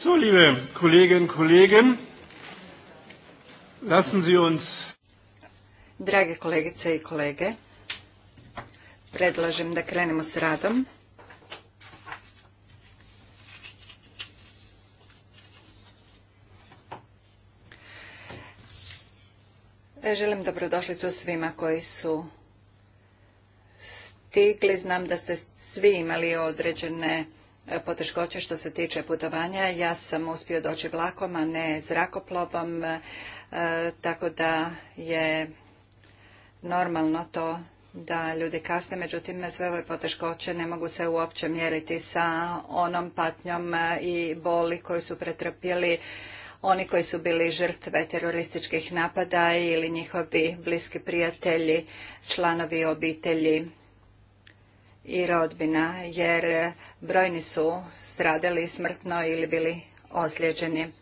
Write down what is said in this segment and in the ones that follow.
So, liebe Kolleginnen und Kollegen, Sie uns... Drage kolegice i kolege, predlažem da krenemo s radom. Želim dobrodošlicu svima koji su stigli. Znam da ste svi imali određene poteškoće što se tiče putovanja. Ja sam uspio doći vlakom, a ne zrakoplovom, e, tako da je normalno to da ljudi kasne, međutim sve ove poteškoće ne mogu se uopće mjeriti sa onom patnjom e, i boli koju su pretrpjeli oni koji su bili žrtve terorističkih napada ili njihovi bliski prijatelji, članovi obitelji i rodbina, jer brojni su stradali smrtno ili bili ozlijeđeni.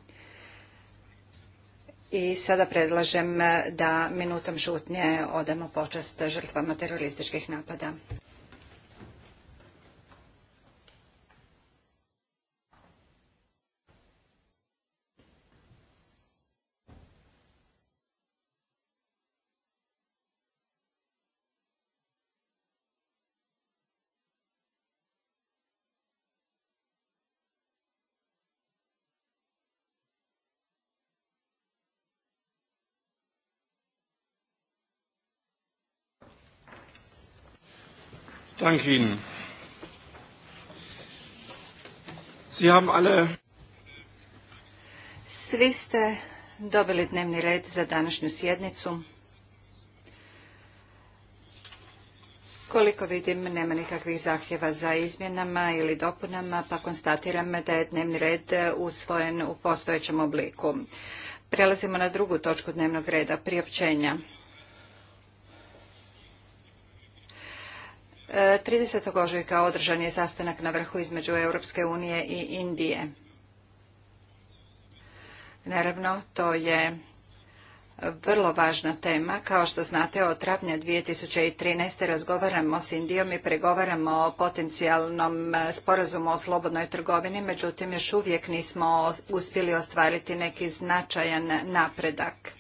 I sada predlažem da minutom šutnje odamo počast žrtvama terorističkih napada. Svi ste dobili dnevni red za današnju sjednicu. Koliko vidim, nema nikakvih zahtjeva za izmjenama ili dopunama, pa konstatiram da je dnevni red usvojen u postojećem obliku. Prelazimo na drugu točku dnevnog reda, priopćenja. 30. ožujka održan je sastanak na vrhu između Europske unije i Indije. Naravno, to je vrlo važna tema. Kao što znate, od travnja 2013. razgovaramo s Indijom i pregovaramo o potencijalnom e, sporazumu o slobodnoj trgovini, međutim još uvijek nismo uspjeli ostvariti neki značajan napredak.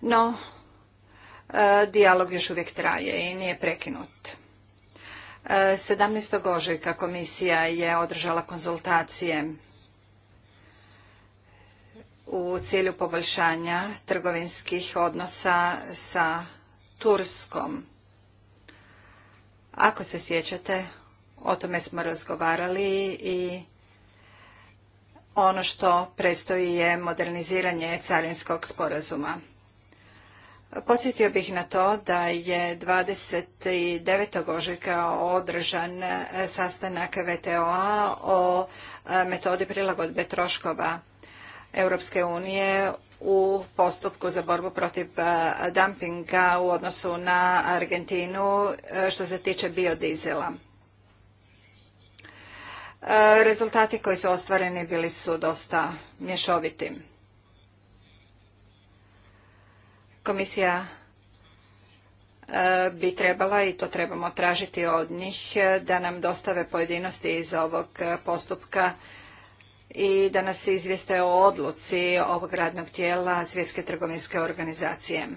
No, Dijalog još uvijek traje i nije prekinut. 17. E, ožujka komisija je održala konzultacije u cilju poboljšanja trgovinskih odnosa sa Turskom. Ako se sjećate, o tome smo razgovarali i ono što predstoji je moderniziranje carinskog sporazuma. Podsjetio bih na to da je 29. ožujka održan e, sastanak VTO-a o e, metodi prilagodbe troškova Europske unije u postupku za borbu protiv e, dumpinga u odnosu na Argentinu što se tiče biodizela. Rezultati koji su ostvareni bili su dosta mješoviti. Komisija e, bi trebala i to trebamo tražiti od njih e, da nam dostave pojedinosti iz ovog e, postupka i da nas izvijeste o odluci ovog radnog tijela Svjetske trgovinske organizacije.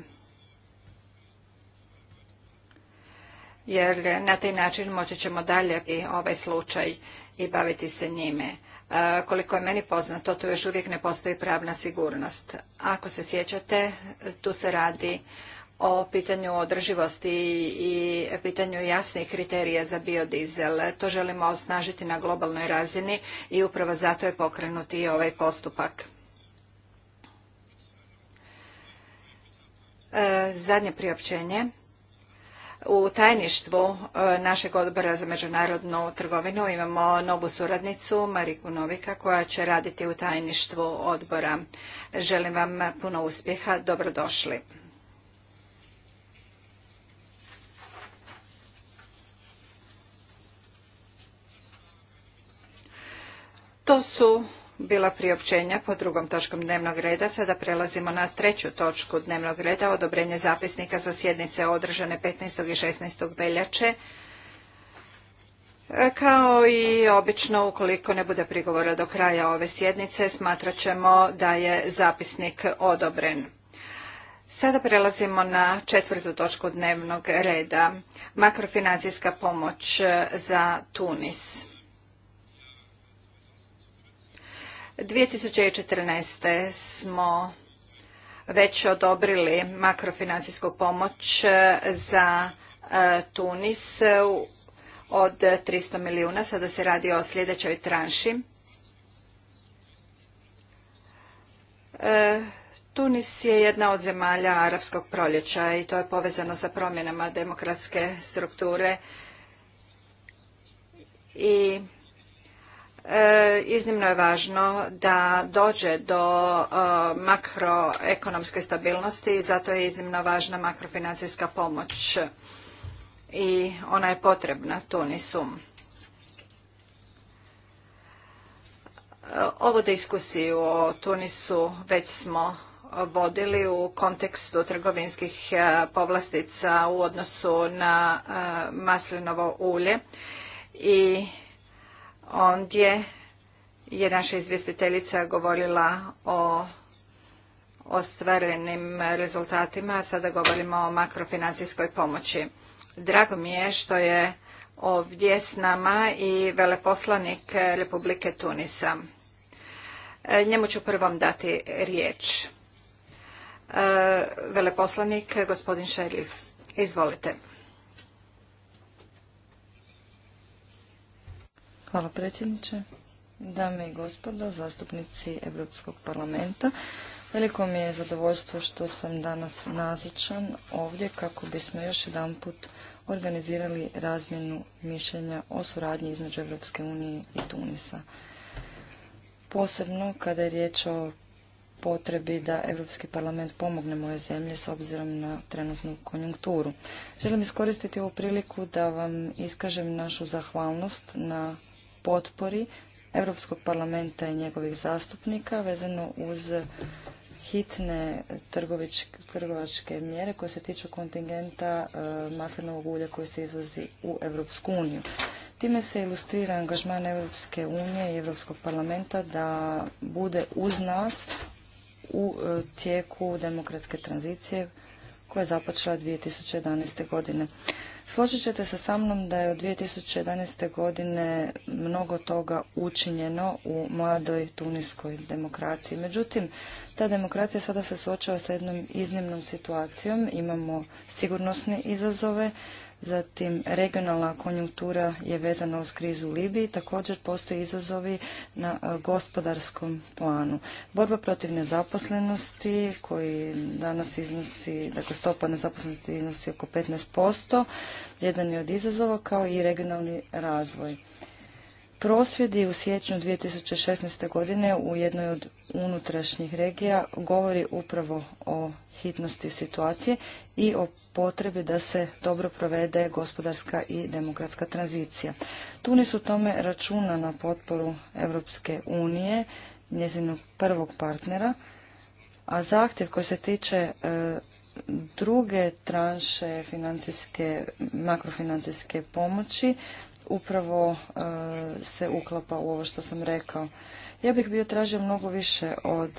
Jer na taj način moći ćemo dalje i ovaj slučaj i baviti se njime. E, koliko je meni poznato, tu još uvijek ne postoji pravna sigurnost. Ako se sjećate, tu se radi o pitanju održivosti i pitanju jasnih kriterija za biodizel. To želimo osnažiti na globalnoj razini i upravo zato je pokrenut i ovaj postupak. E, zadnje priopćenje u tajništvu e, našeg odbora za međunarodnu trgovinu imamo novu suradnicu Mariku Novika koja će raditi u tajništvu odbora. Želim vam puno uspjeha, dobrodošli. To su bila priopćenja po drugom točkom dnevnog reda. Sada prelazimo na treću točku dnevnog reda, odobrenje zapisnika za sjednice održane 15. i 16. veljače. E, kao i obično, ukoliko ne bude prigovora do kraja ove sjednice, smatrat ćemo da je zapisnik odobren. Sada prelazimo na četvrtu točku dnevnog reda, makrofinancijska pomoć za Tunis. 2014. smo već odobrili makrofinancijsku pomoć za e, Tunis od 300 milijuna. Sada se radi o sljedećoj tranši. E, Tunis je jedna od zemalja arapskog proljeća i to je povezano sa promjenama demokratske strukture i E, iznimno je važno da dođe do e, makroekonomske stabilnosti i zato je iznimno važna makrofinancijska pomoć i ona je potrebna Tunisu. E, ovu diskusiju o Tunisu već smo vodili u kontekstu trgovinskih povlastica u odnosu na maslinovo ulje i Ondje je naša izvjestiteljica govorila o ostvarenim rezultatima, a sada govorimo o makrofinancijskoj pomoći. Drago mi je što je ovdje s nama i veleposlanik Republike Tunisa. E, njemu ću prvom dati riječ. E, veleposlanik gospodin Šerif, izvolite. Hvala predsjedniče. Dame i gospodo, zastupnici Europskog parlamenta, veliko mi je zadovoljstvo što sam danas nazočan ovdje kako bismo još jedanput organizirali razmjenu mišljenja o suradnji između Europske unije i Tunisa. Posebno kada je riječ o potrebi da Europski parlament pomogne moje zemlje s obzirom na trenutnu konjunkturu. Želim iskoristiti ovu priliku da vam iskažem našu zahvalnost na potpori Europskog parlamenta i njegovih zastupnika vezano uz hitne trgovačke mjere koje se tiču kontingenta e, maslinovog ulja koji se izvozi u Europsku uniju. Time se ilustrira angažman Europske unije i Europskog parlamenta da bude uz nas u e, tijeku demokratske tranzicije koja je započela 2011. godine. Složit ćete se sa mnom da je od 2011. godine mnogo toga učinjeno u mladoj tuniskoj demokraciji. Međutim, ta demokracija sada se suočava sa jednom iznimnom situacijom. Imamo sigurnosne izazove, zatim regionalna konjunktura je vezana uz krizu u Libiji, također postoje izazovi na e, gospodarskom planu. Borba protiv nezaposlenosti koji danas iznosi, dakle stopa nezaposlenosti iznosi oko 15%, jedan je od izazova kao i regionalni razvoj. Prosvjedi u siječnju 2016. godine u jednoj od unutrašnjih regija govori upravo o hitnosti situacije i o potrebi da se dobro provede gospodarska i demokratska tranzicija. Tunis u tome računa na potporu Europske unije, njezinog prvog partnera, a zahtjev koji se tiče e, druge tranše makrofinancijske pomoći upravo e, se uklapa u ovo što sam rekao. Ja bih bio tražio mnogo više od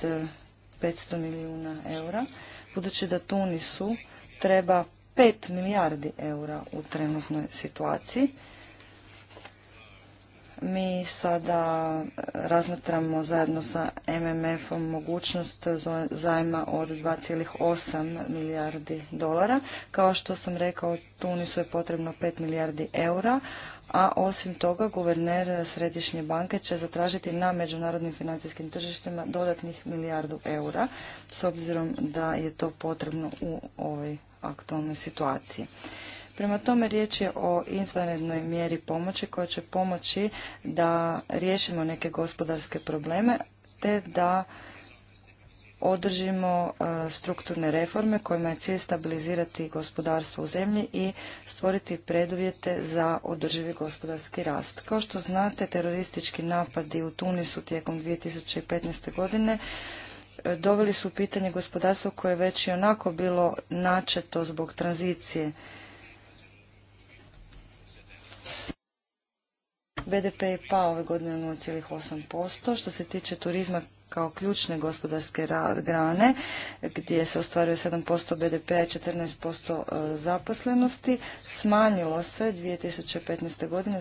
500 e, milijuna eura, budući da Tunisu treba 5 milijardi eura u trenutnoj situaciji. Mi sada e, razmatramo zajedno sa MMF-om mogućnost zajma od 2,8 milijardi dolara. Kao što sam rekao, Tunisu je potrebno 5 milijardi eura, a osim toga guverner Središnje banke će zatražiti na međunarodnim financijskim tržištima dodatnih milijardu eura s obzirom da je to potrebno u ovoj aktualnoj situaciji. Prema tome riječ je o izvanrednoj mjeri pomoći koja će pomoći da riješimo neke gospodarske probleme te da održimo e, strukturne reforme kojima je cilj stabilizirati gospodarstvo u zemlji i stvoriti preduvjete za održivi gospodarski rast. Kao što znate, teroristički napadi u Tunisu tijekom 2015. godine e, doveli su u pitanje gospodarstvo koje je već i onako bilo načeto zbog tranzicije. BDP je pao ove godine 0,8%. Što se tiče turizma, kao ključne gospodarske grane gdje se ostvaruje 7% bdp i 14% e, zaposlenosti smanjilo se 2015. godine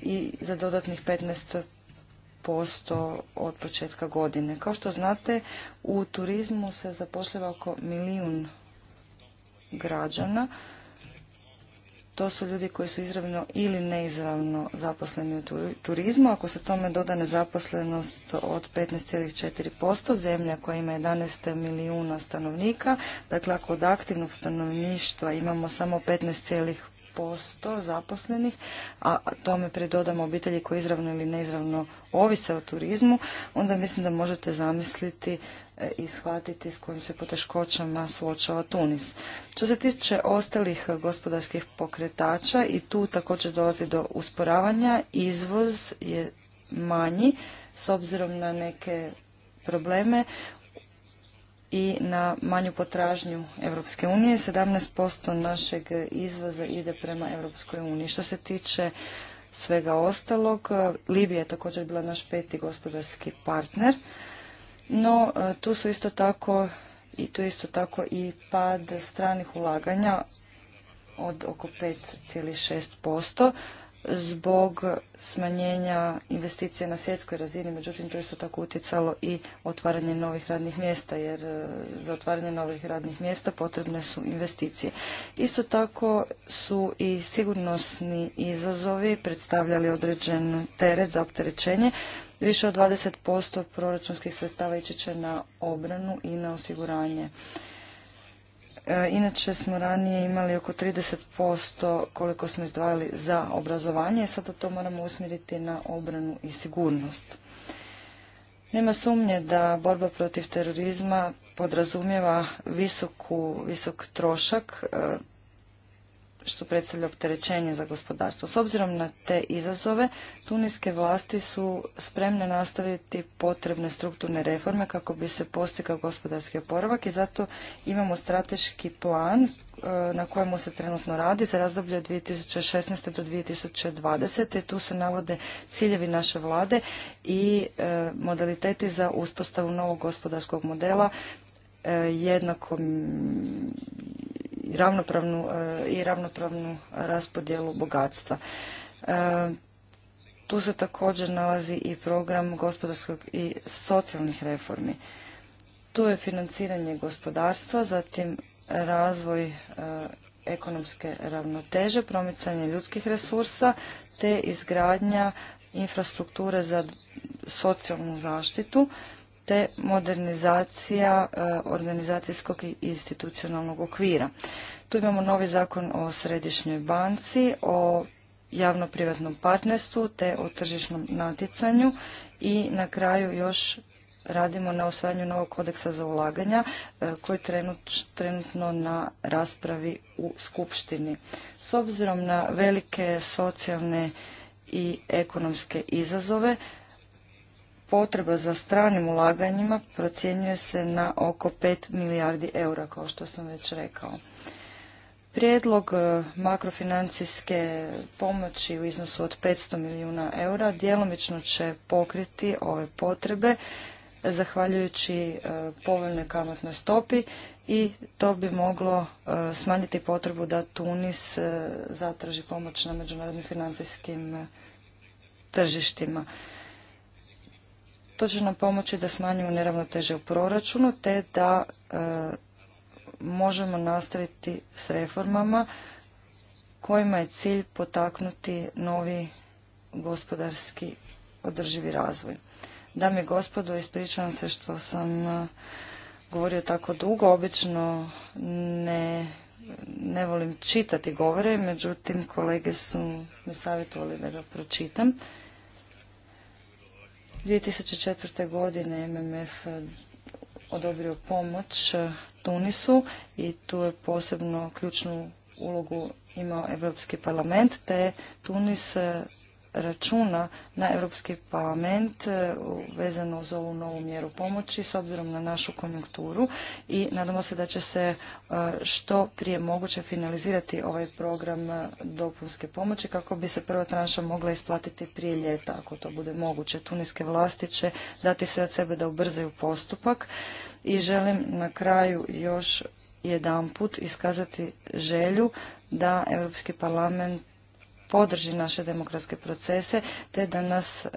i za dodatnih 15% od početka godine. Kao što znate, u turizmu se zapošljava oko milijun građana to su ljudi koji su izravno ili neizravno zaposleni u turizmu. Ako se tome doda nezaposlenost od 15,4%, zemlja koja ima 11 milijuna stanovnika, dakle ako od aktivnog stanovništva imamo samo 15, posto zaposlenih, a tome pridodamo obitelji koji izravno ili neizravno ovise o turizmu, onda mislim da možete zamisliti E, ishvatiti s kojim se poteškoćama suočava Tunis. Što se tiče ostalih gospodarskih pokretača i tu također dolazi do usporavanja, izvoz je manji s obzirom na neke probleme i na manju potražnju Europske unije. 17% našeg izvoza ide prema Europskoj uniji. Što se tiče svega ostalog, Libija je također bila naš peti gospodarski partner. No, e, tu su isto tako i tu isto tako i pad stranih ulaganja od oko 5,6% zbog smanjenja investicija na svjetskoj razini, međutim to isto tako utjecalo i otvaranje novih radnih mjesta, jer e, za otvaranje novih radnih mjesta potrebne su investicije. Isto tako su i sigurnosni izazovi predstavljali određen teret za opterećenje, Više od 20% proračunskih sredstava ići će na obranu i na osiguranje. E, inače smo ranije imali oko 30% koliko smo izdvajali za obrazovanje, sada to moramo usmjeriti na obranu i sigurnost. Nema sumnje da borba protiv terorizma podrazumijeva visok trošak e, što predstavlja opterećenje za gospodarstvo. S obzirom na te izazove, tuniske vlasti su spremne nastaviti potrebne strukturne reforme kako bi se postigao gospodarski oporavak i zato imamo strateški plan e, na kojemu se trenutno radi za razdoblje od 2016. do 2020. Tu se navode ciljevi naše vlade i e, modaliteti za uspostavu novog gospodarskog modela E, jednako ravnopravnu e, i ravnopravnu raspodjelu bogatstva. E, tu se također nalazi i program gospodarskog i socijalnih reformi. Tu je financiranje gospodarstva, zatim razvoj ekonomske ravnoteže, promicanje ljudskih resursa te izgradnja infrastrukture za socijalnu zaštitu te modernizacija e, organizacijskog i institucionalnog okvira. Tu imamo novi zakon o središnjoj banci, o javno-privatnom partnerstvu te o tržišnom natjecanju i na kraju još radimo na osvajanju novog kodeksa za ulaganja e, koji je trenutno na raspravi u Skupštini. S obzirom na velike socijalne i ekonomske izazove, potreba za stranim ulaganjima procjenjuje se na oko 5 milijardi eura, kao što sam već rekao. Prijedlog e, makrofinancijske pomoći u iznosu od 500 milijuna eura djelomično će pokriti ove potrebe zahvaljujući e, povoljnoj kamatnoj stopi i to bi moglo e, smanjiti potrebu da Tunis zatraži pomoć na međunarodnim financijskim tržištima. To će nam pomoći da smanjimo neravnoteže u proračunu te da e, možemo nastaviti s reformama kojima je cilj potaknuti novi gospodarski održivi razvoj. Dame i gospodo, ispričavam se što sam e, govorio tako dugo. Obično ne, ne volim čitati govore, međutim kolege su mi savjetovali da ga pročitam. 2004. godine MMF odobrio pomoć Tunisu i tu je posebno ključnu ulogu imao Europski parlament, te je Tunis računa na Europski parlament e, vezano uz ovu novu mjeru pomoći s obzirom na našu konjunkturu i nadamo se da će se e, što prije moguće finalizirati ovaj program e, dopunske pomoći kako bi se prva tranša mogla isplatiti prije ljeta ako to bude moguće. Tuniske vlasti će dati sve od sebe da ubrzaju postupak i želim na kraju još jedanput iskazati želju da Europski parlament podrži naše demokratske procese te da nas e,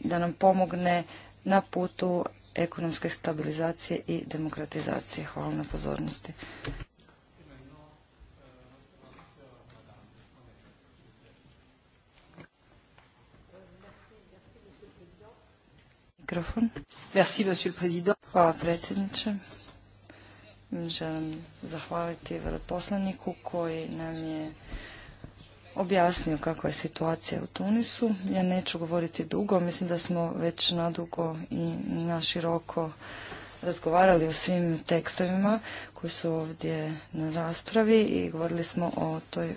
da nam pomogne na putu ekonomske stabilizacije i demokratizacije. Hvala na pozornosti. Mikrofon. Hvala predsjedniče želim zahvaliti veleposlaniku koji nam je objasnio kakva je situacija u Tunisu. Ja neću govoriti dugo, mislim da smo već nadugo i naširoko razgovarali o svim tekstovima koji su ovdje na raspravi i govorili smo o toj e,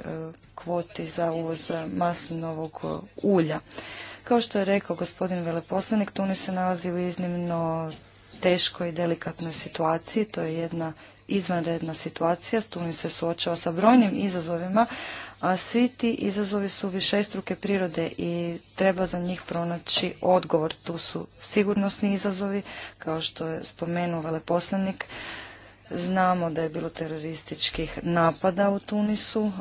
kvoti za uvoz maslinovog ulja. Kao što je rekao gospodin veleposlanik, Tunis se nalazi u iznimno teškoj i delikatnoj situaciji. To je jedna izvanredna situacija. Tunis se suočava sa brojnim izazovima, a svi ti izazovi su višestruke prirode i treba za njih pronaći odgovor. Tu su sigurnosni izazovi, kao što je spomenuo veleposlanik. Znamo da je bilo terorističkih napada u Tunisu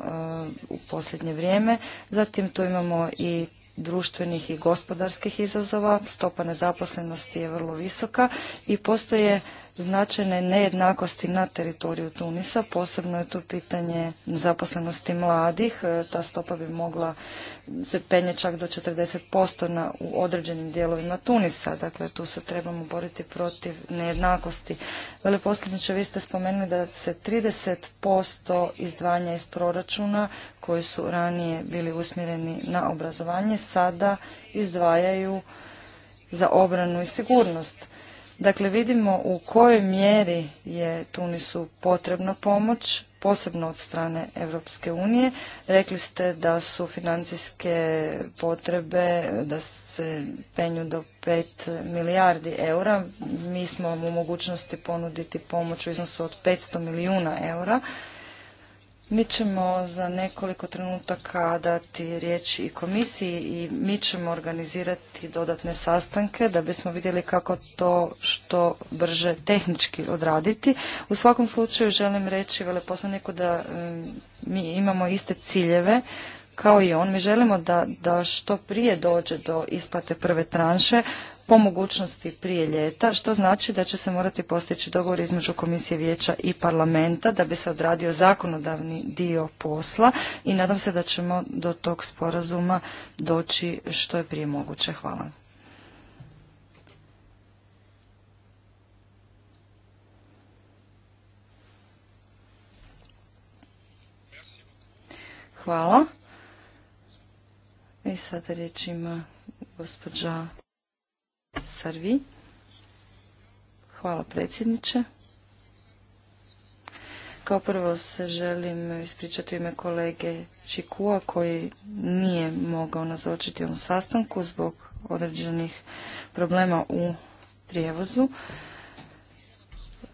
u posljednje vrijeme. Zatim tu imamo i društvenih i gospodarskih izazova, stopa nezaposlenosti je vrlo visoka i postoje značajne nejednakosti na teritoriju Tunisa, posebno je tu pitanje zaposlenosti mladih, e, ta stopa bi mogla se penje čak do 40% na, u određenim dijelovima Tunisa, dakle tu se trebamo boriti protiv nejednakosti. Veleposljedniče, vi ste spomenuli da se 30% izdvanja iz proračuna koji su ranije bili usmjereni na obrazovanje, sada izdvajaju za obranu i sigurnost. Dakle, vidimo u kojoj mjeri je Tunisu potrebna pomoć, posebno od strane Europske unije. Rekli ste da su financijske potrebe, da se penju do 5 milijardi eura. Mi smo u mogućnosti ponuditi pomoć u iznosu od 500 milijuna eura mi ćemo za nekoliko trenutaka dati riječ i komisiji i mi ćemo organizirati dodatne sastanke da bismo vidjeli kako to što brže tehnički odraditi. U svakom slučaju želim reći veleposlaniku da mi imamo iste ciljeve kao i on. Mi želimo da, da što prije dođe do isplate prve tranše, po mogućnosti prije ljeta, što znači da će se morati postići dogovor između Komisije vijeća i parlamenta da bi se odradio zakonodavni dio posla i nadam se da ćemo do tog sporazuma doći što je prije moguće. Hvala. Hvala. I e, sada riječ ima gospođa Sarvi. Hvala predsjedniče. Kao prvo se želim ispričati ime kolege Čikua koji nije mogao nazočiti ovom sastanku zbog određenih problema u prijevozu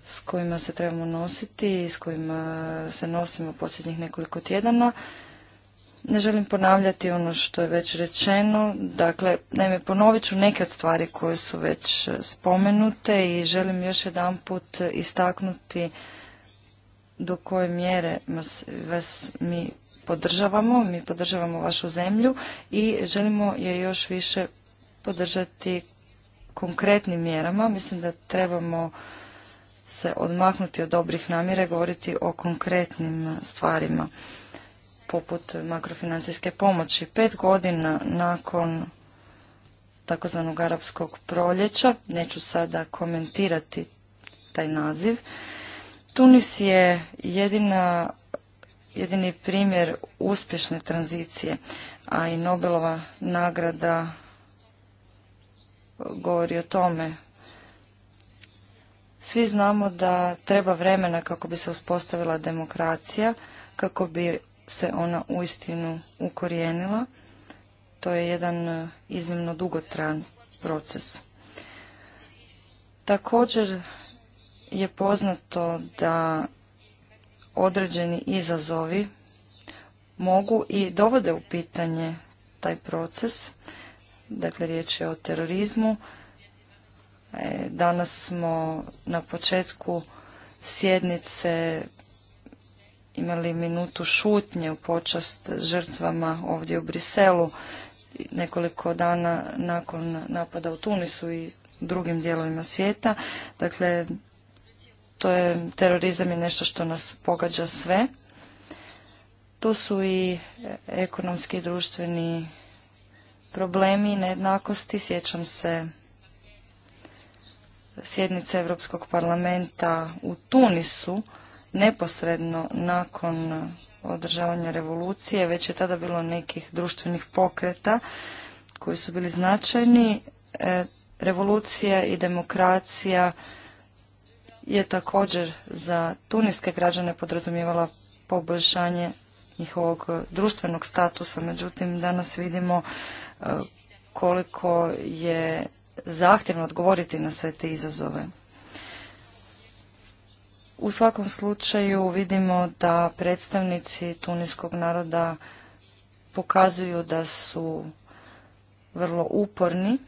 s kojima se trebamo nositi i s kojima se nosimo posljednjih nekoliko tjedana. Ne želim ponavljati ono što je već rečeno. Dakle, naime, ponovit ću neke od stvari koje su već e, spomenute i želim još jedan put istaknuti do koje mjere vas, mi podržavamo. Mi podržavamo vašu zemlju i želimo je još više podržati konkretnim mjerama. Mislim da trebamo se odmahnuti od dobrih namjera i govoriti o konkretnim stvarima poput makrofinancijske pomoći. Pet godina nakon takozvanog arapskog proljeća, neću sada komentirati taj naziv, Tunis je jedina, jedini primjer uspješne tranzicije, a i Nobelova nagrada govori o tome. Svi znamo da treba vremena kako bi se uspostavila demokracija, kako bi se ona uistinu ukorijenila. To je jedan e, iznimno dugotran proces. Također je poznato da određeni izazovi mogu i dovode u pitanje taj proces. Dakle, riječ je o terorizmu. E, danas smo na početku sjednice imali minutu šutnje u počast žrtvama ovdje u Briselu nekoliko dana nakon napada u Tunisu i drugim dijelovima svijeta. Dakle, to je terorizam je nešto što nas pogađa sve. To su i ekonomski i društveni problemi, nejednakosti. Sjećam se sjednice Europskog parlamenta u Tunisu neposredno nakon održavanja revolucije, već je tada bilo nekih društvenih pokreta koji su bili značajni. E, revolucija i demokracija je također za tuniske građane podrazumijevala poboljšanje njihovog društvenog statusa. Međutim, danas vidimo e, koliko je zahtjevno odgovoriti na sve te izazove. U svakom slučaju vidimo da predstavnici tuniskog naroda pokazuju da su vrlo uporni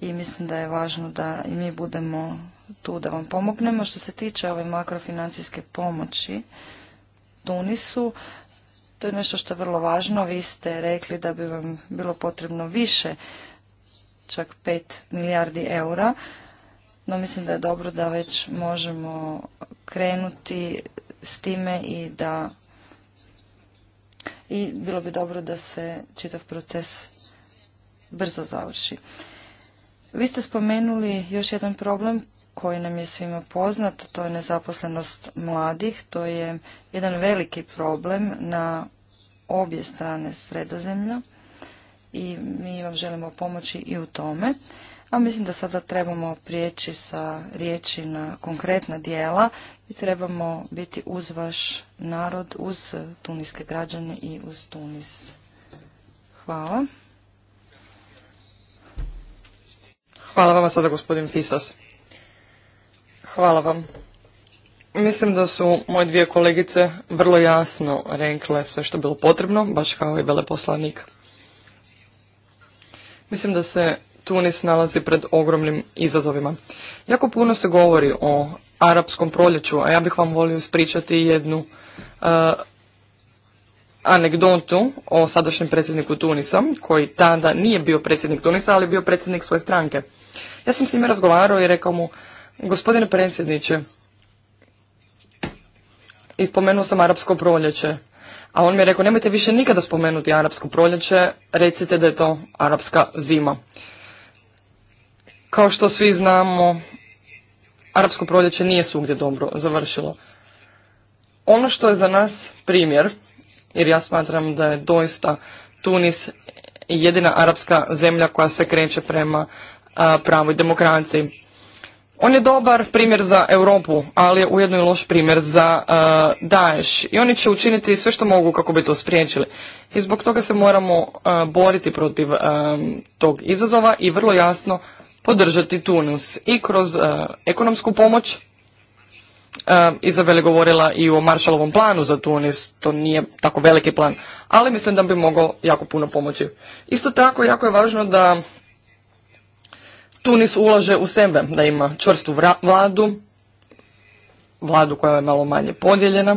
i mislim da je važno da i mi budemo tu da vam pomognemo. Što se tiče ove makrofinancijske pomoći Tunisu, to je nešto što je vrlo važno. Vi ste rekli da bi vam bilo potrebno više, čak 5 milijardi eura no mislim da je dobro da već možemo krenuti s time i da i bilo bi dobro da se čitav proces brzo završi. Vi ste spomenuli još jedan problem koji nam je svima poznat, to je nezaposlenost mladih, to je jedan veliki problem na obje strane sredozemlja i mi vam želimo pomoći i u tome a mislim da sada trebamo prijeći sa riječi na konkretna dijela i trebamo biti uz vaš narod, uz tuniske građane i uz Tunis. Hvala. Hvala vam sada gospodin Fisas. Hvala vam. Mislim da su moje dvije kolegice vrlo jasno renkle sve što je bilo potrebno, baš kao i veleposlanik. Mislim da se Tunis nalazi pred ogromnim izazovima. Jako puno se govori o arapskom proljeću, a ja bih vam volio ispričati jednu uh, anegdotu o sadašnjem predsjedniku Tunisa, koji tada nije bio predsjednik Tunisa, ali bio predsjednik svoje stranke. Ja sam s njime razgovarao i rekao mu, gospodine predsjedniče, i sam arapsko proljeće, a on mi je rekao, nemojte više nikada spomenuti arapsko proljeće, recite da je to arapska zima. Kao što svi znamo, arapsko proljeće nije svugdje dobro završilo. Ono što je za nas primjer, jer ja smatram da je doista Tunis jedina arapska zemlja koja se kreće prema pravoj demokraciji. On je dobar primjer za Europu, ali je ujedno i loš primjer za Daesh. I oni će učiniti sve što mogu kako bi to spriječili. I zbog toga se moramo boriti protiv tog izazova i vrlo jasno podržati Tunis i kroz e, ekonomsku pomoć. E, Izabel je govorila i o Maršalovom planu za Tunis, to nije tako veliki plan, ali mislim da bi mogao jako puno pomoći. Isto tako, jako je važno da Tunis ulaže u sebe, da ima čvrstu vladu, vladu koja je malo manje podijeljena,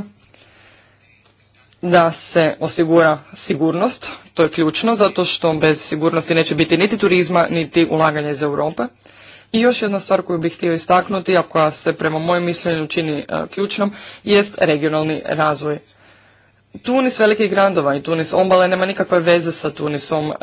da se osigura sigurnost, to je ključno, zato što bez sigurnosti neće biti niti turizma, niti ulaganja iz Europe. I još jedna stvar koju bih htio istaknuti, a koja se prema mojem mišljenju čini e, ključnom, jest regionalni razvoj. Tunis velikih grandova i Tunis ombale nema nikakve veze sa Tunisom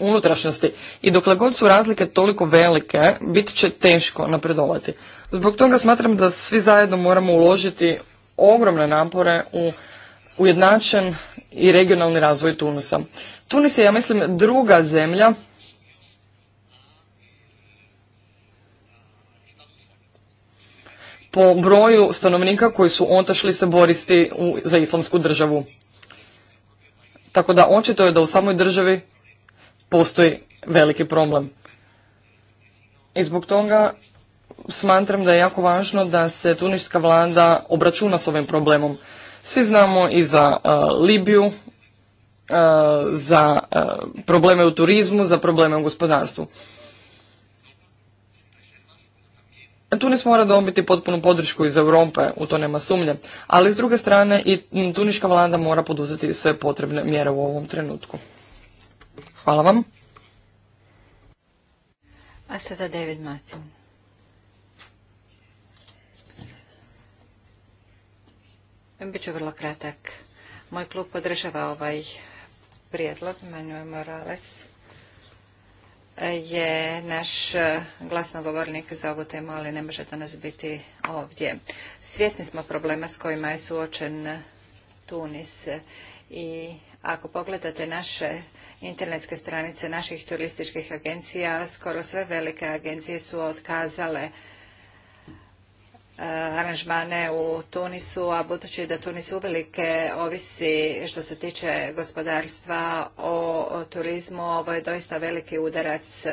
unutrašnjosti. I dokle god su razlike toliko velike, bit će teško napredovati. Zbog toga smatram da svi zajedno moramo uložiti ogromne napore u ujednačen i regionalni razvoj Tunusa. Tunis je, ja mislim, druga zemlja po broju stanovnika koji su otašli se boristi za islamsku državu. Tako da očito je da u samoj državi postoji veliki problem. I zbog toga smatram da je jako važno da se tuniška vlada obračuna s ovim problemom. Svi znamo i za e, Libiju, e, za e, probleme u turizmu, za probleme u gospodarstvu. Tunis mora dobiti potpunu podršku iz Europe, u to nema sumnje, ali s druge strane i tuniška vlada mora poduzeti sve potrebne mjere u ovom trenutku. Hvala vam. A sada David ću vrlo kratak. Moj klub podržava ovaj prijedlog. Manuel Morales je naš glasnogovornik za ovu temu, ali ne može danas biti ovdje. Svjesni smo problema s kojima je suočen Tunis i ako pogledate naše internetske stranice naših turističkih agencija, skoro sve velike agencije su otkazale Eh, aranžmane u Tunisu, a budući da Tunis uvelike ovisi što se tiče gospodarstva o, turizmu, ovo je doista veliki udarac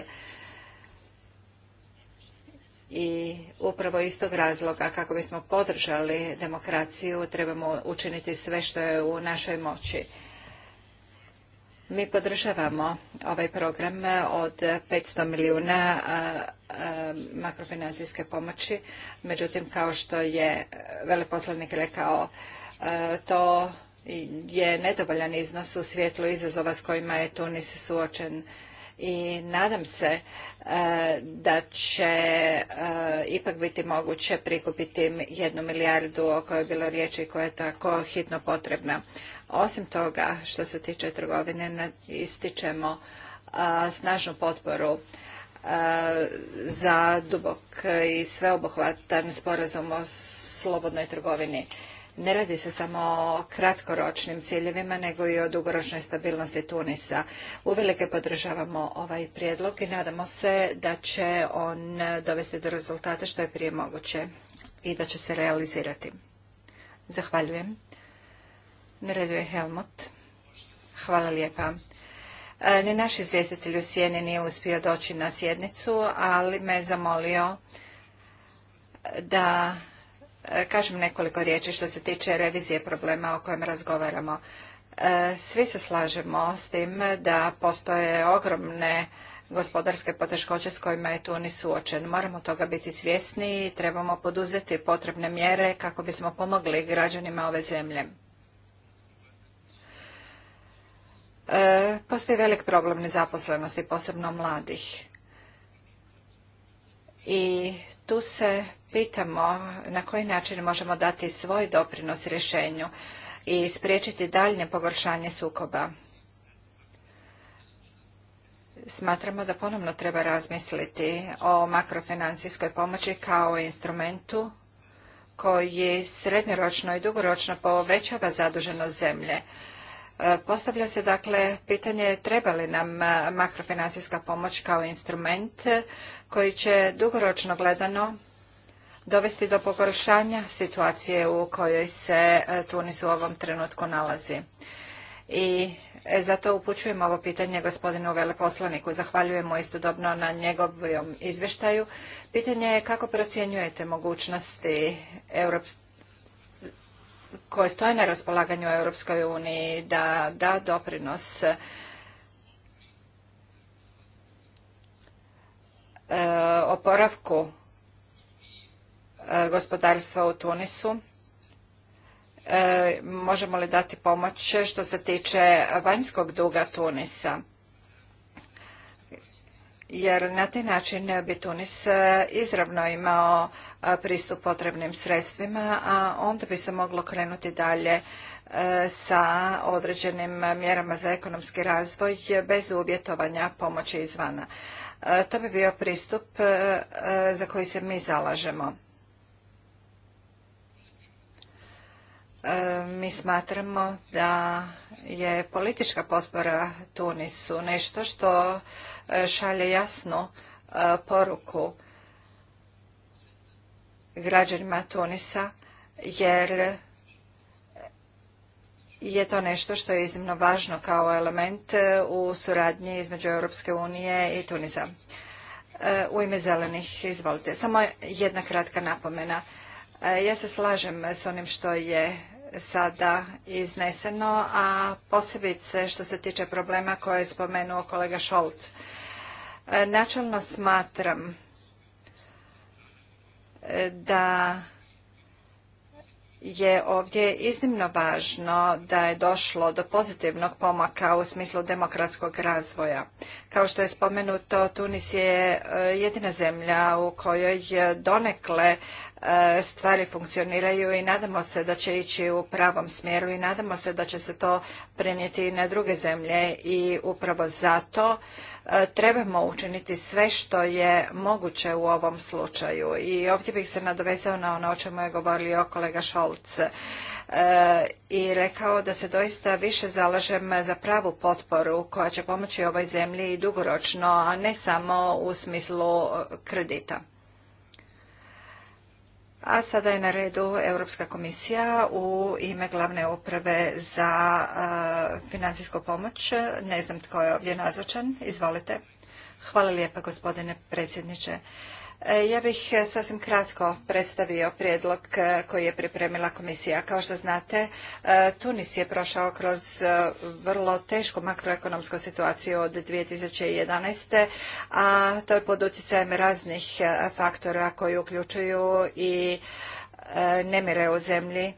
i upravo iz tog razloga kako bismo podržali demokraciju trebamo učiniti sve što je u našoj moći. Mi podržavamo ovaj program od 500 milijuna makrofinansijske pomoći. Međutim, kao što je veleposlanik rekao, to je nedovoljan iznos u svijetlu izazova s kojima je Tunis suočen i nadam se e, da će e, ipak biti moguće prikupiti jednu milijardu o kojoj je bilo riječi koja je tako hitno potrebna. Osim toga, što se tiče trgovine, ističemo e, snažnu potporu za dubok i sveobuhvatan sporazum o slobodnoj trgovini. Ne radi se samo o kratkoročnim ciljevima, nego i o dugoročnoj stabilnosti Tunisa. Uvelike podržavamo ovaj prijedlog i nadamo se da će on dovesti do rezultata što je prije moguće i da će se realizirati. Zahvaljujem. Na Helmut. Hvala lijepa. E, ni naš izvjestitelj u sjeni nije uspio doći na sjednicu, ali me je zamolio da E, kažem nekoliko riječi što se tiče revizije problema o kojem razgovaramo. E, svi se slažemo s tim da postoje ogromne gospodarske poteškoće s kojima je Tunis suočen. Moramo toga biti svjesni i trebamo poduzeti potrebne mjere kako bismo pomogli građanima ove zemlje. E, postoji velik problem nezaposlenosti, posebno mladih. I tu se pitamo na koji način možemo dati svoj doprinos rješenju i spriječiti daljnje pogoršanje sukoba. Smatramo da ponovno treba razmisliti o makrofinancijskoj pomoći kao instrumentu koji srednjoročno i dugoročno povećava zaduženost zemlje. E, postavlja se dakle pitanje treba li nam makrofinancijska pomoć kao instrument koji će dugoročno gledano dovesti do pogoršanja situacije u kojoj se e, Tunis u ovom trenutku nalazi. I e, zato upućujem ovo pitanje gospodinu veleposlaniku. Zahvaljujemo istodobno na njegovom izvještaju. Pitanje je kako procjenjujete mogućnosti koje stoje na raspolaganju Europskoj uniji da da doprinos e, oporavku E, gospodarstva u Tunisu. E, možemo li dati pomoć što se tiče vanjskog duga Tunisa? jer na taj način bi Tunis e, izravno imao pristup potrebnim sredstvima, a onda bi se moglo krenuti dalje sa određenim mjerama za ekonomski razvoj bez uvjetovanja pomoći izvana. To bi bio pristup za koji se mi zalažemo. E, mi smatramo da je politička potpora Tunisu nešto što e, šalje jasnu e, poruku građanima Tunisa jer je to nešto što je iznimno važno kao element u suradnji između Europske unije i Tunisa. U ime zelenih, izvolite. Samo jedna kratka napomena. Ja se slažem s onim što je sada izneseno, a posebice što se tiče problema koje je spomenuo kolega Šolc. E, načelno smatram e, da je ovdje iznimno važno da je došlo do pozitivnog pomaka u smislu demokratskog razvoja. Kao što je spomenuto, Tunis je e, jedina zemlja u kojoj donekle e, stvari funkcioniraju i nadamo se da će ići u pravom smjeru i nadamo se da će se to prenijeti i na druge zemlje i upravo zato E, trebamo učiniti sve što je moguće u ovom slučaju. I ovdje bih se nadovezao na ono o čemu je govorio kolega Šolc e, i rekao da se doista više zalažem za pravu potporu koja će pomoći ovoj zemlji dugoročno, a ne samo u smislu kredita. A sada je na redu Europska komisija u ime glavne uprave za financijsku pomoć. Ne znam tko je ovdje nazočan. Izvolite. Hvala lijepa gospodine predsjedniče. E, ja bih e, sasvim kratko predstavio prijedlog e, koji je pripremila komisija. Kao što znate, Tunis je prošao kroz vrlo tešku makroekonomsku situaciju od 2011. a to je pod utjecajem raznih faktora koji uključuju i nemire u zemlji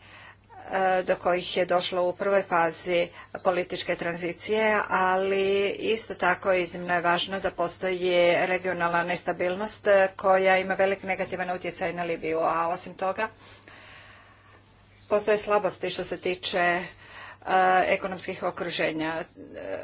do kojih je došlo u prvoj fazi političke tranzicije, ali isto tako iznimno je važno da postoji regionalna nestabilnost koja ima velik negativan utjecaj na Libiju, a osim toga postoje slabosti što se tiče E, ekonomskih okruženja e,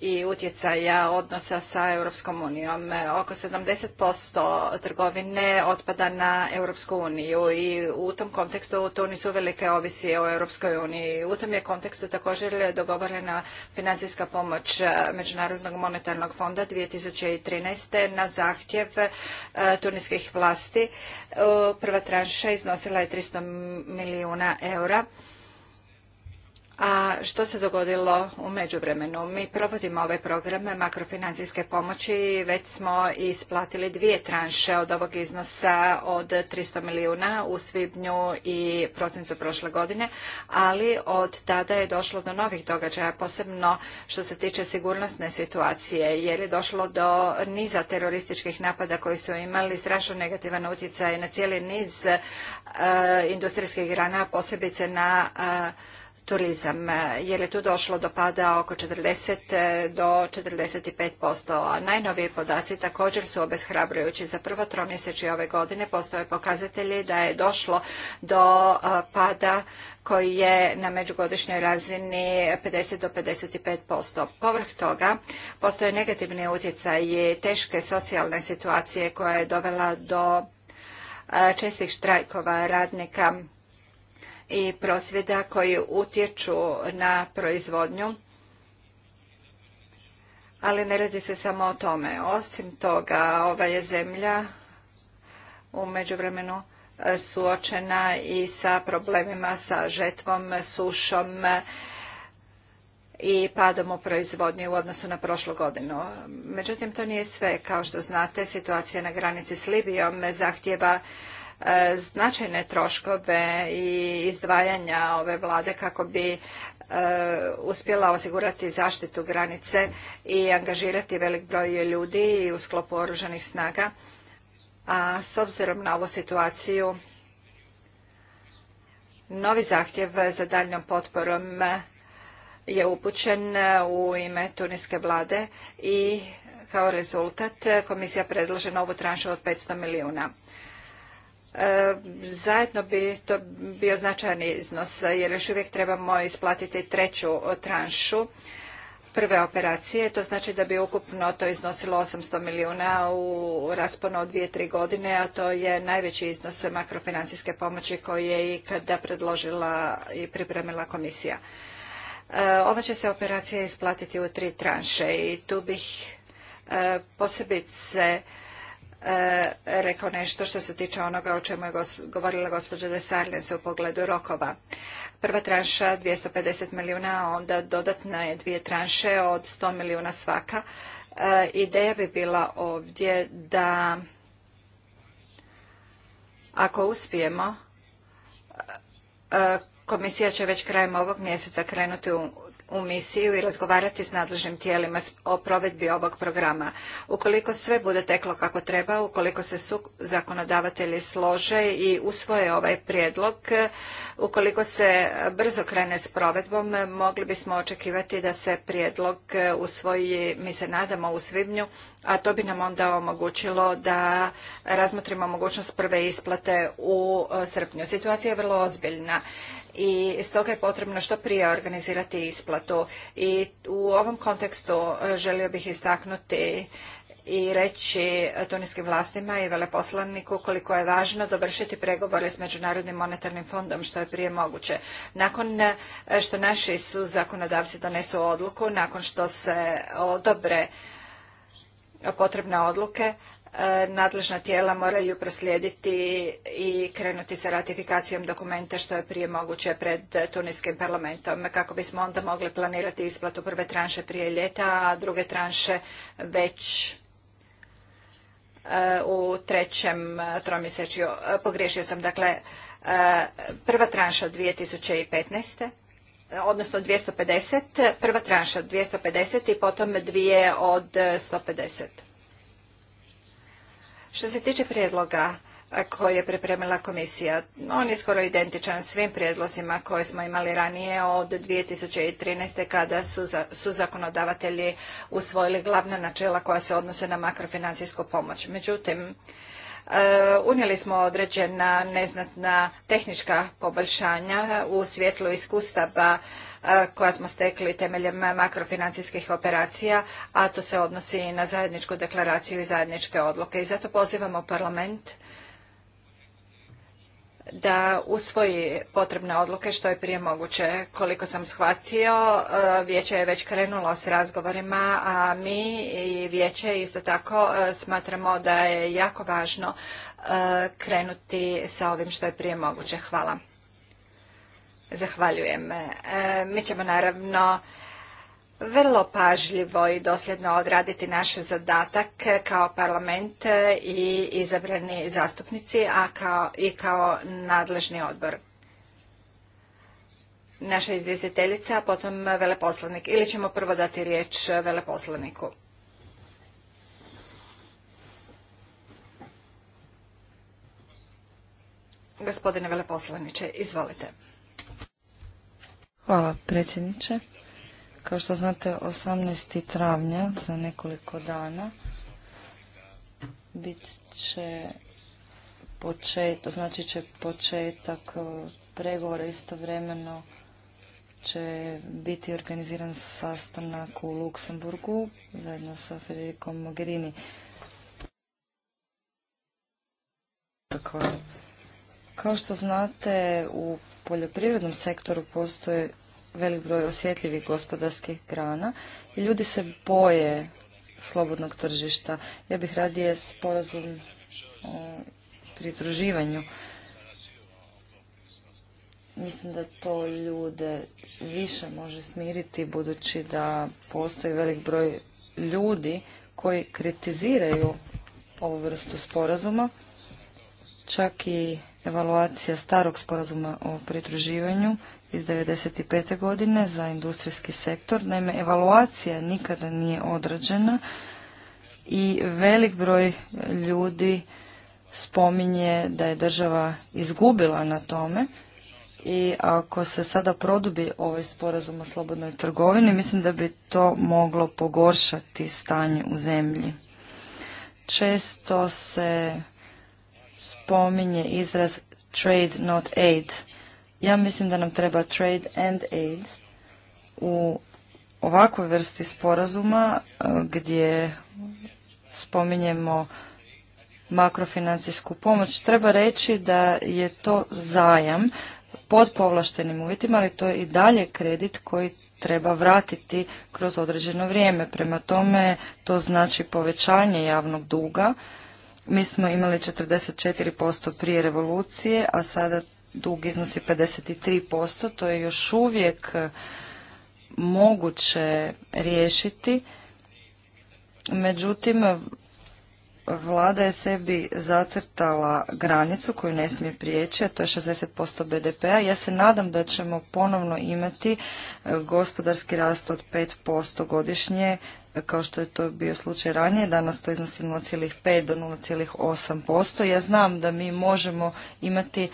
i utjecaja odnosa sa Europskom unijom. E, oko 70% trgovine otpada na Europsku uniju i u tom kontekstu nisu velike ovisi o Europskoj uniji. U tom je kontekstu također dogovorena financijska pomoć Međunarodnog monetarnog fonda 2013. na zahtjev tuniskih vlasti. Prva tranša iznosila je 300 milijuna eura a što se dogodilo u međuvremenu? Mi provodimo ove programe makrofinancijske pomoći i već smo isplatili dvije tranše od ovog iznosa od 300 milijuna u svibnju i prosincu prošle godine, ali od tada je došlo do novih događaja, posebno što se tiče sigurnosne situacije, jer je došlo do niza terorističkih napada koji su imali strašno negativan utjecaj na cijeli niz e, industrijskih grana, posebice na e, turizam, jer je tu došlo do pada oko 40 do 45%, a najnoviji podaci također su obezhrabrujući. Za prvo tromjesečje ove godine postoje pokazatelji da je došlo do pada koji je na međugodišnjoj razini 50 do 55%. Povrh toga postoje negativni utjecaj teške socijalne situacije koja je dovela do čestih štrajkova radnika i prosvjeda koji utječu na proizvodnju. Ali ne radi se samo o tome. Osim toga, ova je zemlja u međuvremenu e, suočena i sa problemima sa žetvom, sušom e, i padom u proizvodnji u odnosu na prošlu godinu. Međutim, to nije sve. Kao što znate, situacija na granici s Libijom zahtjeva E, značajne troškove i izdvajanja ove vlade kako bi e, uspjela osigurati zaštitu granice i angažirati velik broj ljudi u sklopu oružanih snaga. A s obzirom na ovu situaciju, novi zahtjev za daljnjom potporom je upućen u ime tuniske vlade i kao rezultat komisija predlaže novu tranšu od 500 milijuna. E, zajedno bi to bio značajan iznos jer još uvijek trebamo isplatiti treću tranšu prve operacije. To znači da bi ukupno to iznosilo 800 milijuna u rasponu od dvije, tri godine, a to je najveći iznos makrofinansijske pomoći koji je kada predložila i pripremila komisija. E, ova će se operacija isplatiti u tri tranše i tu bih e, posebice E, rekao nešto što se tiče onoga o čemu je govorila gospođa de u pogledu rokova. Prva tranša 250 milijuna, onda dodatna je dvije tranše od 100 milijuna svaka. E, ideja bi bila ovdje da ako uspijemo, e, komisija će već krajem ovog mjeseca krenuti u u misiju i razgovarati s nadležnim tijelima o provedbi ovog programa. Ukoliko sve bude teklo kako treba, ukoliko se su zakonodavatelji slože i usvoje ovaj prijedlog, ukoliko se brzo krene s provedbom, mogli bismo očekivati da se prijedlog e, usvoji, mi se nadamo, u svibnju, a to bi nam onda omogućilo da razmotrimo mogućnost prve isplate u e, srpnju. Situacija je vrlo ozbiljna i stoga je potrebno što prije organizirati isplatu. I u ovom kontekstu e, želio bih istaknuti i reći tuniskim vlastima i veleposlaniku koliko je važno dovršiti pregovore s Međunarodnim monetarnim fondom što je prije moguće. Nakon e, što naši su zakonodavci donesu odluku, nakon što se odobre potrebne odluke, E, nadležna tijela moraju proslijediti i krenuti sa ratifikacijom dokumenta što je prije moguće pred Tuniskim parlamentom kako bismo onda mogli planirati isplatu prve tranše prije ljeta, a druge tranše već e, u trećem tromjesečju. E, pogriješio sam, dakle, prva tranša 2015 odnosno 250, prva tranša 250 i potom dvije od 150. Što se tiče prijedloga koje je pripremila komisija. On je skoro identičan svim prijedlozima koje smo imali ranije od 2013. kada su, su zakonodavatelji usvojili glavna načela koja se odnose na makrofinancijsku pomoć. Međutim, e, unijeli smo određena neznatna tehnička poboljšanja u svjetlu iskustava koja smo stekli temeljem makrofinancijskih operacija, a to se odnosi i na zajedničku deklaraciju i zajedničke odluke. I zato pozivamo parlament da usvoji potrebne odluke što je prije moguće. Koliko sam shvatio, e, vijeće je već krenulo s razgovorima, a mi i vijeće isto tako e, smatramo da je jako važno e, krenuti sa ovim što je prije moguće. Hvala. Zahvaljujem. E, mi ćemo naravno vrlo pažljivo i dosljedno odraditi naš zadatak kao parlament i izabrani zastupnici, a kao i kao nadležni odbor. Naša izvjestiteljica, a potom veleposlanik. Ili ćemo prvo dati riječ veleposlaniku. Gospodine veleposlaniče, izvolite. Hvala predsjedniče. Kao što znate, 18. travnja za nekoliko dana bit će početak, znači će početak e, pregovora istovremeno će biti organiziran sastanak u Luksemburgu zajedno sa Federikom Mogherini. Tako kao što znate, u poljoprivrednom sektoru postoje velik broj osjetljivih gospodarskih grana i ljudi se boje slobodnog tržišta. Ja bih radije sporazum o pridruživanju. Mislim da to ljude više može smiriti budući da postoji velik broj ljudi koji kritiziraju ovu vrstu sporazuma. Čak i evaluacija starog sporazuma o pridruživanju iz 1995. godine za industrijski sektor. Naime, evaluacija nikada nije odrađena i velik broj ljudi spominje da je država izgubila na tome i ako se sada produbi ovaj sporazum o slobodnoj trgovini, mislim da bi to moglo pogoršati stanje u zemlji. Često se spominje izraz trade not aid. Ja mislim da nam treba trade and aid u ovakvoj vrsti sporazuma e, gdje spominjemo makrofinancijsku pomoć. Treba reći da je to zajam pod povlaštenim uvjetima, ali to je i dalje kredit koji treba vratiti kroz određeno vrijeme. Prema tome to znači povećanje javnog duga mi smo imali 44% prije revolucije, a sada dug iznosi 53%. To je još uvijek e, moguće riješiti. Međutim, vlada je sebi zacrtala granicu koju ne smije prijeći, a to je 60% BDP-a. Ja se nadam da ćemo ponovno imati e, gospodarski rast od 5% godišnje kao što je to bio slučaj ranije, danas to iznosi 0,5 do 0,8%. Ja znam da mi možemo imati e,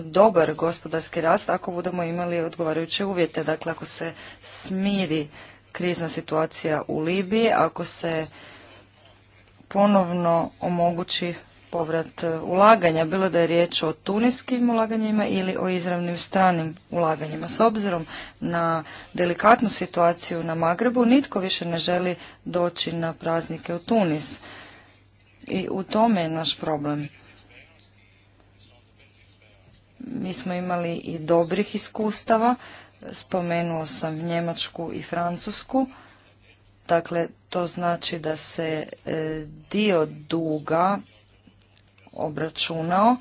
dobar gospodarski rast ako budemo imali odgovarajuće uvjete. Dakle, ako se smiri krizna situacija u Libiji, ako se ponovno omogući povrat e, ulaganja, bilo da je riječ o tuniskim ulaganjima ili o izravnim stranim ulaganjima. S obzirom na delikatnu situaciju na Magrebu, nitko više ne želi doći na praznike u Tunis. I u tome je naš problem. Mi smo imali i dobrih iskustava, spomenuo sam Njemačku i Francusku. Dakle, to znači da se e, dio duga obračunao.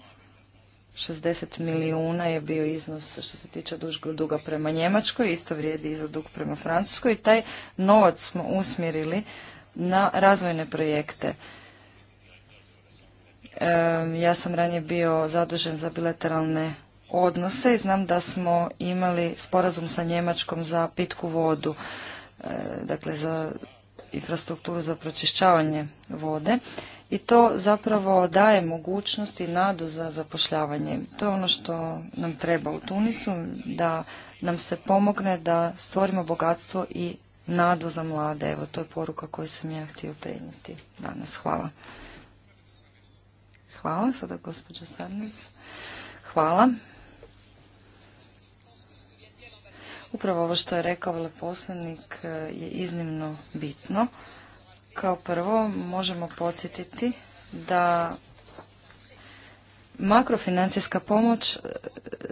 60 milijuna je bio iznos što se tiče duga prema Njemačkoj, isto vrijedi i za dug prema Francuskoj i taj novac smo usmjerili na razvojne projekte. ja sam ranije bio zadužen za bilateralne odnose i znam da smo imali sporazum sa Njemačkom za pitku vodu, e, dakle za infrastrukturu za pročišćavanje vode i to zapravo daje mogućnost i nadu za zapošljavanje. To je ono što nam treba u Tunisu, da nam se pomogne da stvorimo bogatstvo i nadu za mlade. Evo, to je poruka koju sam ja htio prenijeti danas. Hvala. Hvala, sada gospođa Sarnes. Hvala. Upravo ovo što je rekao veleposlanik eh, je iznimno bitno. Kao prvo možemo podsjetiti da makrofinancijska pomoć e,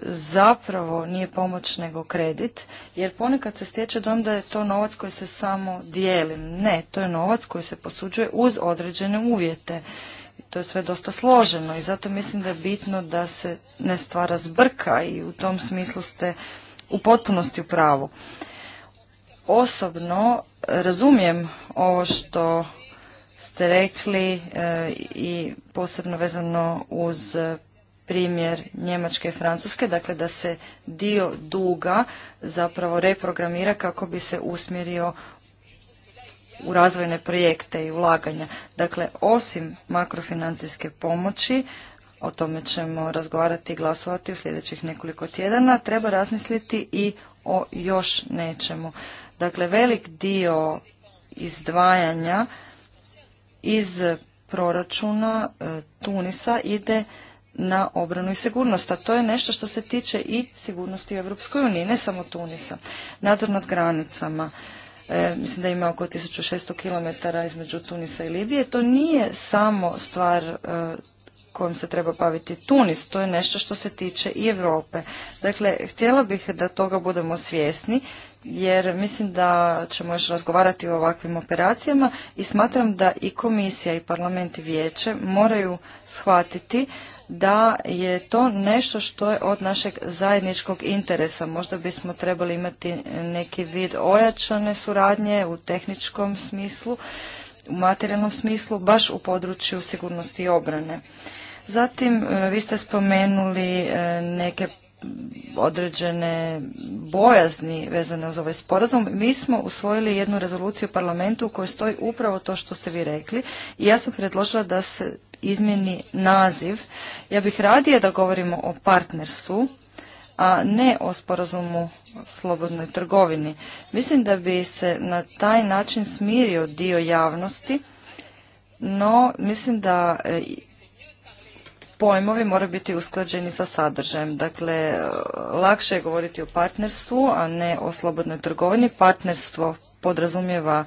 zapravo nije pomoć nego kredit, jer ponekad se stječe da onda je to novac koji se samo dijeli. Ne, to je novac koji se posuđuje uz određene uvjete. To je sve dosta složeno i zato mislim da je bitno da se ne stvara zbrka i u tom smislu ste u potpunosti u pravu osobno razumijem ovo što ste rekli e, i posebno vezano uz primjer Njemačke i Francuske, dakle da se dio duga zapravo reprogramira kako bi se usmjerio u razvojne projekte i ulaganja. Dakle, osim makrofinancijske pomoći, o tome ćemo razgovarati i glasovati u sljedećih nekoliko tjedana, treba razmisliti i o još nečemu. Dakle, velik dio izdvajanja iz proračuna e, Tunisa ide na obranu i sigurnost, a to je nešto što se tiče i sigurnosti u Europskoj uniji, ne samo Tunisa. Nadzor nad granicama, e, mislim da ima oko 1600 km između Tunisa i Libije, to nije samo stvar e, kojom se treba baviti Tunis, to je nešto što se tiče i Europe. Dakle, htjela bih da toga budemo svjesni jer mislim da ćemo još razgovarati o ovakvim operacijama i smatram da i komisija i parlament i vijeće moraju shvatiti da je to nešto što je od našeg zajedničkog interesa. Možda bismo trebali imati neki vid ojačane suradnje u tehničkom smislu, u materijalnom smislu, baš u području sigurnosti i obrane. Zatim, e, vi ste spomenuli e, neke određene bojazni vezane uz ovaj sporazum. Mi smo usvojili jednu rezoluciju u parlamentu u kojoj stoji upravo to što ste vi rekli i ja sam predložila da se izmjeni naziv. Ja bih radije da govorimo o partnerstvu, a ne o sporazumu slobodnoj trgovini. Mislim da bi se na taj način smirio dio javnosti, no mislim da e, pojmovi moraju biti usklađeni sa sadržajem. Dakle, lakše je govoriti o partnerstvu, a ne o slobodnoj trgovini. Partnerstvo podrazumijeva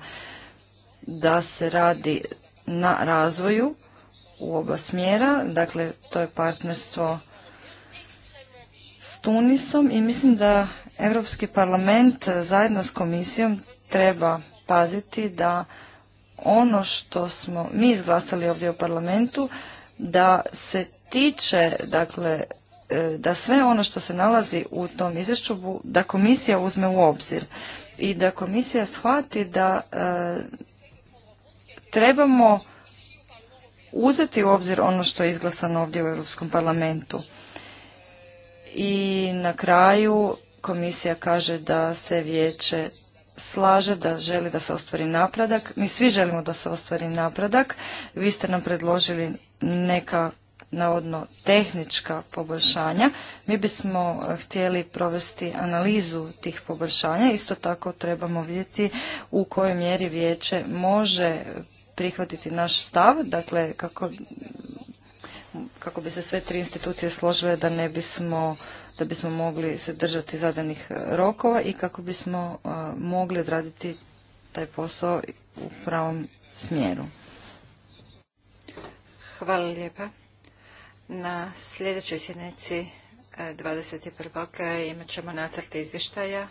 da se radi na razvoju u oba smjera. Dakle, to je partnerstvo s Tunisom i mislim da Europski parlament zajedno s komisijom treba paziti da ono što smo mi izglasali ovdje u parlamentu, da se tiče, dakle, e, da sve ono što se nalazi u tom izvješću, da komisija uzme u obzir i da komisija shvati da e, trebamo uzeti u obzir ono što je izglasano ovdje u Europskom parlamentu. I na kraju komisija kaže da se vijeće slaže, da želi da se ostvari napredak. Mi svi želimo da se ostvari napredak. Vi ste nam predložili neka navodno tehnička poboljšanja. Mi bismo eh, htjeli provesti analizu tih poboljšanja. Isto tako trebamo vidjeti u kojoj mjeri vijeće može prihvatiti naš stav, dakle kako, kako bi se sve tri institucije složile da ne bismo da bismo mogli se držati zadanih eh, rokova i kako bismo eh, mogli odraditi taj posao u pravom smjeru. Hvala lijepa. Na sljedećoj sjednici 21. E, e, imat ćemo nacrte izvještaja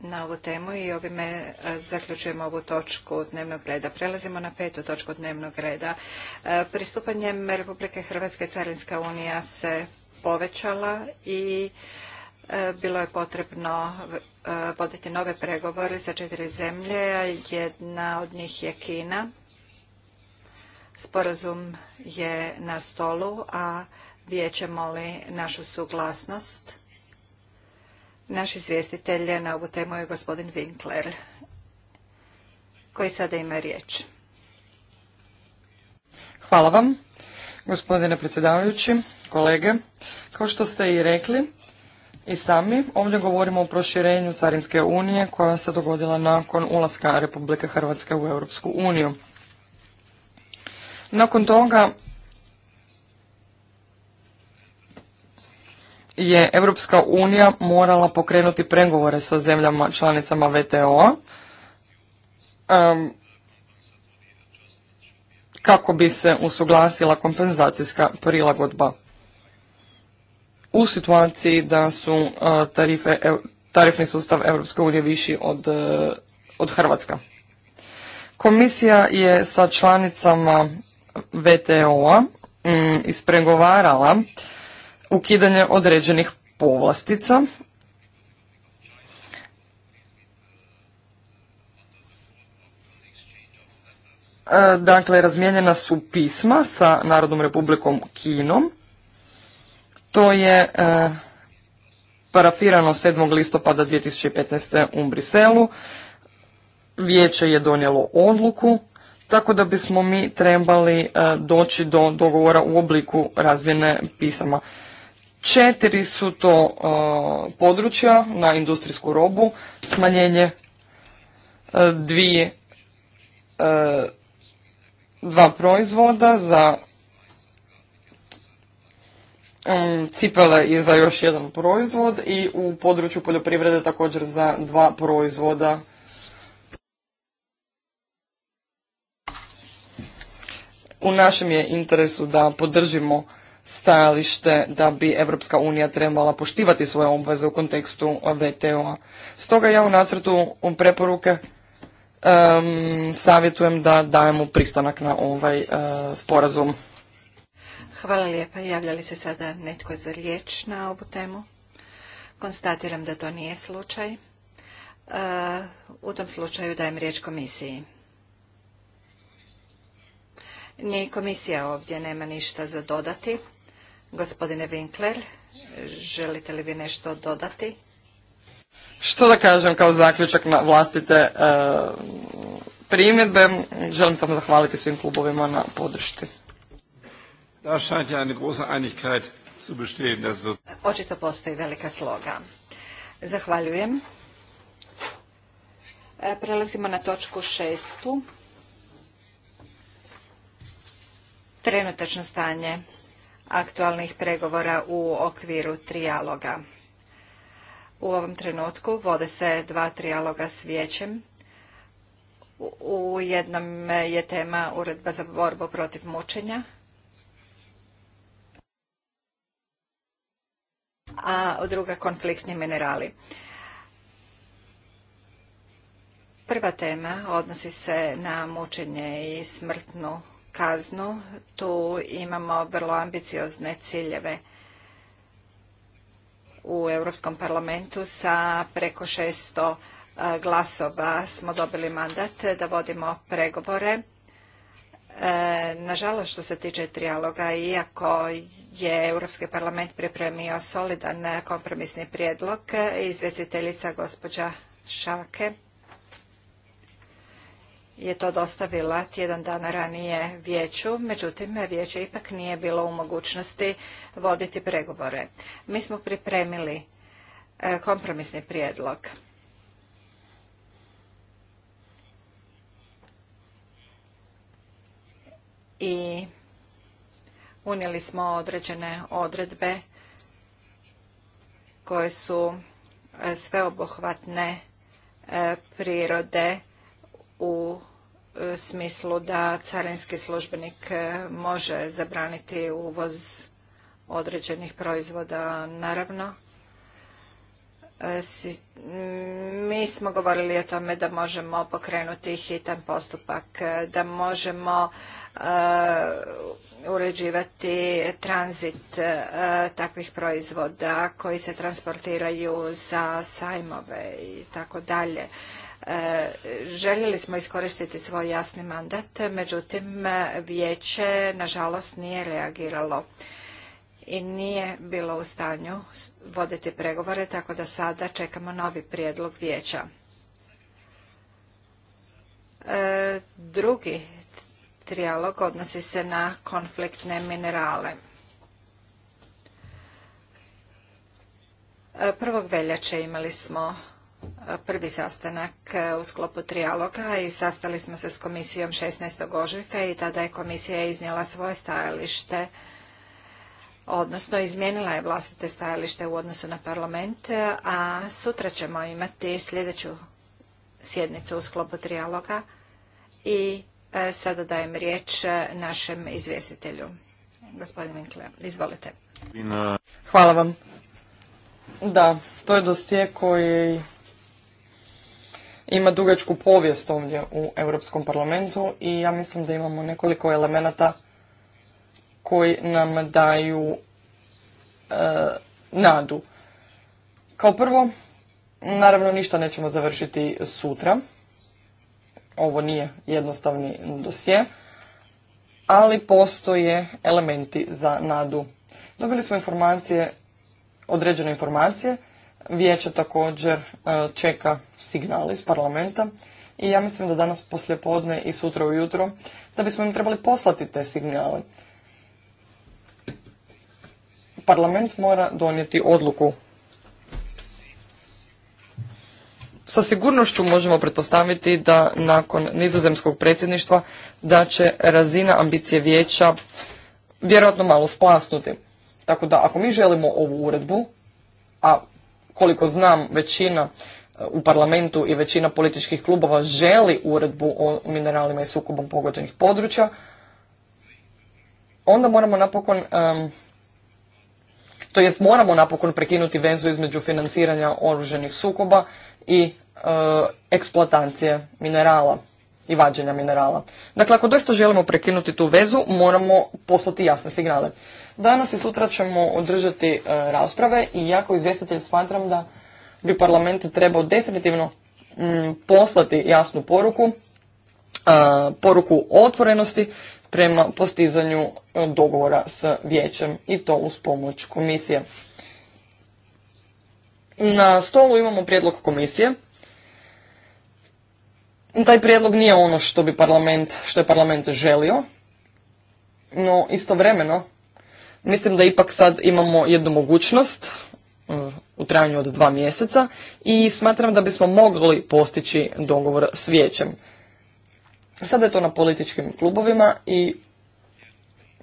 na ovu temu i ovime e, zaključujemo ovu točku dnevnog reda. Prelazimo na petu točku dnevnog reda. Pristupanjem Republike Hrvatske Carinska unija se povećala i bilo je potrebno voditi nove pregovore sa četiri zemlje. Jedna od njih je Kina. Sporazum je na stolu, a vijeće moli našu suglasnost. Naš izvjestitelj na ovu temu je gospodin Winkler, koji sada ima riječ. Hvala vam, gospodine predsjedavajući, kolege. Kao što ste i rekli, i sami, ovdje govorimo o proširenju Carinske unije koja se dogodila nakon ulaska Republike Hrvatske u Europsku uniju. Nakon toga je Europska unija morala pokrenuti pregovore sa zemljama članicama VTO-a kako bi se usuglasila kompenzacijska prilagodba u situaciji da su e, tarife, e, tarifni sustav Europske unije viši od, e, od Hrvatska. Komisija je sa članicama VTO-a mm, ispregovarala ukidanje određenih povlastica e, Dakle, razmijenjena su pisma sa Narodnom republikom Kinom. To je e, parafirano 7. listopada 2015. u Briselu. Vijeće je donijelo odluku tako da bismo mi trebali e, doći do dogovora u obliku razmjene pisama. Četiri su to e, područja na industrijsku robu, smanjenje e, dvije, dva proizvoda za mm, cipele i za još jedan proizvod i u području poljoprivrede također za dva proizvoda U našem je interesu da podržimo stajalište da bi Europska unija trebala poštivati svoje obveze u kontekstu VTO-a. Stoga ja u nacrtu preporuke savjetujem da dajemo pristanak na ovaj e, sporazum. Hvala lijepa. Javlja li se sada netko za riječ na ovu temu? Konstatiram da to nije slučaj. E, u tom slučaju dajem riječ komisiji. Ni komisija ovdje nema ništa za dodati. Gospodine Winkler, želite li vi nešto dodati? Što da kažem kao zaključak na vlastite e, primjedbe, želim samo zahvaliti svim klubovima na podršci. Očito postoji velika sloga. Zahvaljujem. E, prelazimo na točku šestu. trenutačno stanje aktualnih pregovora u okviru trijaloga. U ovom trenutku vode se dva trijaloga s vijećem. U jednom je tema uredba za borbu protiv mučenja, a druga konfliktni minerali. Prva tema odnosi se na mučenje i smrtnu kaznu. Tu imamo vrlo ambiciozne ciljeve u Europskom parlamentu sa preko 600 e, glasova smo dobili mandat da vodimo pregovore. E, nažalost što se tiče trijaloga, iako je Europski parlament pripremio solidan kompromisni prijedlog, izvjestiteljica gospođa Šake je to dostavila tjedan dana ranije vijeću, međutim vijeće ipak nije bilo u mogućnosti voditi pregovore. Mi smo pripremili e, kompromisni prijedlog. I unijeli smo određene odredbe koje su e, sveobuhvatne e, prirode u smislu da carinski službenik e, može zabraniti uvoz određenih proizvoda, naravno. E, mi smo govorili o tome da možemo pokrenuti hitan postupak, e, da možemo uređivati tranzit takvih proizvoda koji se transportiraju za sajmove i tako dalje. E, željeli smo iskoristiti svoj jasni mandat, međutim vijeće nažalost nije reagiralo i nije bilo u stanju voditi pregovore, tako da sada čekamo novi prijedlog vijeća. E, drugi trijalog odnosi se na konfliktne minerale. E, prvog veljače imali smo prvi sastanak e, u sklopu trijaloga i sastali smo se s komisijom 16. ožujka i tada je komisija iznijela svoje stajalište odnosno izmijenila je vlastite stajalište u odnosu na parlament, a sutra ćemo imati sljedeću sjednicu u sklopu trijaloga i e, sada dajem riječ našem izvjestitelju. Gospodin Winkler, izvolite. Hvala vam. Da, to je dosje koji ima dugačku povijest ovdje u Europskom parlamentu i ja mislim da imamo nekoliko elemenata koji nam daju e, nadu. Kao prvo, naravno ništa nećemo završiti sutra. Ovo nije jednostavni dosje, ali postoje elementi za nadu. Dobili smo informacije, određene informacije Vijeće također e, čeka signal iz parlamenta i ja mislim da danas poslijepodne i sutra ujutro da bismo im trebali poslati te signale. Parlament mora donijeti odluku. Sa sigurnošću možemo pretpostaviti da nakon nizozemskog predsjedništva da će razina ambicije vijeća vjerojatno malo splasnuti. Tako da ako mi želimo ovu uredbu, a koliko znam većina eh, u parlamentu i većina političkih klubova želi uredbu o mineralima i sukobom pogođenih područja, onda moramo napokon, to jest moramo napokon prekinuti vezu između financiranja oruženih sukoba i eh, eksploatacije minerala i vađenja minerala. Dakle, ako doista želimo prekinuti tu vezu, moramo poslati jasne signale. Danas i sutra ćemo održati e, rasprave i ja kao izvjestitelj smatram da bi parlament trebao definitivno mm, poslati jasnu poruku, e, poruku otvorenosti prema postizanju e, dogovora s vijećem i to uz pomoć komisije. Na stolu imamo prijedlog komisije. Taj prijedlog nije ono što bi parlament, što je parlament želio, no istovremeno Mislim da ipak sad imamo jednu mogućnost uh, u trajanju od dva mjeseca i smatram da bismo mogli postići dogovor s vijećem. Sada je to na političkim klubovima i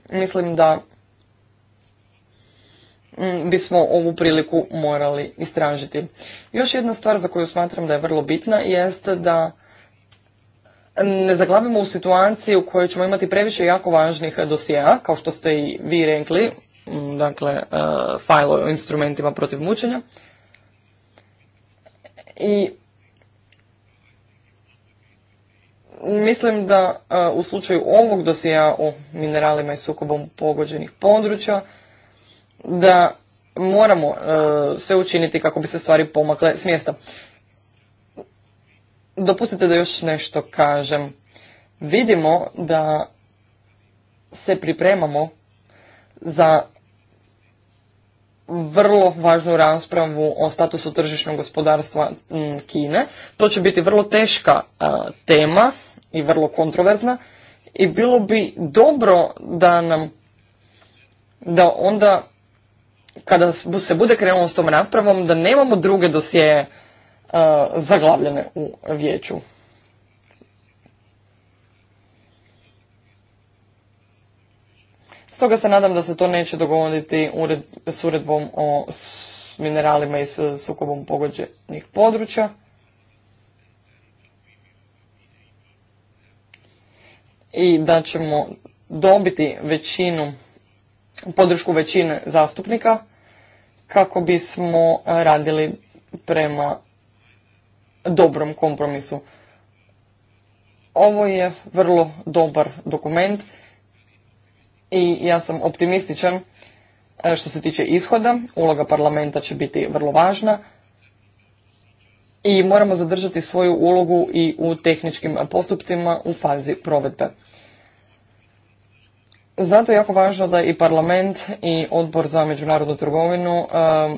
mislim da mm, bismo ovu priliku morali istražiti. Još jedna stvar za koju smatram da je vrlo bitna jest da ne zaglavimo u situaciji u kojoj ćemo imati previše jako važnih dosija, kao što ste i vi rekli, dakle, e, fajlo o instrumentima protiv mučenja. I mislim da e, u slučaju ovog dosija o mineralima i sukobom pogođenih područja, da moramo e, sve učiniti kako bi se stvari pomakle s mjesta. Dopustite da još nešto kažem. Vidimo da se pripremamo za vrlo važnu raspravu o statusu tržišnog gospodarstva mm, Kine. To će biti vrlo teška tema i vrlo kontroverzna i bilo bi dobro da nam da onda kada se bude krenulo s tom raspravom da nemamo druge dosije E, zaglavljene u vijeću. Stoga se nadam da se to neće dogoditi s uredbom o mineralima i sukobom pogođenih područja. I da ćemo dobiti većinu, podršku većine zastupnika kako bismo radili prema dobrom kompromisu. Ovo je vrlo dobar dokument i ja sam optimističan e, što se tiče ishoda. Uloga parlamenta će biti vrlo važna i moramo zadržati svoju ulogu i u tehničkim postupcima u fazi provedbe. Zato je jako važno da i parlament i odbor za međunarodnu trgovinu e,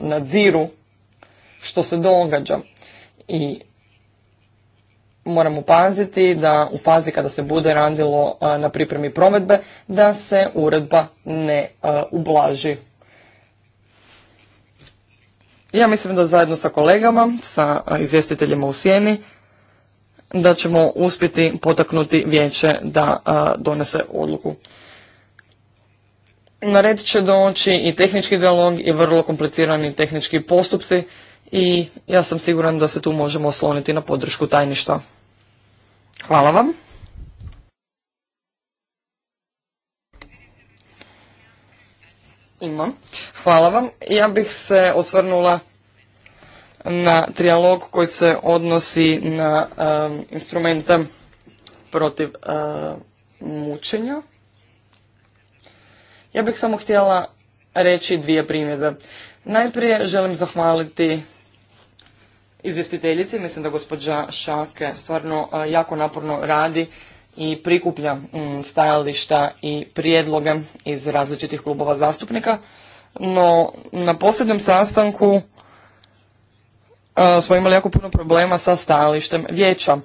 nadziru što se događa i moramo paziti da u fazi kada se bude radilo na pripremi provedbe da se uredba ne ublaži. Ja mislim da zajedno sa kolegama, sa izvjestiteljima u sjeni, da ćemo uspjeti potaknuti vijeće da donese odluku. Na red će doći i tehnički dialog i vrlo komplicirani tehnički postupci i ja sam siguran da se tu možemo osloniti na podršku tajništva. Hvala vam. Imam. Hvala vam. Ja bih se osvrnula na trijalog koji se odnosi na instrumente protiv mučenja. Ja bih samo htjela reći dvije primjedbe. Najprije želim zahvaliti izvjestiteljici. Mislim da gospođa Šake stvarno jako naporno radi i prikuplja mm, stajališta i prijedloge iz različitih klubova zastupnika. No, na posljednjem sastanku smo imali jako puno problema sa stajalištem vijeća.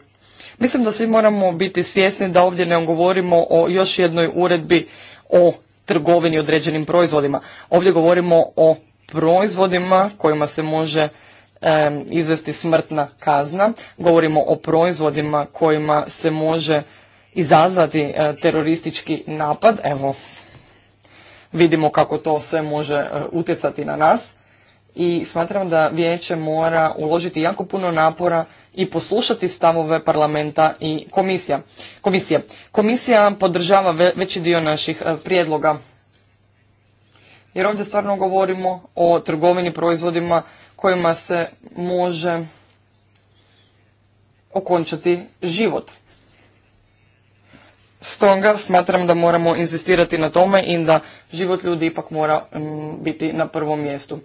Mislim da svi moramo biti svjesni da ovdje ne govorimo o još jednoj uredbi o trgovini određenim proizvodima. Ovdje govorimo o proizvodima kojima se može izvesti smrtna kazna. Govorimo o proizvodima kojima se može izazvati e, teroristički napad. Evo, vidimo kako to sve može e, utjecati na nas. I smatram da vijeće mora uložiti jako puno napora i poslušati stavove parlamenta i komisija. komisije. Komisija podržava veći dio naših e, prijedloga. Jer ovdje stvarno govorimo o trgovini proizvodima kojima se može okončati život. Stoga smatram da moramo insistirati na tome i da život ljudi ipak mora mm, biti na prvom mjestu.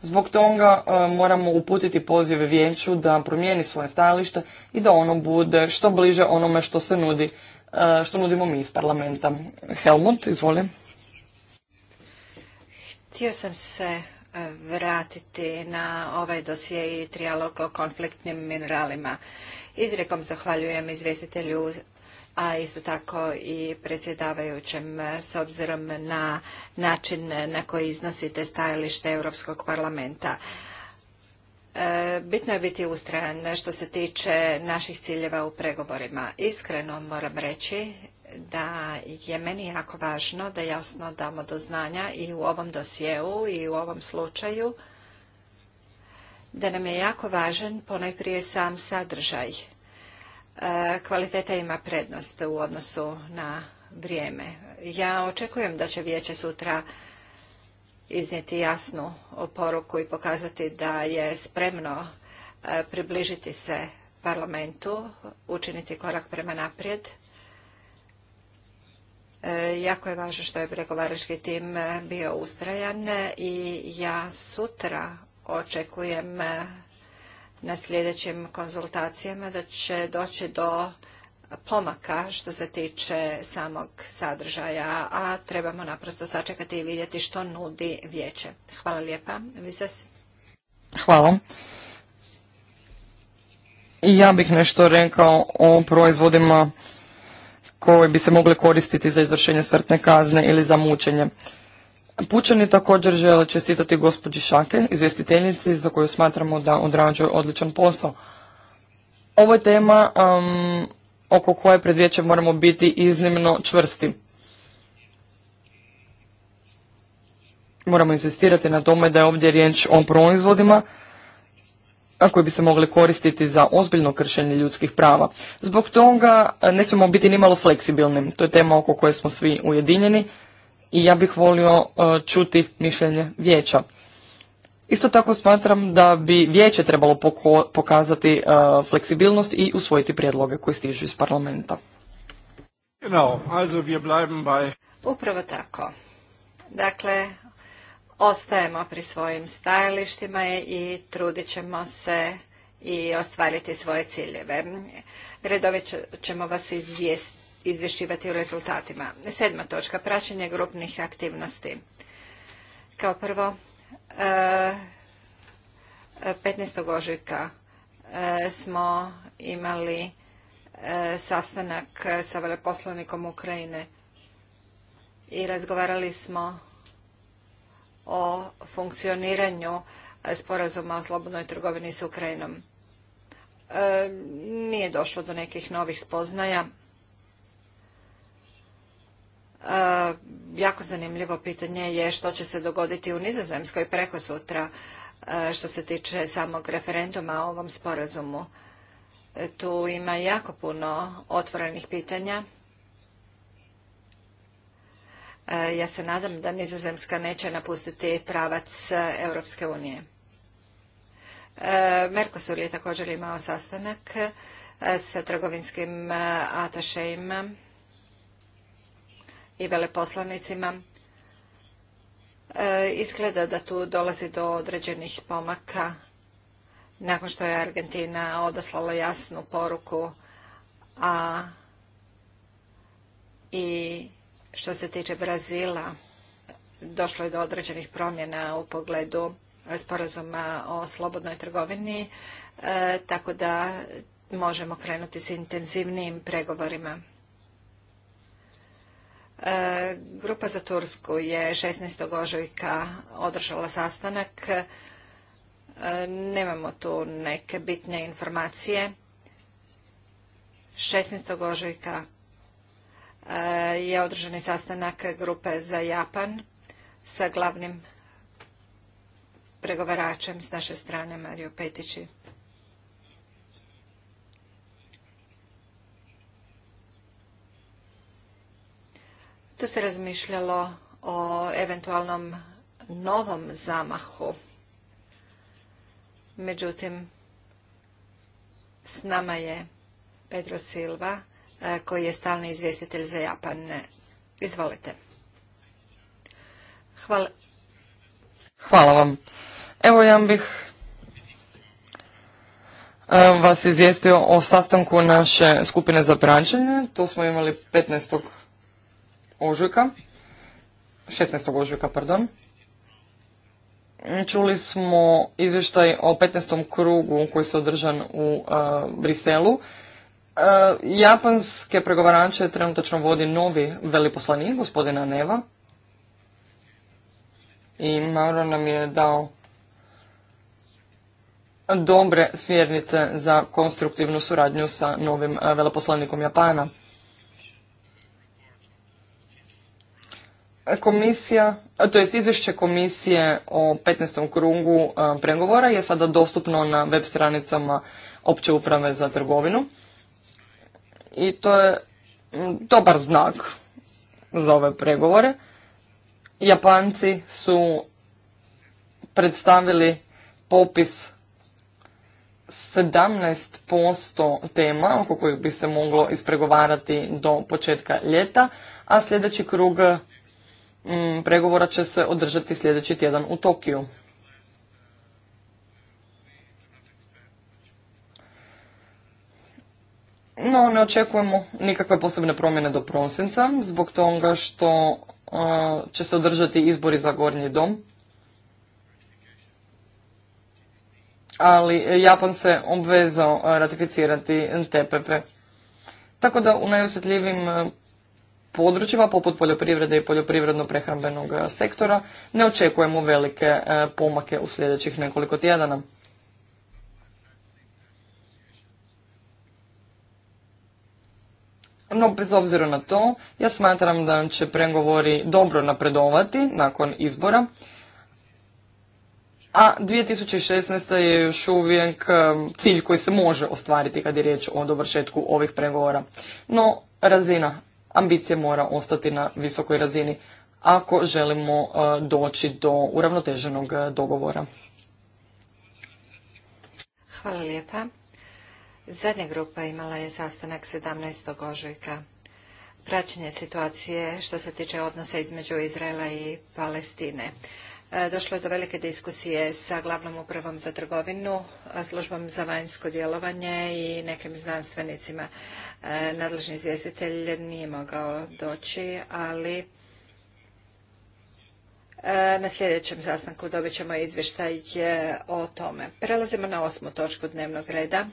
Zbog toga e, moramo uputiti pozive vijeću da promijeni svoje stajalište i da ono bude što bliže onome što se nudi, e, što nudimo mi iz parlamenta. Helmut, izvolim. Htio sam se vratiti na ovaj dosje i trijalog o konfliktnim mineralima. Izrekom zahvaljujem izvjestitelju a isto tako i predsjedavajućem s obzirom na način na koji iznosite stajalište Europskog parlamenta. E, bitno je biti ustrajan što se tiče naših ciljeva u pregovorima. Iskreno moram reći da je meni jako važno da jasno damo do znanja i u ovom dosjeu i u ovom slučaju da nam je jako važan ponajprije sam sadržaj. E, kvaliteta ima prednost u odnosu na vrijeme. Ja očekujem da će vijeće sutra iznijeti jasnu poruku i pokazati da je spremno e, približiti se parlamentu, učiniti korak prema naprijed E, jako je važno što je pregovarački tim e, bio ustrajan e, i ja sutra očekujem na sljedećim konzultacijama da će doći do pomaka što se tiče samog sadržaja, a trebamo naprosto sačekati i vidjeti što nudi vijeće. Hvala lijepa. Vizas. Hvala. I ja bih nešto rekao o proizvodima koje bi se mogle koristiti za izvršenje svrtne kazne ili za mučenje. Pučani također žele čestitati gospođi Šake, izvjestiteljici za koju smatramo da odrađuje odličan posao. Ovo je tema um, oko koje pred moramo biti iznimno čvrsti. Moramo insistirati na tome da je ovdje riječ o proizvodima koji bi se mogli koristiti za ozbiljno kršenje ljudskih prava. Zbog toga e, ne smijemo biti ni malo fleksibilnim. To je tema oko koje smo svi ujedinjeni i ja bih volio e, čuti mišljenje vijeća. Isto tako smatram da bi vijeće trebalo pokazati e, fleksibilnost i usvojiti prijedloge koji stižu iz parlamenta. Upravo tako. Dakle, ostajemo pri svojim stajalištima i trudit ćemo se i ostvariti svoje ciljeve. Redovit ćemo vas izvješćivati o rezultatima. Sedma točka, praćenje grupnih aktivnosti. Kao prvo, 15. E, ožujka e, smo imali e, sastanak sa veleposlanikom Ukrajine i razgovarali smo o funkcioniranju sporazuma o slobodnoj trgovini s Ukrajinom. E, nije došlo do nekih novih spoznaja. E, jako zanimljivo pitanje je što će se dogoditi u Nizozemskoj preko sutra e, što se tiče samog referenduma o ovom sporazumu. Tu ima jako puno otvorenih pitanja. E, ja se nadam da Nizozemska neće napustiti pravac e, Europske unije. E, Mercosur je također imao sastanak sa trgovinskim atašejima i veleposlanicima. Izgleda da tu dolazi do određenih pomaka nakon što je Argentina odaslala jasnu poruku, a i što se tiče Brazila, došlo je do određenih promjena u pogledu sporazuma o slobodnoj trgovini, e, tako da možemo krenuti s intenzivnim pregovorima. E, grupa za Tursku je 16. ožujka održala sastanak. E, nemamo tu neke bitne informacije. 16. ožujka E, je održani sastanak grupe za Japan sa glavnim pregovaračem s naše strane Mario Petići. Tu se razmišljalo o eventualnom novom zamahu. Međutim, s nama je Pedro Silva, E, koji je stalni izvjestitelj za Japan. E, izvolite. Hvala. Hvala vam. Evo ja bih e, vas izvijestio o sastanku naše skupine za praćenje To smo imali 15. ožujka. 16. ožujka, pardon. Čuli smo izvještaj o 15. krugu koji se održan u Briselu E, japanske pregovarače trenutačno vodi novi veliposlanik, gospodina Neva. I Mauro nam je dao dobre smjernice za konstruktivnu suradnju sa novim e, veleposlanikom Japana. Komisija, to jest izvješće komisije o 15. krugu e, pregovora je sada dostupno na web stranicama opće uprave za trgovinu i to je mm, dobar znak za ove pregovore. Japanci su predstavili popis 17% tema oko kojih bi se moglo ispregovarati do početka ljeta, a sljedeći krug mm, pregovora će se održati sljedeći tjedan u Tokiju. No, ne očekujemo nikakve posebne promjene do prosinca, zbog toga što e, će se održati izbori za gornji dom. Ali Japan se obvezao e, ratificirati TPP. Tako da u najosjetljivim e, područjima poput poljoprivrede i poljoprivredno-prehrambenog sektora ne očekujemo velike pomake u sljedećih nekoliko tjedana. No, bez obzira na to, ja smatram da će pregovori dobro napredovati nakon izbora, a 2016. je još uvijek e, cilj koji se može ostvariti kad je riječ o dovršetku ovih pregovora. No, razina ambicije mora ostati na visokoj razini ako želimo e, doći do uravnoteženog e, dogovora. Hvala lijepa. Zadnja grupa imala je sastanak 17. ožujka. Praćenje situacije što se tiče odnosa između Izraela i Palestine. E, došlo je do velike diskusije sa glavnom upravom za trgovinu, službom za vanjsko djelovanje i nekim znanstvenicima. E, nadležni izvjestitelj nije mogao doći, ali e, na sljedećem sastanku dobit ćemo izvještaj o tome. Prelazimo na osmu točku dnevnog reda.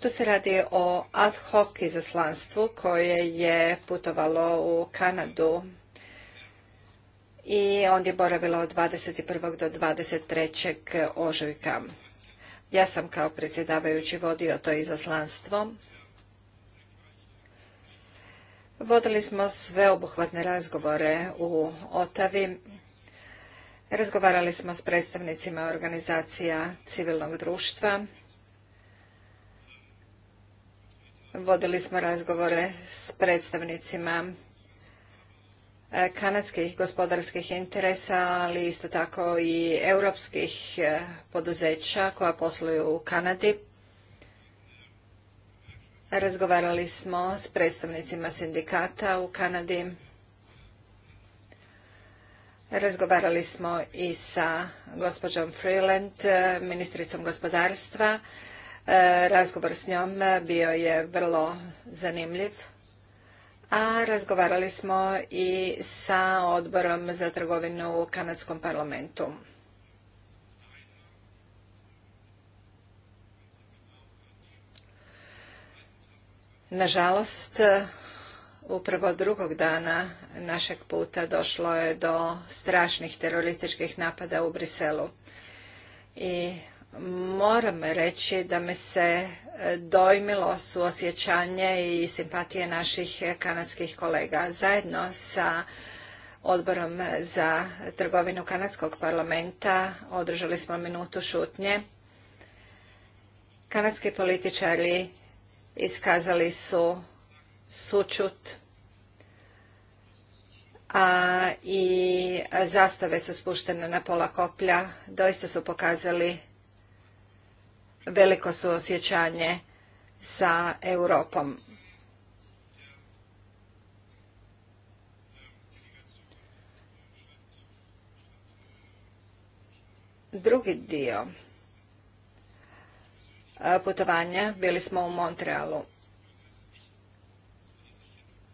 Tu se radi o ad hoc izaslanstvu koje je putovalo u Kanadu i ondje je boravilo od 21. do 23. ožujka. Ja sam kao predsjedavajući vodio to izaslanstvo. Vodili smo sveobuhvatne razgovore u Otavi. Razgovarali smo s predstavnicima organizacija civilnog društva, Vodili smo razgovore s predstavnicima e, kanadskih gospodarskih interesa, ali isto tako i europskih e, poduzeća koja posluju u Kanadi. Razgovarali smo s predstavnicima sindikata u Kanadi. Razgovarali smo i sa gospođom Freeland, e, ministricom gospodarstva E, razgovor s njom bio je vrlo zanimljiv, a razgovarali smo i sa odborom za trgovinu u Kanadskom parlamentu. Nažalost, upravo drugog dana našeg puta došlo je do strašnih terorističkih napada u Briselu. I Moram reći da me se e, dojmilo suosjećanje i simpatije naših kanadskih kolega. Zajedno sa odborom za trgovinu kanadskog parlamenta održali smo minutu šutnje. Kanadski političari iskazali su sučut a i zastave su spuštene na pola koplja. Doista su pokazali veliko suosjećanje sa Europom. Drugi dio e, putovanja bili smo u Montrealu.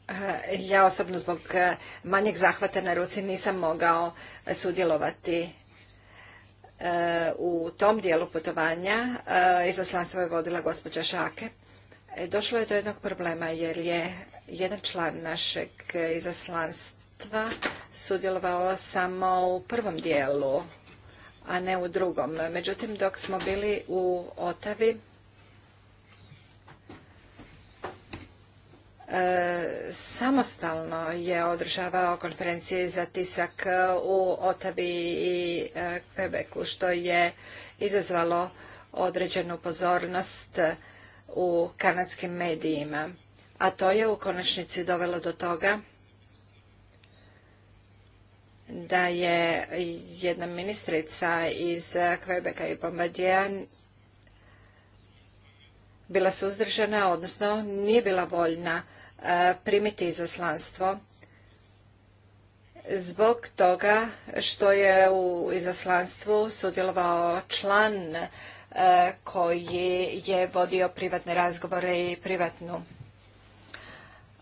E, ja osobno zbog e, manjeg zahvata na ruci nisam mogao sudjelovati u tom dijelu putovanja e, izaslanstvo je vodila gospođa Šake. E, došlo je do jednog problema jer je jedan član našeg izaslanstva sudjelovao samo u prvom dijelu, a ne u drugom. Međutim, dok smo bili u Otavi, E, samostalno je održavao konferencije za tisak e, u Otavi i e, Quebecu, što je izazvalo određenu pozornost u kanadskim medijima. A to je u konačnici dovelo do toga da je jedna ministrica iz Kvebeka i Bombadija bila suzdržana, odnosno nije bila voljna primiti izaslanstvo zbog toga što je u izaslanstvu sudjelovao član e, koji je vodio privatne razgovore i privatnu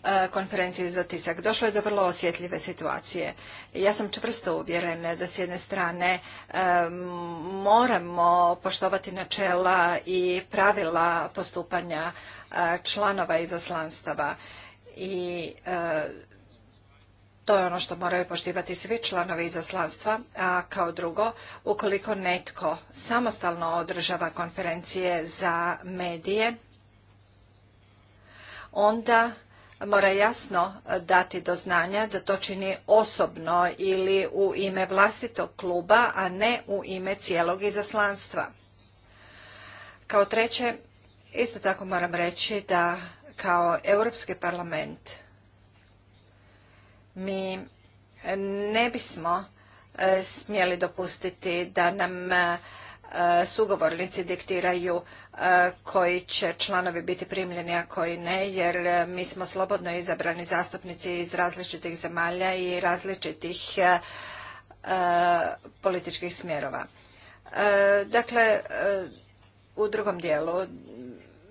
e, konferenciju za tisak. Došlo je do vrlo osjetljive situacije. Ja sam čvrsto uvjerena da s jedne strane e, moramo poštovati načela i pravila postupanja članova izaslanstava i e, to je ono što moraju poštivati svi članovi izaslanstva, a kao drugo, ukoliko netko samostalno održava konferencije za medije, onda mora jasno dati do znanja da to čini osobno ili u ime vlastitog kluba, a ne u ime cijelog izaslanstva. Kao treće, isto tako moram reći da kao Europski parlament mi ne bismo e, smjeli dopustiti da nam e, sugovornici diktiraju e, koji će članovi biti primljeni, a koji ne, jer mi smo slobodno izabrani zastupnici iz različitih zemalja i različitih političkih smjerova. Dakle, u drugom dijelu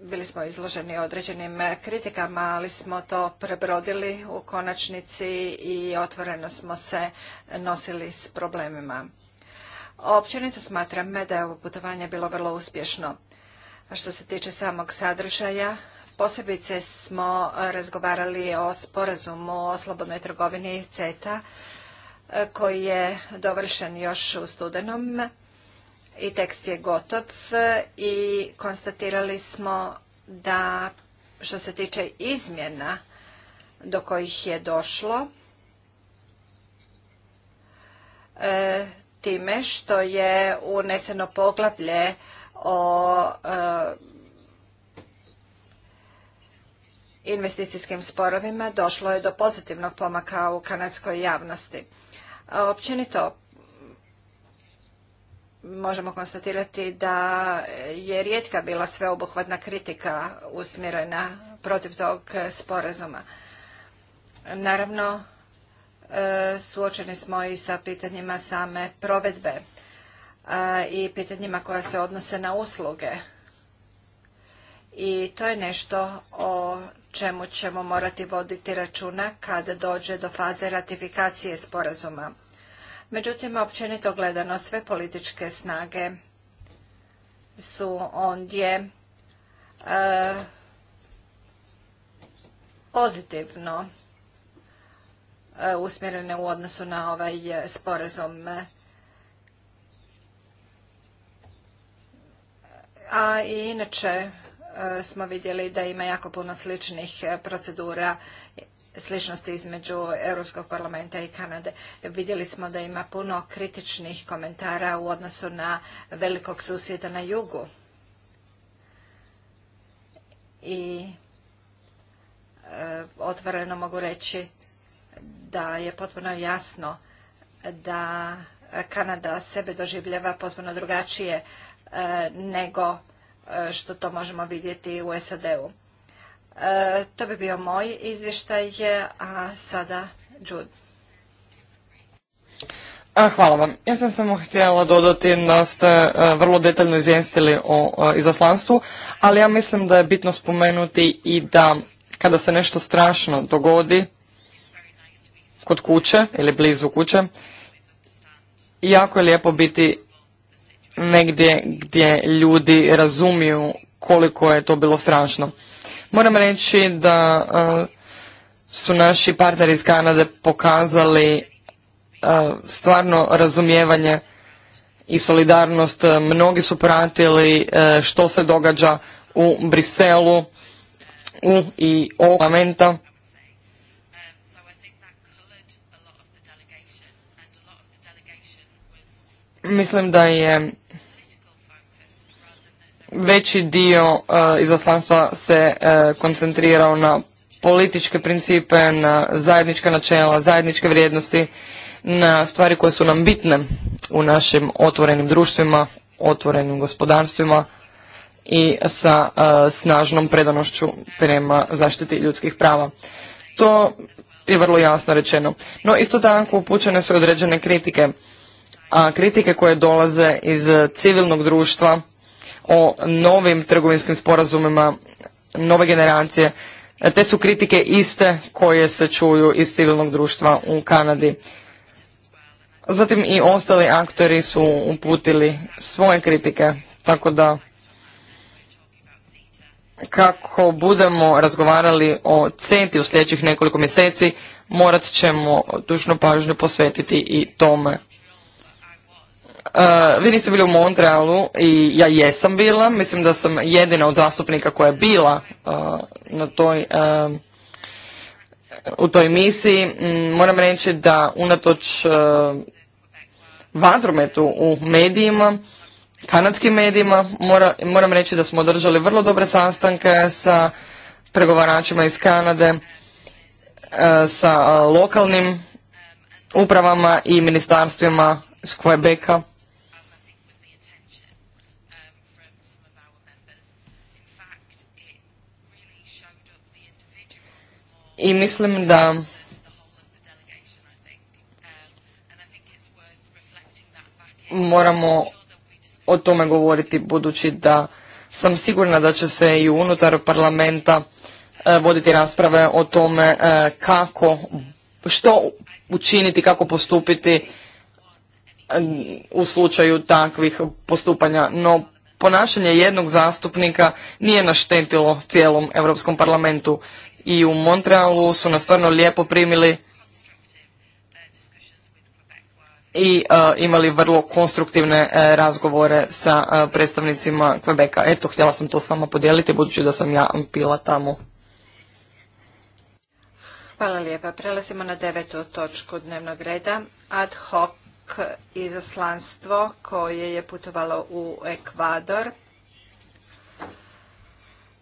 bili smo izloženi određenim kritikama, ali smo to prebrodili u konačnici i otvoreno smo se nosili s problemima. Općenito smatram da je ovo putovanje bilo vrlo uspješno. A što se tiče samog sadržaja, posebice smo razgovarali o sporazumu o slobodnoj trgovini CETA, koji je dovršen još u studenom i tekst je gotov i konstatirali smo da što se tiče izmjena do kojih je došlo, e, time što je uneseno poglavlje o e, investicijskim sporovima došlo je do pozitivnog pomaka u kanadskoj javnosti. Općenito možemo konstatirati da je rijetka bila sveobuhvatna kritika usmjerena protiv tog sporazuma. Naravno, e, suočeni smo i sa pitanjima same provedbe e, i pitanjima koja se odnose na usluge. I to je nešto o čemu ćemo morati voditi računa kada dođe do faze ratifikacije sporazuma. Međutim, općenito gledano sve političke snage su ondje e, pozitivno e, usmjerene u odnosu na ovaj sporazum. A i inače e, smo vidjeli da ima jako puno sličnih procedura sličnosti između Europskog parlamenta i Kanade. Vidjeli smo da ima puno kritičnih komentara u odnosu na velikog susjeda na jugu. I e, otvoreno mogu reći da je potpuno jasno da Kanada sebe doživljava potpuno drugačije e, nego e, što to možemo vidjeti u SAD-u. E, to bi bio moj izvještaj, a sada Jude. Hvala vam. Ja sam samo htjela dodati da ste e, vrlo detaljno izvijestili o e, izaslanstvu, ali ja mislim da je bitno spomenuti i da kada se nešto strašno dogodi kod kuće ili blizu kuće, jako je lijepo biti negdje gdje ljudi razumiju koliko je to bilo strašno. Moram reći da e, su naši partneri iz Kanade pokazali e, stvarno razumijevanje i solidarnost. Mnogi su pratili e, što se događa u Briselu u i o parlamenta. Mislim da je veći dio eh, izaslanstva se eh, koncentrirao na političke principe, na zajednička načela, zajedničke vrijednosti, na stvari koje su nam bitne u našim otvorenim društvima, otvorenim gospodarstvima i sa eh, snažnom predanošću prema zaštiti ljudskih prava. To je vrlo jasno rečeno. No isto tako upućene su određene kritike, a kritike koje dolaze iz civilnog društva o novim trgovinskim sporazumima nove generacije. Te su kritike iste koje se čuju iz civilnog društva u Kanadi. Zatim i ostali aktori su uputili svoje kritike, tako da kako budemo razgovarali o CETI u sljedećih nekoliko mjeseci, morat ćemo dužnu pažnju posvetiti i tome. Uh, vi niste bili u Montrealu i ja jesam bila. Mislim da sam jedina od zastupnika koja je bila e, na toj, e, u toj misiji. Mm, moram reći da unatoč vatrometu u medijima, kanadskim medijima, mora, moram reći da smo održali vrlo dobre sastanke sa pregovaračima iz Kanade, sa lokalnim upravama i ministarstvima iz Quebeca. I mislim da moramo o tome govoriti budući da sam sigurna da će se i unutar parlamenta e, voditi rasprave o tome e, kako, što učiniti, kako postupiti u slučaju takvih postupanja, no ponašanje jednog zastupnika nije naštetilo cijelom Europskom parlamentu i u Montrealu su nas stvarno lijepo primili i e, imali vrlo konstruktivne e, razgovore sa e, predstavnicima Quebeca. Eto, htjela sam to s vama podijeliti budući da sam ja pila tamo. Hvala lijepa. Prelazimo na devetu točku dnevnog reda. Ad hoc izaslanstvo koje je putovalo u Ekvador.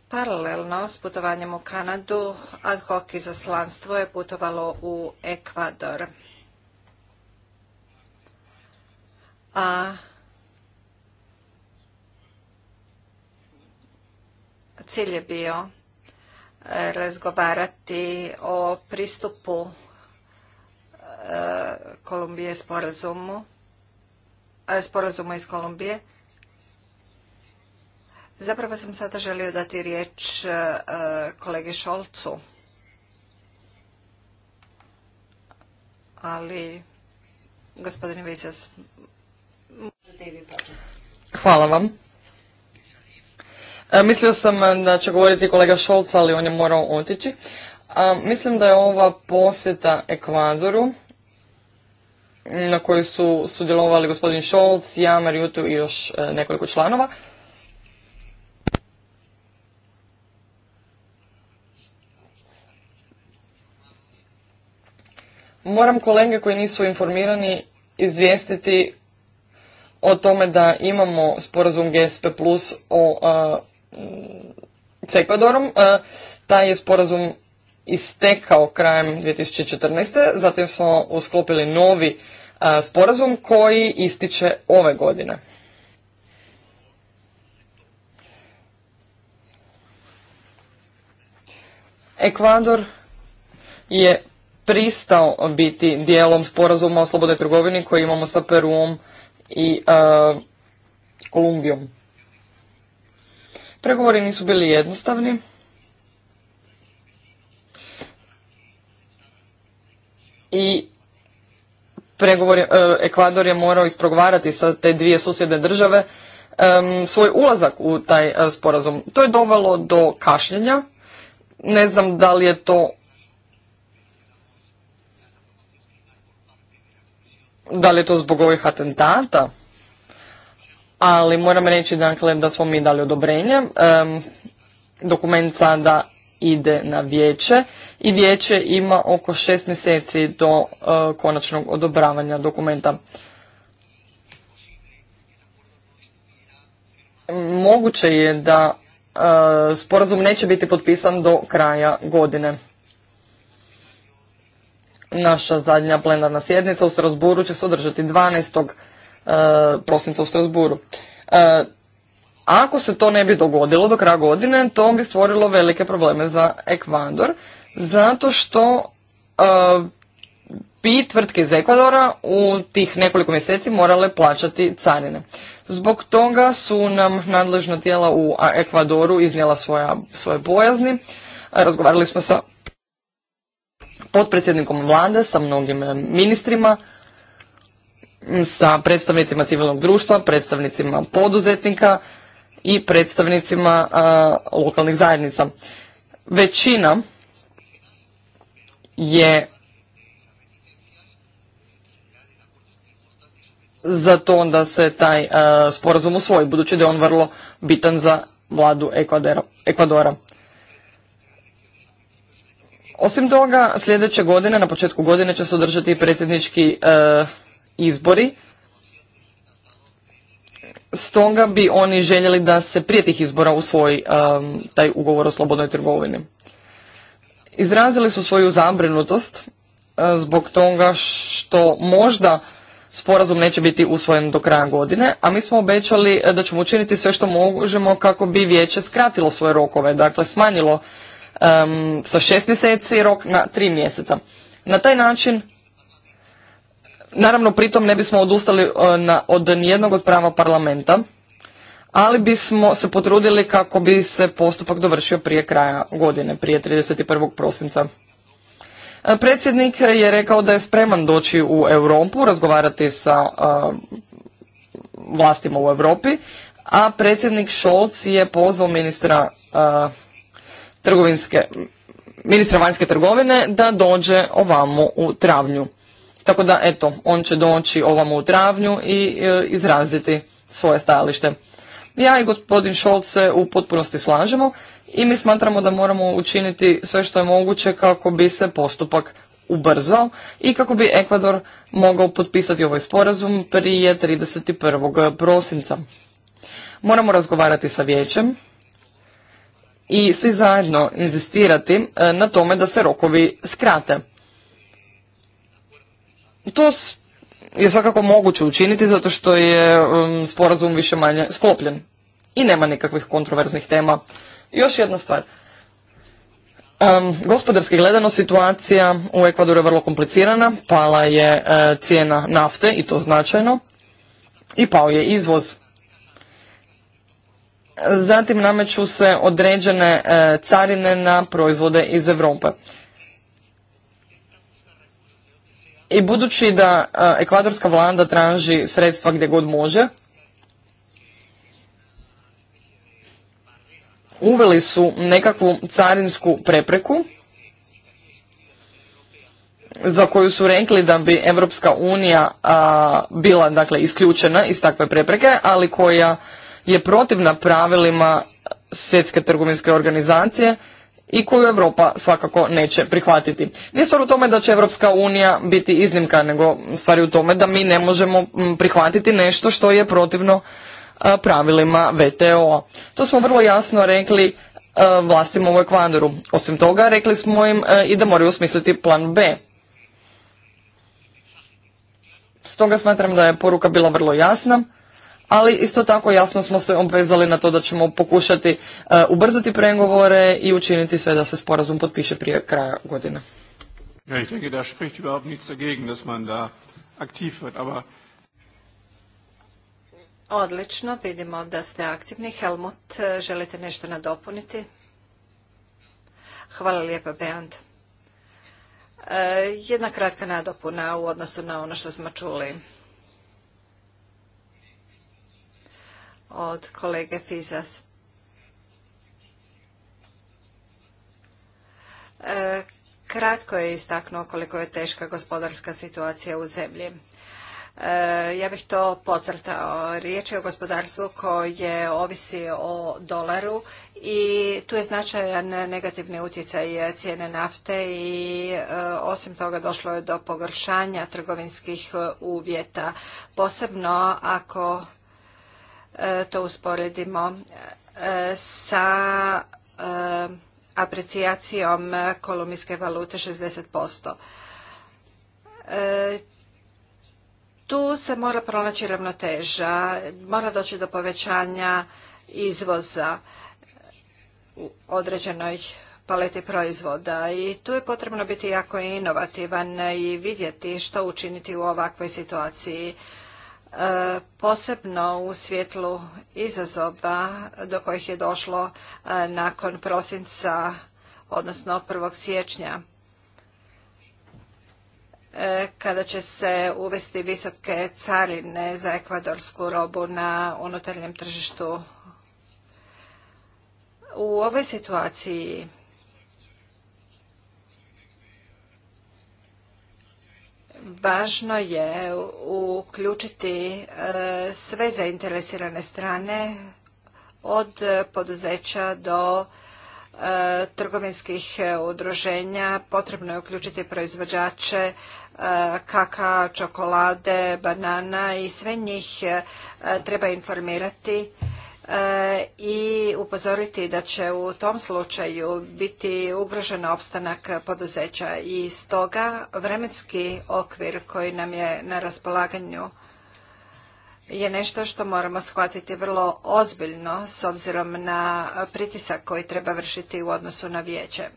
Paralelno s putovanjem u Kanadu, ad hoc izaslanstvo je putovalo u Ekvador. A cilj je bio eh, razgovarati o pristupu Kolumbije sporazumu, e, sporazumu iz Kolumbije. Zapravo sam sada želio dati riječ e, kolegi Šolcu. Ali, gospodine Visas, možete i vi početi. Hvala vam. E, mislio sam da će govoriti kolega Šolc, ali on je morao otići. mislim da je ova posjeta Ekvadoru na kojoj su sudjelovali gospodin Scholz, ja, Marijutu i još e, nekoliko članova. Moram kolege koji nisu informirani izvijestiti o tome da imamo sporazum GSP Plus o, Cekvadorom. E, e, taj je sporazum istekao krajem 2014. Zatim smo usklopili novi sporazum koji ističe ove godine. Ekvador je pristao biti dijelom sporazuma o slobodnoj trgovini koji imamo sa Peruom i Kolumbijom. Pregovori nisu bili jednostavni. i pregovor, e, Ekvador je morao isprogovarati sa te dvije susjedne države svoj ulazak u taj e, sporazum. To je dovelo do kašljenja. Ne znam da li je to da li je to zbog ovih atentata, ali moram reći dakle da smo mi dali odobrenje. Dokument sada ide na vijeće i vijeće ima oko šest mjeseci do e, konačnog odobravanja dokumenta. Moguće je da e, sporazum neće biti potpisan do kraja godine. Naša zadnja plenarna sjednica u Strasburu će se održati 12. E, prosinca u Strasburu. Ako se to ne bi dogodilo do kraja godine, to bi stvorilo velike probleme za Ekvador, zato što eh, bi tvrtke iz Ekvadora u tih nekoliko mjeseci morale plaćati carine. Zbog toga su nam nadležna tijela u Ekvadoru iznijela svoje bojazni. Razgovarali smo sa potpredsjednikom vlade, sa mnogim eh, ministrima, sa predstavnicima civilnog društva, predstavnicima poduzetnika, i predstavnicima lokalnih zajednica. Većina je za to da se taj sporazum usvoji, budući da je on vrlo bitan za vladu Ekvadora. Osim toga, sljedeće godine, na početku godine će se održati predsjednički izbori Stoga bi oni željeli da se prije tih izbora usvoji um, taj ugovor o slobodnoj trgovini. Izrazili su svoju zabrinutost uh, zbog toga što možda sporazum neće biti usvojen do kraja godine, a mi smo obećali da ćemo učiniti sve što možemo kako bi vijeće skratilo svoje rokove, dakle smanjilo um, sa šest mjeseci rok na tri mjeseca. Na taj način Naravno, pritom ne bismo odustali e, na, od nijednog od prava parlamenta, ali bismo se potrudili kako bi se postupak dovršio prije kraja godine, prije 31. prosinca. E, predsjednik je rekao da je spreman doći u Europu, razgovarati sa e, vlastima u Europi, a predsjednik Šolc je pozvao ministra trgovinske, ministra vanjske trgovine da dođe ovamo u travnju. Tako da, eto, on će doći ovamo u travnju i e, izraziti svoje stajalište. Ja i gospodin Šolt se u potpunosti slažemo i mi smatramo da moramo učiniti sve što je moguće kako bi se postupak ubrzao i kako bi Ekvador mogao potpisati ovaj sporazum prije 31. prosinca. Moramo razgovarati sa vijećem i svi zajedno inzistirati e, na tome da se rokovi skrate. To je svakako moguće učiniti zato što je um, sporazum više manje sklopljen i nema nikakvih kontroverznih tema. Još jedna stvar. Um, gospodarski gledano situacija u Ekvadoru je vrlo komplicirana, pala je e, cijena nafte i to značajno i pao je izvoz. Zatim nameću se određene e, carine na proizvode iz Europe. I budući da e, ekvadorska vlada traži sredstva gdje god može, uveli su nekakvu carinsku prepreku za koju su rekli da bi Europska unija bila dakle isključena iz takve prepreke, ali koja je protivna pravilima Svjetske trgovinske organizacije i koju Europa svakako neće prihvatiti. Nije stvar u tome da će Europska unija biti iznimka, nego stvar je u tome da mi ne možemo prihvatiti nešto što je protivno pravilima vto To smo vrlo jasno rekli vlastima u Ekvadoru. Osim toga, rekli smo im i da moraju usmisliti plan B. Stoga smatram da je poruka bila vrlo jasna ali isto tako jasno smo se obvezali na to da ćemo pokušati eh, ubrzati pregovore i učiniti sve da se sporazum potpiše prije kraja godine. Ja, ich da spricht überhaupt nichts dagegen, dass man da aktiv wird, aber... Odlično, vidimo da ste aktivni. Helmut, eh, želite nešto nadopuniti? Hvala lijepa, Beand. Eh, jedna kratka nadopuna u odnosu na ono što smo čuli. od kolege Fizas. E, kratko je istaknuo koliko je teška gospodarska situacija u zemlji. E, ja bih to potvrtao. Riječ je o gospodarstvu koje ovisi o dolaru i tu je značajan negativni utjecaj cijene nafte i e, osim toga došlo je do pogoršanja trgovinskih uvjeta, posebno ako E, to usporedimo e, sa e, aprecijacijom kolumbijske valute 60%. Tu se mora pronaći ravnoteža, mora doći do povećanja izvoza u određenoj paleti proizvoda i tu je potrebno biti jako inovativan i vidjeti što učiniti u ovakvoj situaciji. E, posebno u svjetlu izazova do kojih je došlo e, nakon prosinca, odnosno 1. siječnja e, kada će se uvesti visoke carine za ekvadorsku robu na unutarnjem tržištu. U ovoj situaciji važno je uključiti e, sve zainteresirane strane od poduzeća do e, trgovinskih udruženja, potrebno je uključiti proizvođače e, kaka, čokolade, banana i sve njih treba informirati i upozoriti da će u tom slučaju biti ugrožen opstanak poduzeća i stoga vremenski okvir koji nam je na raspolaganju je nešto što moramo shvatiti vrlo ozbiljno s obzirom na pritisak koji treba vršiti u odnosu na vijeće.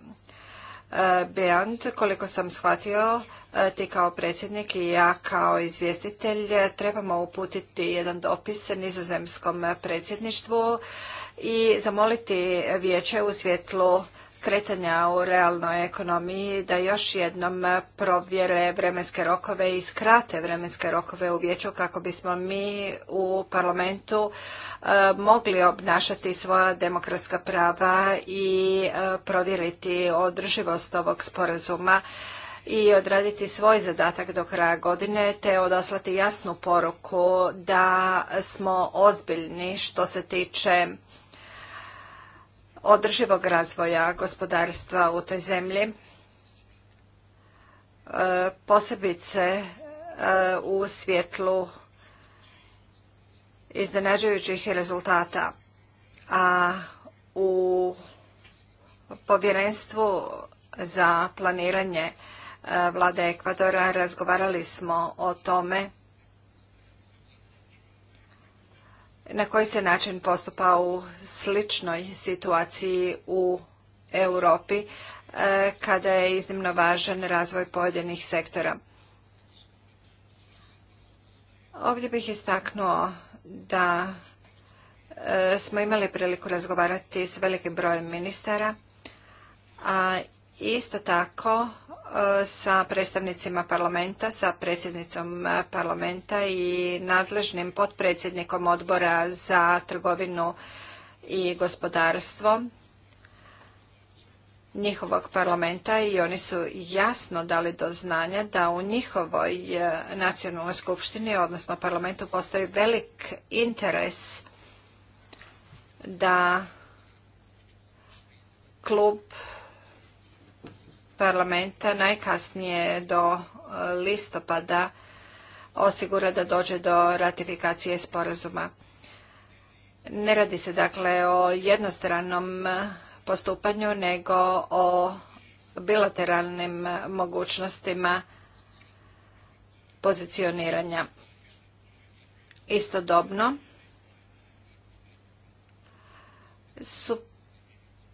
Beant, koliko sam shvatio, e, ti kao predsjednik i ja kao izvjestitelj e, trebamo uputiti jedan dopis nizozemskom predsjedništvu i zamoliti vijeće u svjetlu kretanja u realnoj ekonomiji da još jednom provjere vremenske rokove i skrate vremenske rokove u vijeću kako bismo mi u parlamentu e, mogli obnašati svoja demokratska prava i e, provjeriti održivost ovog sporazuma i odraditi svoj zadatak do kraja godine te odaslati jasnu poruku da smo ozbiljni što se tiče održivog razvoja gospodarstva u toj zemlji, e, posebice e, u svjetlu iznenađujućih rezultata. A u povjerenstvu za planiranje e, vlade Ekvadora razgovarali smo o tome na koji se način postupa u sličnoj situaciji u Europi e, kada je iznimno važan razvoj pojedinih sektora. Ovdje bih istaknuo da e, smo imali priliku razgovarati s velikim brojem ministara, a isto tako sa predstavnicima parlamenta, sa predsjednicom parlamenta i nadležnim potpredsjednikom odbora za trgovinu i gospodarstvo njihovog parlamenta i oni su jasno dali do znanja da u njihovoj e, nacionalnoj skupštini, odnosno parlamentu, postoji velik interes da klub parlamenta najkasnije do e, listopada osigura da dođe do ratifikacije sporazuma. Ne radi se dakle o jednostranom e, postupanju, nego o bilateralnim mogućnostima pozicioniranja. Istodobno su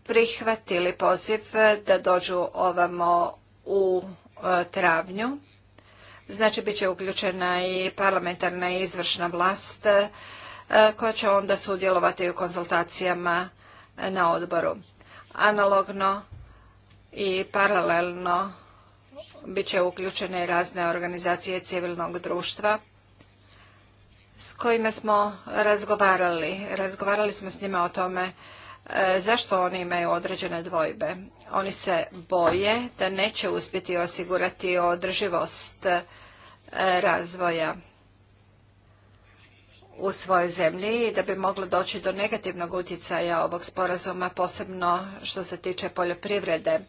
prihvatili poziv da dođu ovamo u e, travnju. Znači, bit će uključena i parlamentarna i izvršna vlast e, koja će onda sudjelovati u konzultacijama na odboru. Analogno i paralelno bit će uključene i razne organizacije civilnog društva s kojima smo razgovarali. Razgovarali smo s njima o tome E, zašto oni imaju određene dvojbe? Oni se boje da neće uspjeti osigurati održivost e, razvoja u svojoj zemlji i da bi moglo doći do negativnog utjecaja ovog sporazuma, posebno što se tiče poljoprivrede,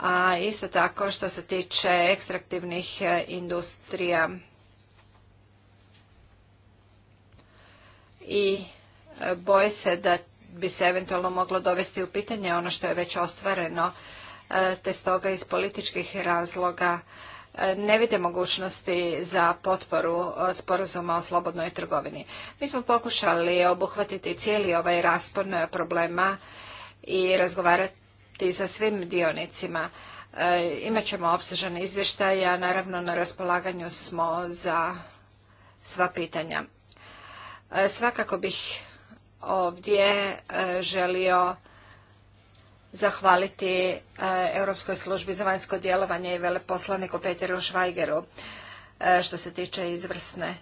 a isto tako što se tiče ekstraktivnih e, industrija i boje se da bi se eventualno moglo dovesti u pitanje ono što je već ostvareno, e, te stoga iz političkih razloga e, ne vide mogućnosti za potporu e, sporazuma o slobodnoj trgovini. Mi smo pokušali obuhvatiti cijeli ovaj raspon problema i razgovarati sa svim dionicima. Imaćemo imat ćemo obsežan izvještaj, a naravno na raspolaganju smo za sva pitanja. svakako bih ovdje e, želio zahvaliti e, Europskoj službi za vanjsko djelovanje i veleposlaniku Peteru Švajgeru e, što se tiče izvrsne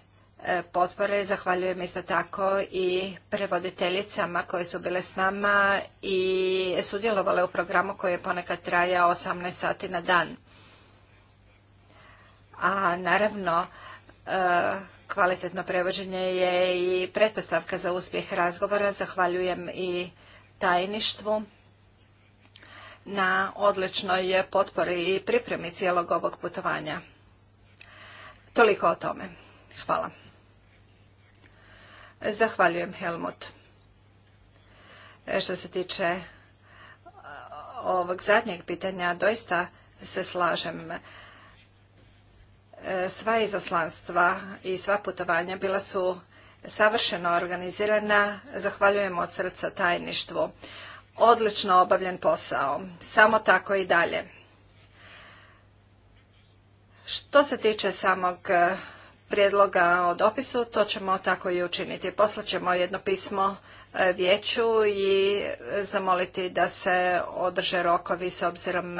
potpore. Zahvaljujem isto tako i prevoditeljicama koje su bile s nama i sudjelovale u programu koji je ponekad trajao 18 sati na dan. A naravno, Kvalitetno prevođenje je i pretpostavka za uspjeh razgovora. Zahvaljujem i tajništvu na odličnoj potpori i pripremi cijelog ovog putovanja. Toliko o tome. Hvala. Zahvaljujem Helmut. E, što se tiče e, ovog zadnjeg pitanja, doista se slažem Sva izaslanstva i sva putovanja bila su savršeno organizirana. Zahvaljujem od srca tajništvu. Odlično obavljen posao. Samo tako i dalje. Što se tiče samog e, prijedloga o dopisu, to ćemo tako i učiniti. Poslaćemo jedno pismo e, vijeću i e, zamoliti da se održe rokovi s obzirom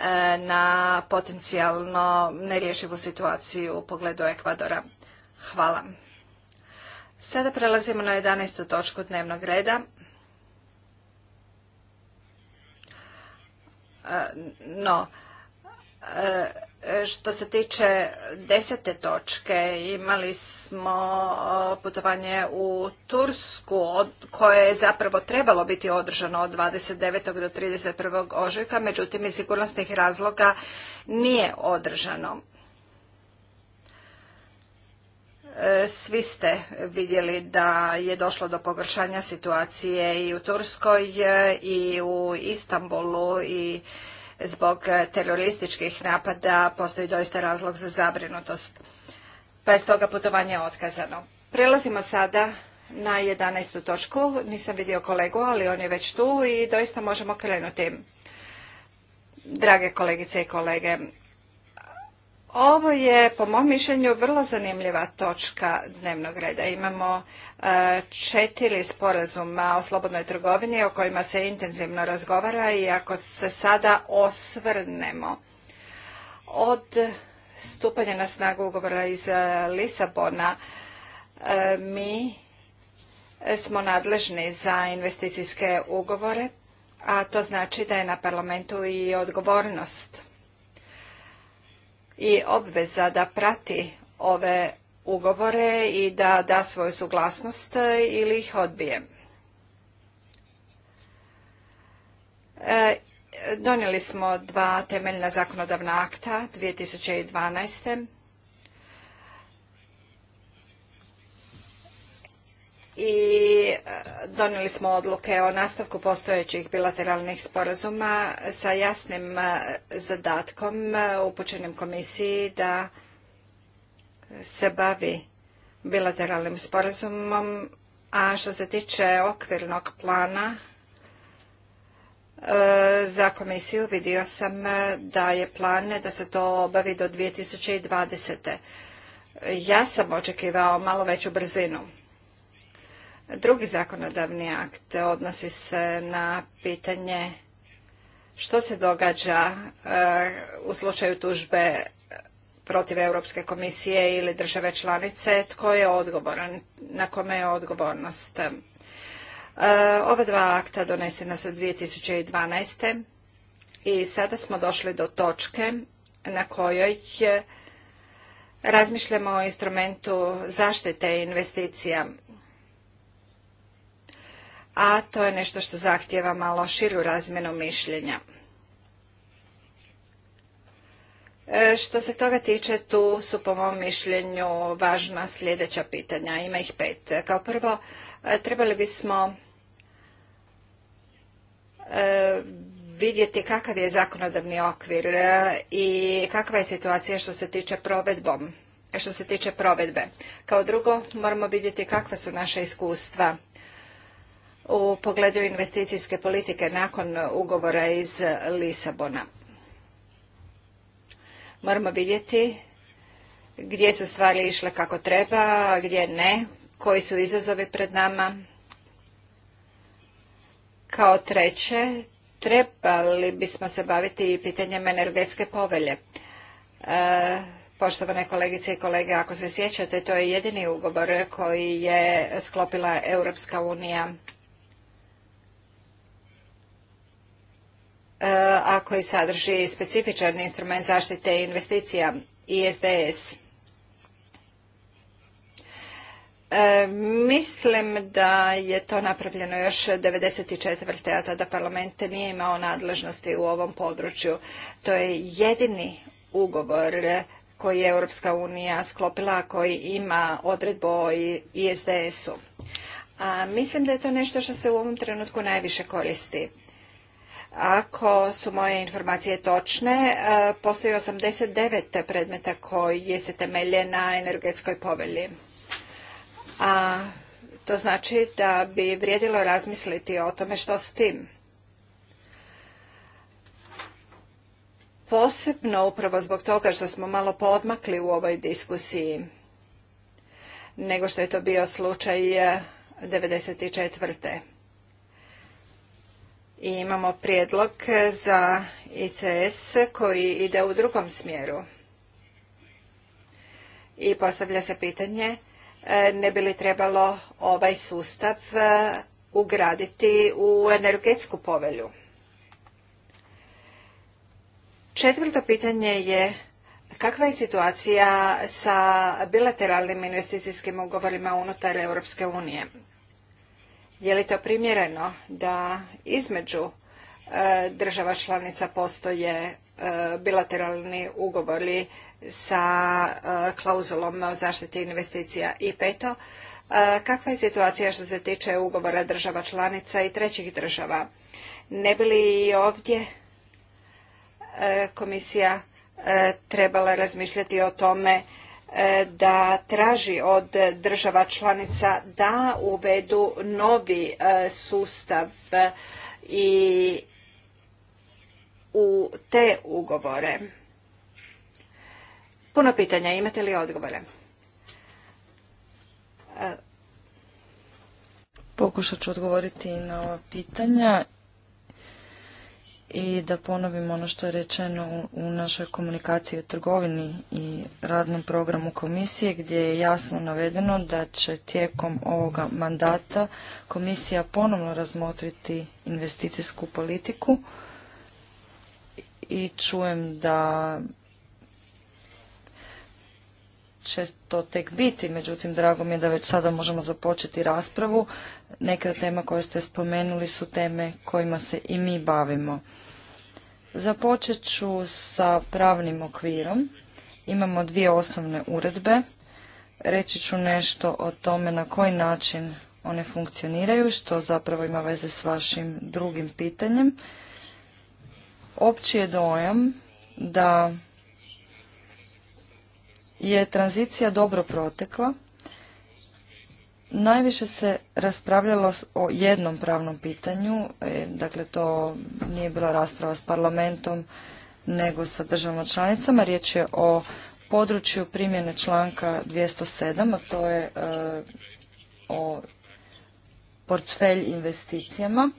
E, na potencijalno nerješivu situaciju u pogledu Ekvadora. Hvala. Sada prelazimo na 11. točku dnevnog reda. E, no, e, što se tiče desete točke, imali smo putovanje u Tursku, koje je zapravo trebalo biti održano od 29. do 31. ožujka, međutim iz sigurnosnih razloga nije održano. E, svi ste vidjeli da je došlo do pogoršanja situacije i u Turskoj e, i u Istanbulu i zbog e, terorističkih napada postoji doista razlog za zabrinutost, pa je stoga putovanje otkazano. Prelazimo sada na 11. točku. Nisam vidio kolegu, ali on je već tu i doista možemo krenuti. Drage kolegice i kolege, ovo je, po mom mišljenju, vrlo zanimljiva točka dnevnog reda. Imamo e, četiri sporazuma o slobodnoj trgovini o kojima se intenzivno razgovara i ako se sada osvrnemo od stupanja na snagu ugovora iz e, Lisabona, e, mi smo nadležni za investicijske ugovore, a to znači da je na parlamentu i odgovornost i obveza da prati ove ugovore i da da svoju suglasnost ili ih odbije. E, donijeli smo dva temeljna zakonodavna akta 2012. i e, donijeli smo odluke o nastavku postojećih bilateralnih sporazuma sa jasnim e, zadatkom e, upućenim komisiji da se bavi bilateralnim sporazumom, a što se tiče okvirnog plana za komisiju vidio sam da je plan da se to obavi do 2020. Ja sam očekivao malo veću brzinu. Drugi zakonodavni akt odnosi se na pitanje što se događa e, u slučaju tužbe protiv Europske komisije ili države članice, tko je odgovoran, na kome je odgovornost. E, ova dva akta donesena su 2012. i sada smo došli do točke na kojoj razmišljamo o instrumentu zaštite investicija a to je nešto što zahtjeva malo širu razmjenu mišljenja. E, što se toga tiče, tu su po mom mišljenju važna sljedeća pitanja. Ima ih pet. Kao prvo, e, trebali bismo e, vidjeti kakav je zakonodavni okvir i kakva je situacija što se tiče provedbom. Što se tiče provedbe. Kao drugo, moramo vidjeti kakva su naša iskustva u pogledu investicijske politike nakon ugovora iz Lisabona. Moramo vidjeti gdje su stvari išle kako treba, gdje ne, koji su izazovi pred nama. Kao treće, trebali bismo se baviti i pitanjem energetske povelje. E, poštovane kolegice i kolege, ako se sjećate, to je jedini ugovor koji je sklopila Europska unija E, a koji sadrži specifičan instrument zaštite investicija ISDS. E, mislim da je to napravljeno još 94. a tada parlament nije imao nadležnosti u ovom području. To je jedini ugovor koji je Europska unija sklopila, koji ima odredbu o ISDS-u. A mislim da je to nešto što se u ovom trenutku najviše koristi. Ako su moje informacije točne, e, postoji 89 predmeta koji se temelje na energetskoj povelji. A to znači da bi vrijedilo razmisliti o tome što s tim. Posebno upravo zbog toga što smo malo podmakli u ovoj diskusiji nego što je to bio slučaj 1994. E, i imamo prijedlog za ICS koji ide u drugom smjeru. I postavlja se pitanje e, ne bi li trebalo ovaj sustav e, ugraditi u energetsku povelju. Četvrto pitanje je kakva je situacija sa bilateralnim investicijskim ugovorima unutar Europske unije? Je li to primjereno da između e, država članica postoje e, bilateralni ugovori sa e, klauzulom o zaštiti investicija i peto. Kakva je situacija što se tiče ugovora država članica i trećih država? Ne bi li i ovdje komisija trebala razmišljati o tome E, da traži od država članica da uvedu novi e, sustav e, i u te ugovore. Puno pitanja, imate li odgovore? Pokušat ću odgovoriti na ova pitanja i da ponovim ono što je rečeno u našoj komunikaciji o trgovini i radnom programu komisije gdje je jasno navedeno da će tijekom ovoga mandata komisija ponovno razmotriti investicijsku politiku i čujem da će to tek biti, međutim drago mi je da već sada možemo započeti raspravu. Neke od tema koje ste spomenuli su teme kojima se i mi bavimo. Započet ću sa pravnim okvirom. Imamo dvije osnovne uredbe. Reći ću nešto o tome na koji način one funkcioniraju, što zapravo ima veze s vašim drugim pitanjem. Opći je dojam da je tranzicija dobro protekla. Najviše se raspravljalo o jednom pravnom pitanju, e, dakle to nije bila rasprava s parlamentom nego sa državama članicama. Riječ je o području primjene članka 207, a to je e, o portfelj investicijama.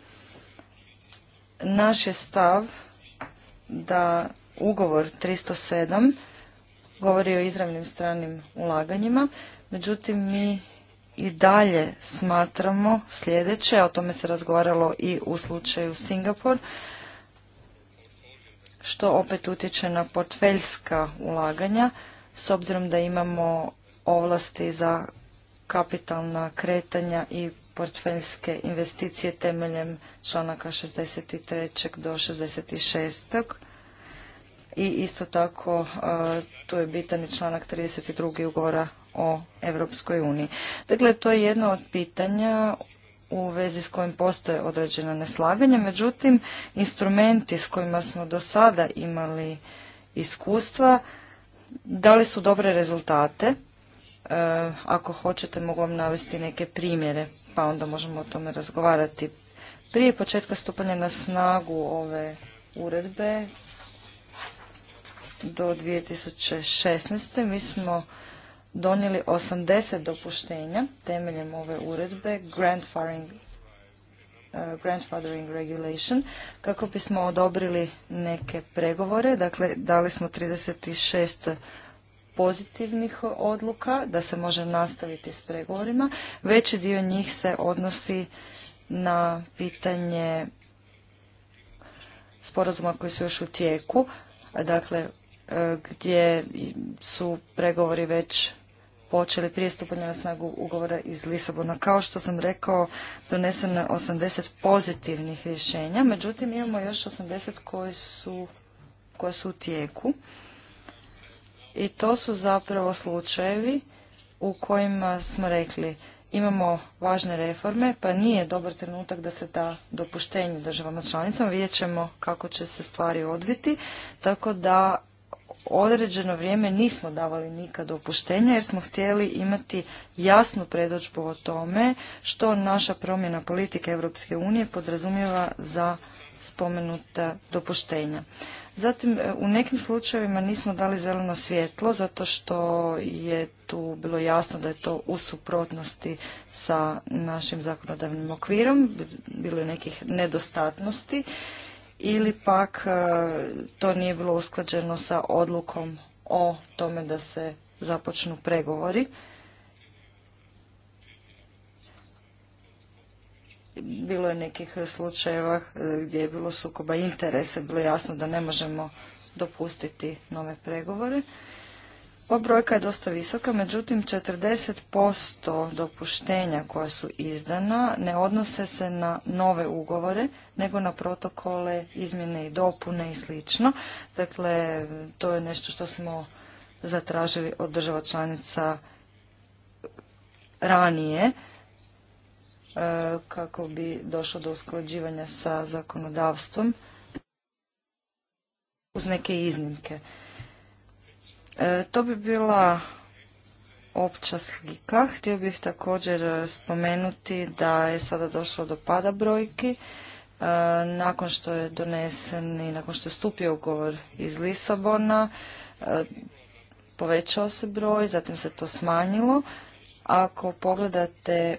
Naš je stav da ugovor 307 govori o izravnim stranim ulaganjima. Međutim, mi i dalje smatramo sljedeće, o tome se razgovaralo i u slučaju Singapur, što opet utječe na portfeljska ulaganja, s obzirom da imamo ovlasti za kapitalna kretanja i portfeljske investicije temeljem članaka 63. do 66 i isto tako e, tu je bitan i članak 32. ugovora o Europskoj uniji. Dakle, to je jedno od pitanja u vezi s kojim postoje određena neslaganja, međutim, instrumenti s kojima smo do sada imali iskustva dali su dobre rezultate. E, ako hoćete mogu vam navesti neke primjere, pa onda možemo o tome razgovarati. Prije početka stupanja na snagu ove uredbe do 2016. Mi smo donijeli 80 dopuštenja temeljem ove uredbe eh, grandfathering, regulation kako bismo odobrili neke pregovore. Dakle, dali smo 36 pozitivnih odluka da se može nastaviti s pregovorima. Veći dio njih se odnosi na pitanje sporazuma koji su još u tijeku. Dakle, gdje su pregovori već počeli prije stupanja na snagu ugovora iz Lisabona. Kao što sam rekao, doneseno je 80 pozitivnih rješenja, međutim imamo još 80 koje su, koje su u tijeku. I to su zapravo slučajevi u kojima smo rekli imamo važne reforme, pa nije dobar trenutak da se da dopuštenje državama članicama. Vidjet ćemo kako će se stvari odviti, tako da određeno vrijeme nismo davali nikad opuštenja jer smo htjeli imati jasnu predođbu o tome što naša promjena politike Europske unije podrazumijeva za spomenuta dopuštenja. Zatim, e, u nekim slučajevima nismo dali zeleno svjetlo, zato što je tu bilo jasno da je to u suprotnosti sa našim zakonodavnim okvirom. Bilo je nekih nedostatnosti ili pak e, to nije bilo usklađeno sa odlukom o tome da se započnu pregovori. Bilo je nekih slučajeva e, gdje je bilo sukoba interesa, bilo je jasno da ne možemo dopustiti nove pregovore. Ova pa brojka je dosta visoka, međutim 40% dopuštenja koja su izdana ne odnose se na nove ugovore, nego na protokole, izmjene i dopune i slično. Dakle, to je nešto što smo zatražili od država članica ranije e, kako bi došlo do usklađivanja sa zakonodavstvom uz neke iznimke. E, to bi bila opća slika. Htio bih također e, spomenuti da je sada došlo do pada brojki e, nakon što je donesen i nakon što je stupio ugovor iz Lisabona povećao se broj, zatim se to smanjilo. Ako pogledate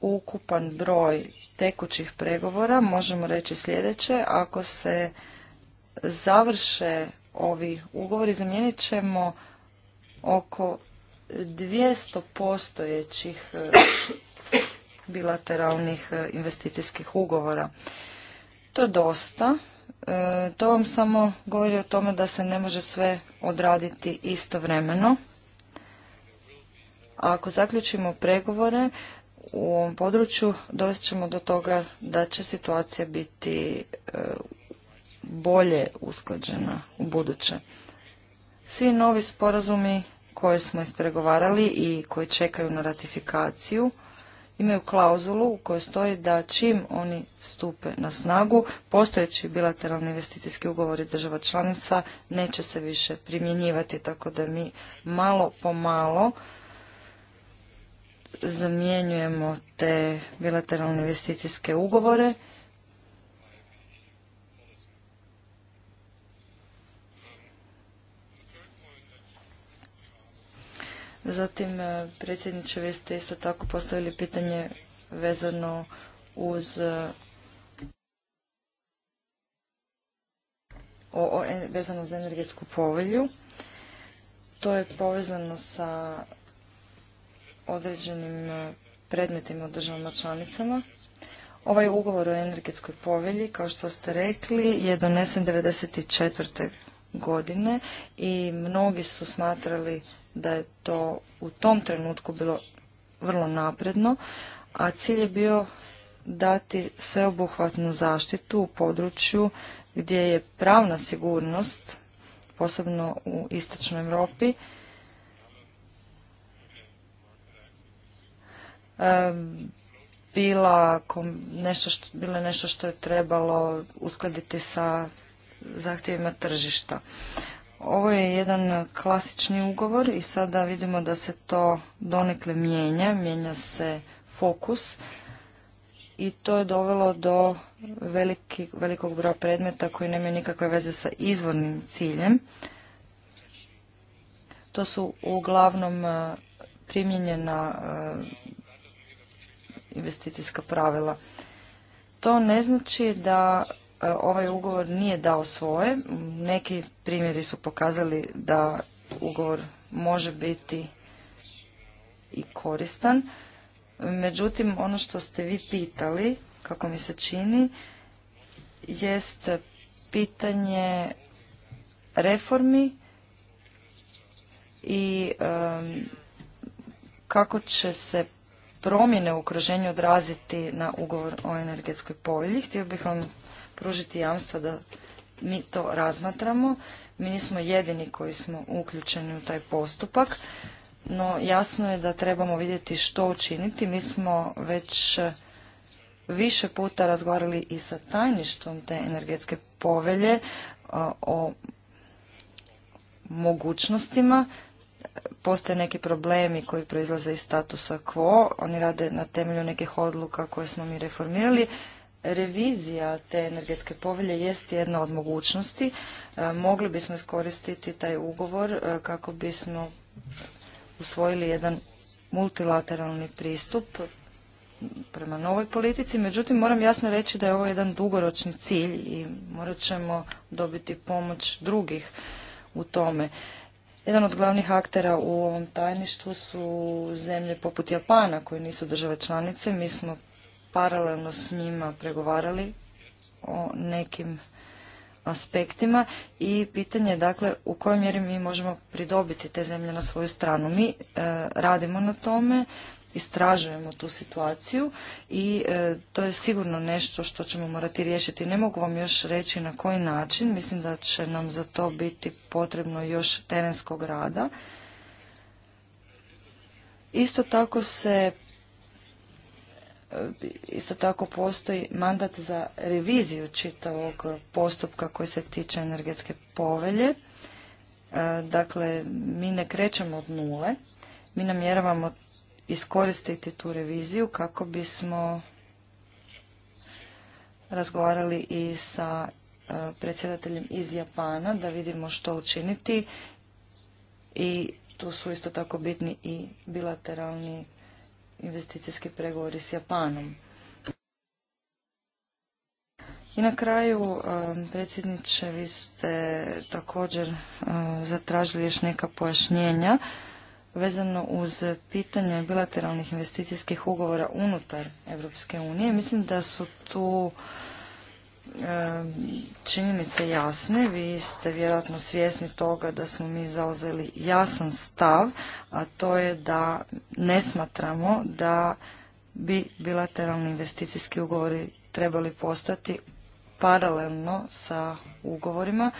ukupan broj tekućih pregovora, možemo reći sljedeće, ako se završe ovi ugovori, zamijenit ćemo oko 200 postojećih e, bilateralnih e, investicijskih ugovora. To je dosta. E, to vam samo govori o tome da se ne može sve odraditi istovremeno. A ako zaključimo pregovore u ovom području, dovest ćemo do toga da će situacija biti bolje usklađena u buduće. Svi novi sporazumi koje smo ispregovarali i koji čekaju na ratifikaciju imaju klauzulu u kojoj stoji da čim oni stupe na snagu, postojeći bilateralni investicijski ugovori država članica neće se više primjenjivati, tako da mi malo po malo zamjenjujemo te bilateralne investicijske ugovore Zatim, e, predsjedniče, vi ste isto tako postavili pitanje vezano uz e, o, vezano uz energetsku povelju. To je povezano sa određenim e, predmetima u državama članicama. Ovaj ugovor o energetskoj povelji, kao što ste rekli, je donesen 1994. godine i mnogi su smatrali da je to u tom trenutku bilo vrlo napredno, a cilj je bio dati sveobuhvatnu zaštitu u području gdje je pravna sigurnost, posebno u istočnoj Europi, bila nešto što, bilo nešto što je trebalo uskladiti sa zahtjevima tržišta. Ovo je jedan klasični ugovor i sada vidimo da se to donekle mijenja, mijenja se fokus i to je dovelo do veliki, velikog broja predmeta koji nemaju nikakve veze sa izvornim ciljem. To su uglavnom e, primjenjena e, investicijska pravila. To ne znači da E, ovaj ugovor nije dao svoje. Neki primjeri su pokazali da ugovor može biti i koristan. Međutim, ono što ste vi pitali, kako mi se čini, jest pitanje reformi i kako će se promjene u okruženju odraziti na ugovor o energetskoj povelji. Htio bih vam pružiti jamstvo da mi to razmatramo. Mi nismo jedini koji smo uključeni u taj postupak, no jasno je da trebamo vidjeti što učiniti. Mi smo već više puta razgovarali i sa tajništvom te energetske povelje e, o mogućnostima. Postoje neki problemi koji proizlaze iz statusa quo. Oni rade na temelju nekih odluka koje smo mi reformirali revizija te energetske povelje jest jedna od mogućnosti. E, mogli bismo iskoristiti taj ugovor e, kako bismo usvojili jedan multilateralni pristup prema novoj politici. Međutim, moram jasno reći da je ovo jedan dugoročni cilj i morat ćemo dobiti pomoć drugih u tome. Jedan od glavnih aktera u ovom tajništvu su zemlje poput Japana koje nisu države članice. Mi smo paralelno s njima pregovarali o nekim aspektima i pitanje je dakle u kojoj mjeri mi možemo pridobiti te zemlje na svoju stranu. Mi e, radimo na tome, istražujemo tu situaciju i e, to je sigurno nešto što ćemo morati riješiti. Ne mogu vam još reći na koji način, mislim da će nam za to biti potrebno još terenskog rada. Isto tako se E, isto tako postoji mandat za reviziju čitavog postupka koji se tiče energetske povelje. E, dakle, mi ne krećemo od nule, mi namjeravamo iskoristiti tu reviziju kako bismo razgovarali i sa e, predsjedateljem iz Japana da vidimo što učiniti i tu su isto tako bitni i bilateralni investicijski pregovori s Japanom. I na kraju, e, predsjedniče, vi ste također e, zatražili još neka pojašnjenja vezano uz pitanje bilateralnih investicijskih ugovora unutar Europske unije. Mislim da su tu činjenice jasne. Vi ste vjerojatno svjesni toga da smo mi zauzeli jasan stav, a to je da ne smatramo da bi bilateralni investicijski ugovori trebali postati paralelno sa ugovorima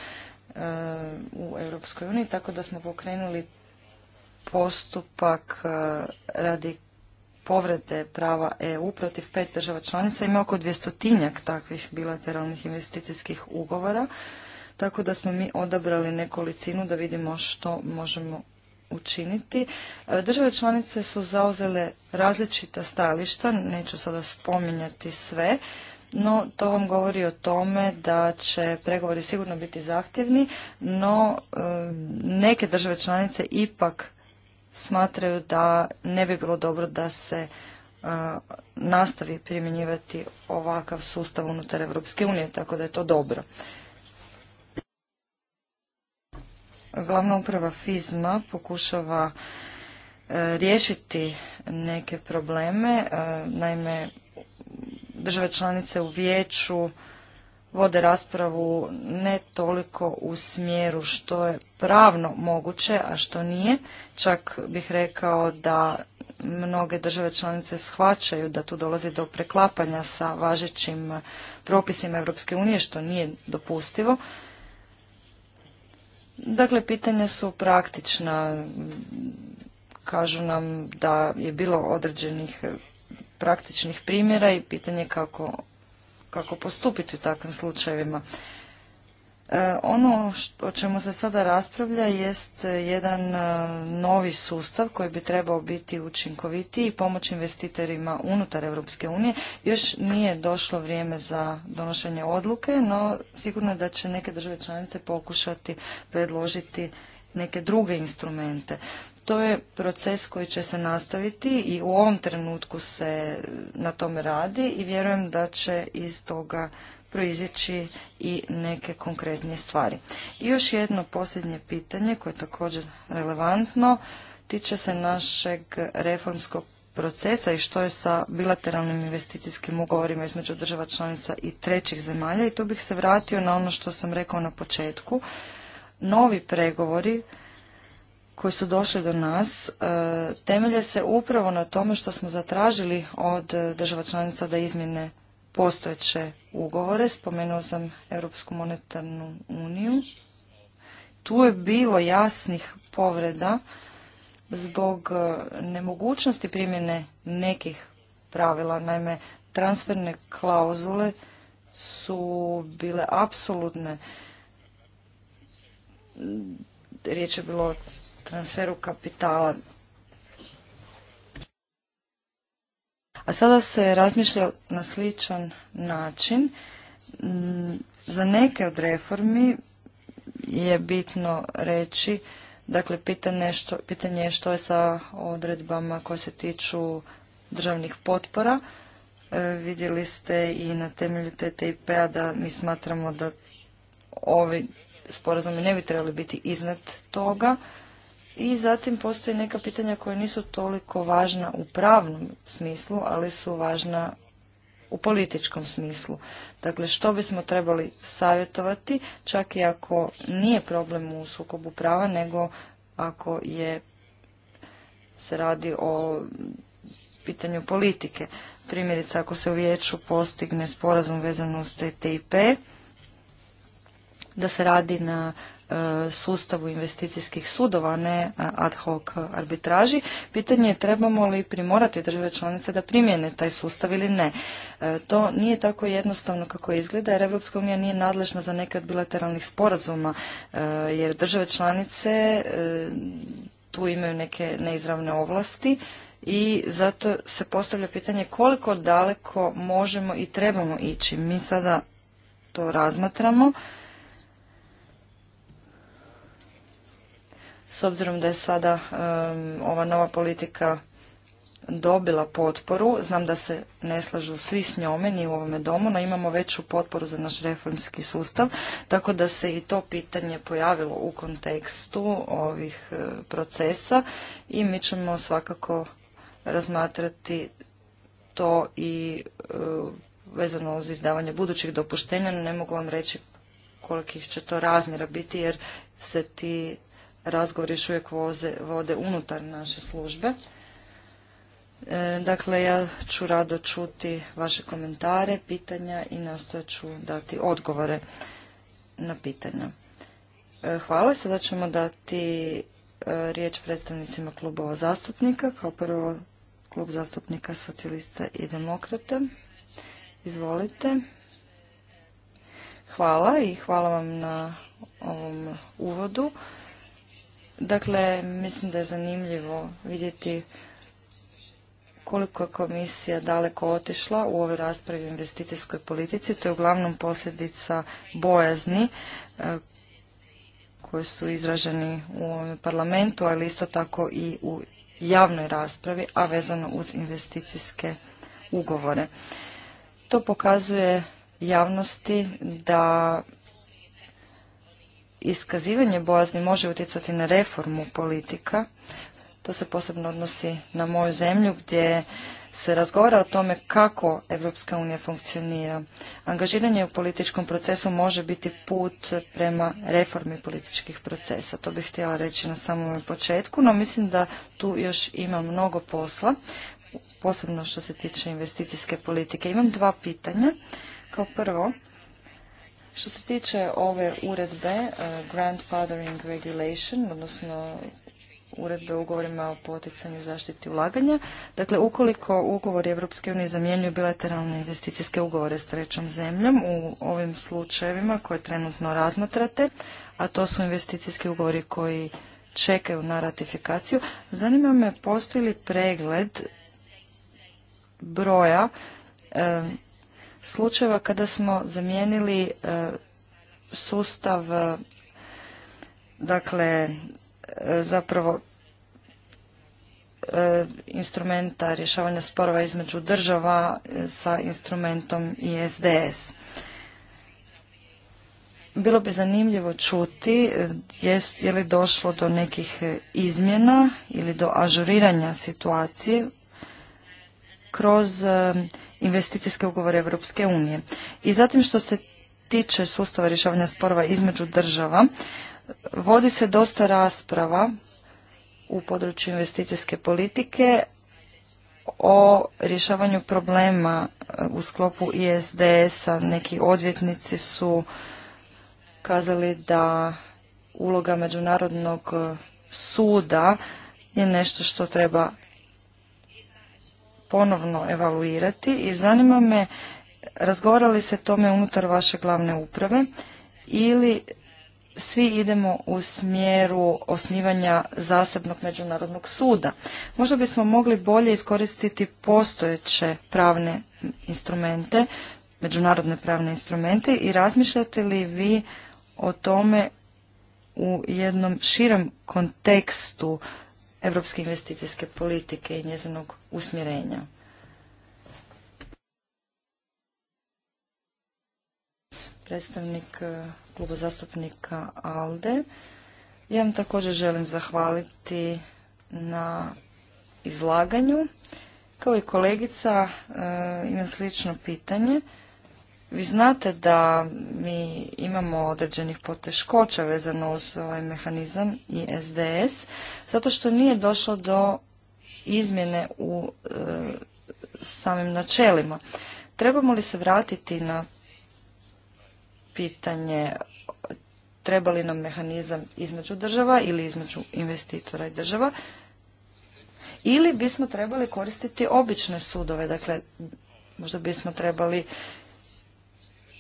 u Europskoj uniji, tako da smo pokrenuli postupak eh, radi povrede prava EU protiv pet država članica ima oko dvjestotinjak takvih bilateralnih investicijskih ugovora, tako da smo mi odabrali nekolicinu da vidimo što možemo učiniti. E, države članice su zauzele različita stajališta, neću sada spominjati sve, no to vam govori o tome da će pregovori sigurno biti zahtjevni, no e, neke države članice ipak smatraju da ne bi bilo dobro da se e, nastavi primjenjivati ovakav sustav unutar Europske unije, tako da je to dobro. Glavna uprava FIZMA pokušava e, riješiti neke probleme, e, naime države članice u vijeću vode raspravu ne toliko u smjeru što je pravno moguće, a što nije. Čak bih rekao da mnoge države članice shvaćaju da tu dolazi do preklapanja sa važećim propisima Europske unije, što nije dopustivo. Dakle, pitanja su praktična. Kažu nam da je bilo određenih praktičnih primjera i pitanje kako kako postupiti u takvim slučajevima. E, ono o čemu se sada raspravlja jest jedan e, novi sustav koji bi trebao biti učinkovitiji i pomoći investitorima unutar Europske unije. Još nije došlo vrijeme za donošenje odluke, no sigurno je da će neke države članice pokušati predložiti neke druge instrumente. To je proces koji će se nastaviti i u ovom trenutku se na tome radi i vjerujem da će iz toga proizići i neke konkretnije stvari. I još jedno posljednje pitanje koje je također relevantno tiče se našeg reformskog procesa i što je sa bilateralnim investicijskim ugovorima između država članica i trećih zemalja i tu bih se vratio na ono što sam rekao na početku novi pregovori koji su došli do nas e, temelje se upravo na tome što smo zatražili od država članica da izmjene postojeće ugovore. Spomenuo sam Europsku monetarnu uniju. Tu je bilo jasnih povreda zbog e, nemogućnosti primjene nekih pravila. Naime, transferne klauzule su bile apsolutne riječ je bilo o transferu kapitala. A sada se razmišlja na sličan način. Mm, za neke od reformi je bitno reći, dakle pitanje, je što je sa odredbama koje se tiču državnih potpora. E, vidjeli ste i na temelju TTIP-a da mi smatramo da ovi sporazumi ne bi trebali biti iznad toga. I zatim postoje neka pitanja koja nisu toliko važna u pravnom smislu, ali su važna u političkom smislu. Dakle, što bismo trebali savjetovati, čak i ako nije problem u sukobu prava, nego ako je se radi o pitanju politike. Primjerice, ako se u vijeću postigne sporazum vezan uz TTIP, da se radi na e, sustavu investicijskih sudova, ne ad hoc arbitraži. Pitanje je trebamo li primorati države članice da primjene taj sustav ili ne. E, to nije tako jednostavno kako izgleda jer Evropska unija nije nadležna za neke od bilateralnih sporazuma e, jer države članice tu imaju neke neizravne ovlasti i zato se postavlja pitanje koliko daleko možemo i trebamo ići. Mi sada to razmatramo s obzirom da je sada ova nova politika dobila potporu, znam da se ne slažu svi s njome, ni u ovome domu, no imamo veću potporu za naš reformski sustav, tako da se i to pitanje pojavilo u kontekstu ovih e, procesa i mi ćemo svakako razmatrati to i e, vezano uz izdavanje budućih dopuštenja, ne mogu vam reći kolikih će to razmjera biti jer se ti razgovor još uvijek voze, vode unutar naše službe. E, dakle, ja ću rado čuti vaše komentare, pitanja i nastojat ću dati odgovore na pitanja. E, hvala, sada ćemo dati e, riječ predstavnicima klubova zastupnika. Kao prvo klub zastupnika socijalista i demokrata. Izvolite. Hvala i hvala vam na ovom uvodu. Dakle, mislim da je zanimljivo vidjeti koliko je komisija daleko otišla u ovoj raspravi o investicijskoj politici. To je uglavnom posljedica bojazni e, koji su izraženi u parlamentu, ali isto tako i u javnoj raspravi, a vezano uz investicijske ugovore. To pokazuje javnosti da iskazivanje bojazni može utjecati na reformu politika. To se posebno odnosi na moju zemlju gdje se razgovara o tome kako Evropska unija funkcionira. Angažiranje u političkom procesu može biti put prema reformi političkih procesa. To bih htjela reći na samom početku, no mislim da tu još ima mnogo posla, posebno što se tiče investicijske politike. Imam dva pitanja. Kao prvo, što se tiče ove uredbe eh, Grandfathering Regulation, odnosno uredbe o ugovorima o poticanju zaštiti ulaganja. Dakle, ukoliko ugovori Evropske unije zamjenjuju bilateralne investicijske ugovore s trećom zemljom u ovim slučajevima koje trenutno razmatrate, a to su investicijski ugovori koji čekaju na ratifikaciju, zanima me postoji li pregled broja eh, slučajeva kada smo zamijenili e, sustav e, dakle e, zapravo instrumenta rješavanja sporova između država sa instrumentom ISDS. Bilo bi zanimljivo čuti je, je li došlo do nekih izmjena ili do ažuriranja situacije kroz investicijske ugovore Europske unije. I zatim što se tiče sustava rješavanja sporova između država, vodi se dosta rasprava u području investicijske politike o rješavanju problema e, u sklopu ISDS-a. Neki odvjetnici su kazali da uloga Međunarodnog e, suda je nešto što treba ponovno evaluirati i zanima me li se tome unutar vaše glavne uprave ili svi idemo u smjeru osnivanja zasebnog međunarodnog suda. Možda bismo mogli bolje iskoristiti postojeće pravne instrumente, međunarodne pravne instrumente i razmišljate li vi o tome u jednom širem kontekstu europske investicijske politike i njezinog usmjerenja. Predstavnik e, kluba zastupnika ALDE. Ja vam također želim zahvaliti na izlaganju. Kao i kolegica e, imam slično pitanje. Vi znate da mi imamo određenih poteškoća vezano uz ovaj mehanizam i SDS, zato što nije došlo do izmjene u e, samim načelima. Trebamo li se vratiti na pitanje treba li nam mehanizam između država ili između investitora i država ili bismo trebali koristiti obične sudove, dakle možda bismo trebali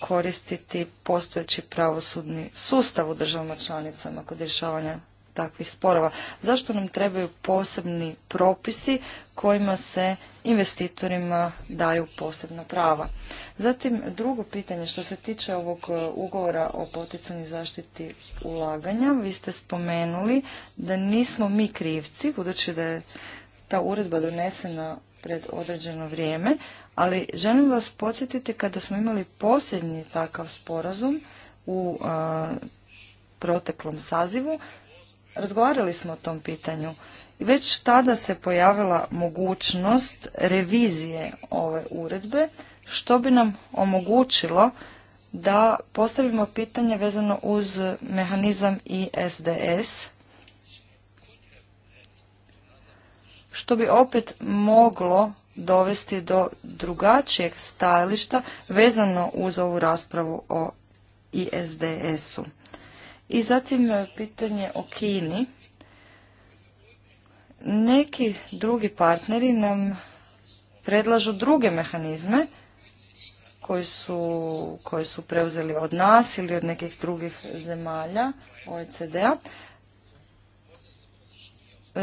koristiti postojeći pravosudni sustav u državama članicama kod rješavanja takvih sporova. Zašto nam trebaju posebni propisi kojima se investitorima daju posebna prava? Zatim, drugo pitanje što se tiče ovog e, ugovora o poticanju zaštiti ulaganja, vi ste spomenuli da nismo mi krivci, budući da je ta uredba donesena pred određeno vrijeme, ali želim vas podsjetiti kada smo imali posljednji takav sporazum u proteklom sazivu, razgovarali smo o tom pitanju. već tada se pojavila mogućnost revizije ove uredbe, što bi nam omogućilo da postavimo pitanje vezano uz mehanizam ISDS, što bi opet moglo dovesti do drugačijeg stajališta vezano uz ovu raspravu o ISDS-u. I zatim e, pitanje o Kini. Neki drugi partneri nam predlažu druge mehanizme koji su, koji su preuzeli od nas ili od nekih drugih zemalja OECD-a.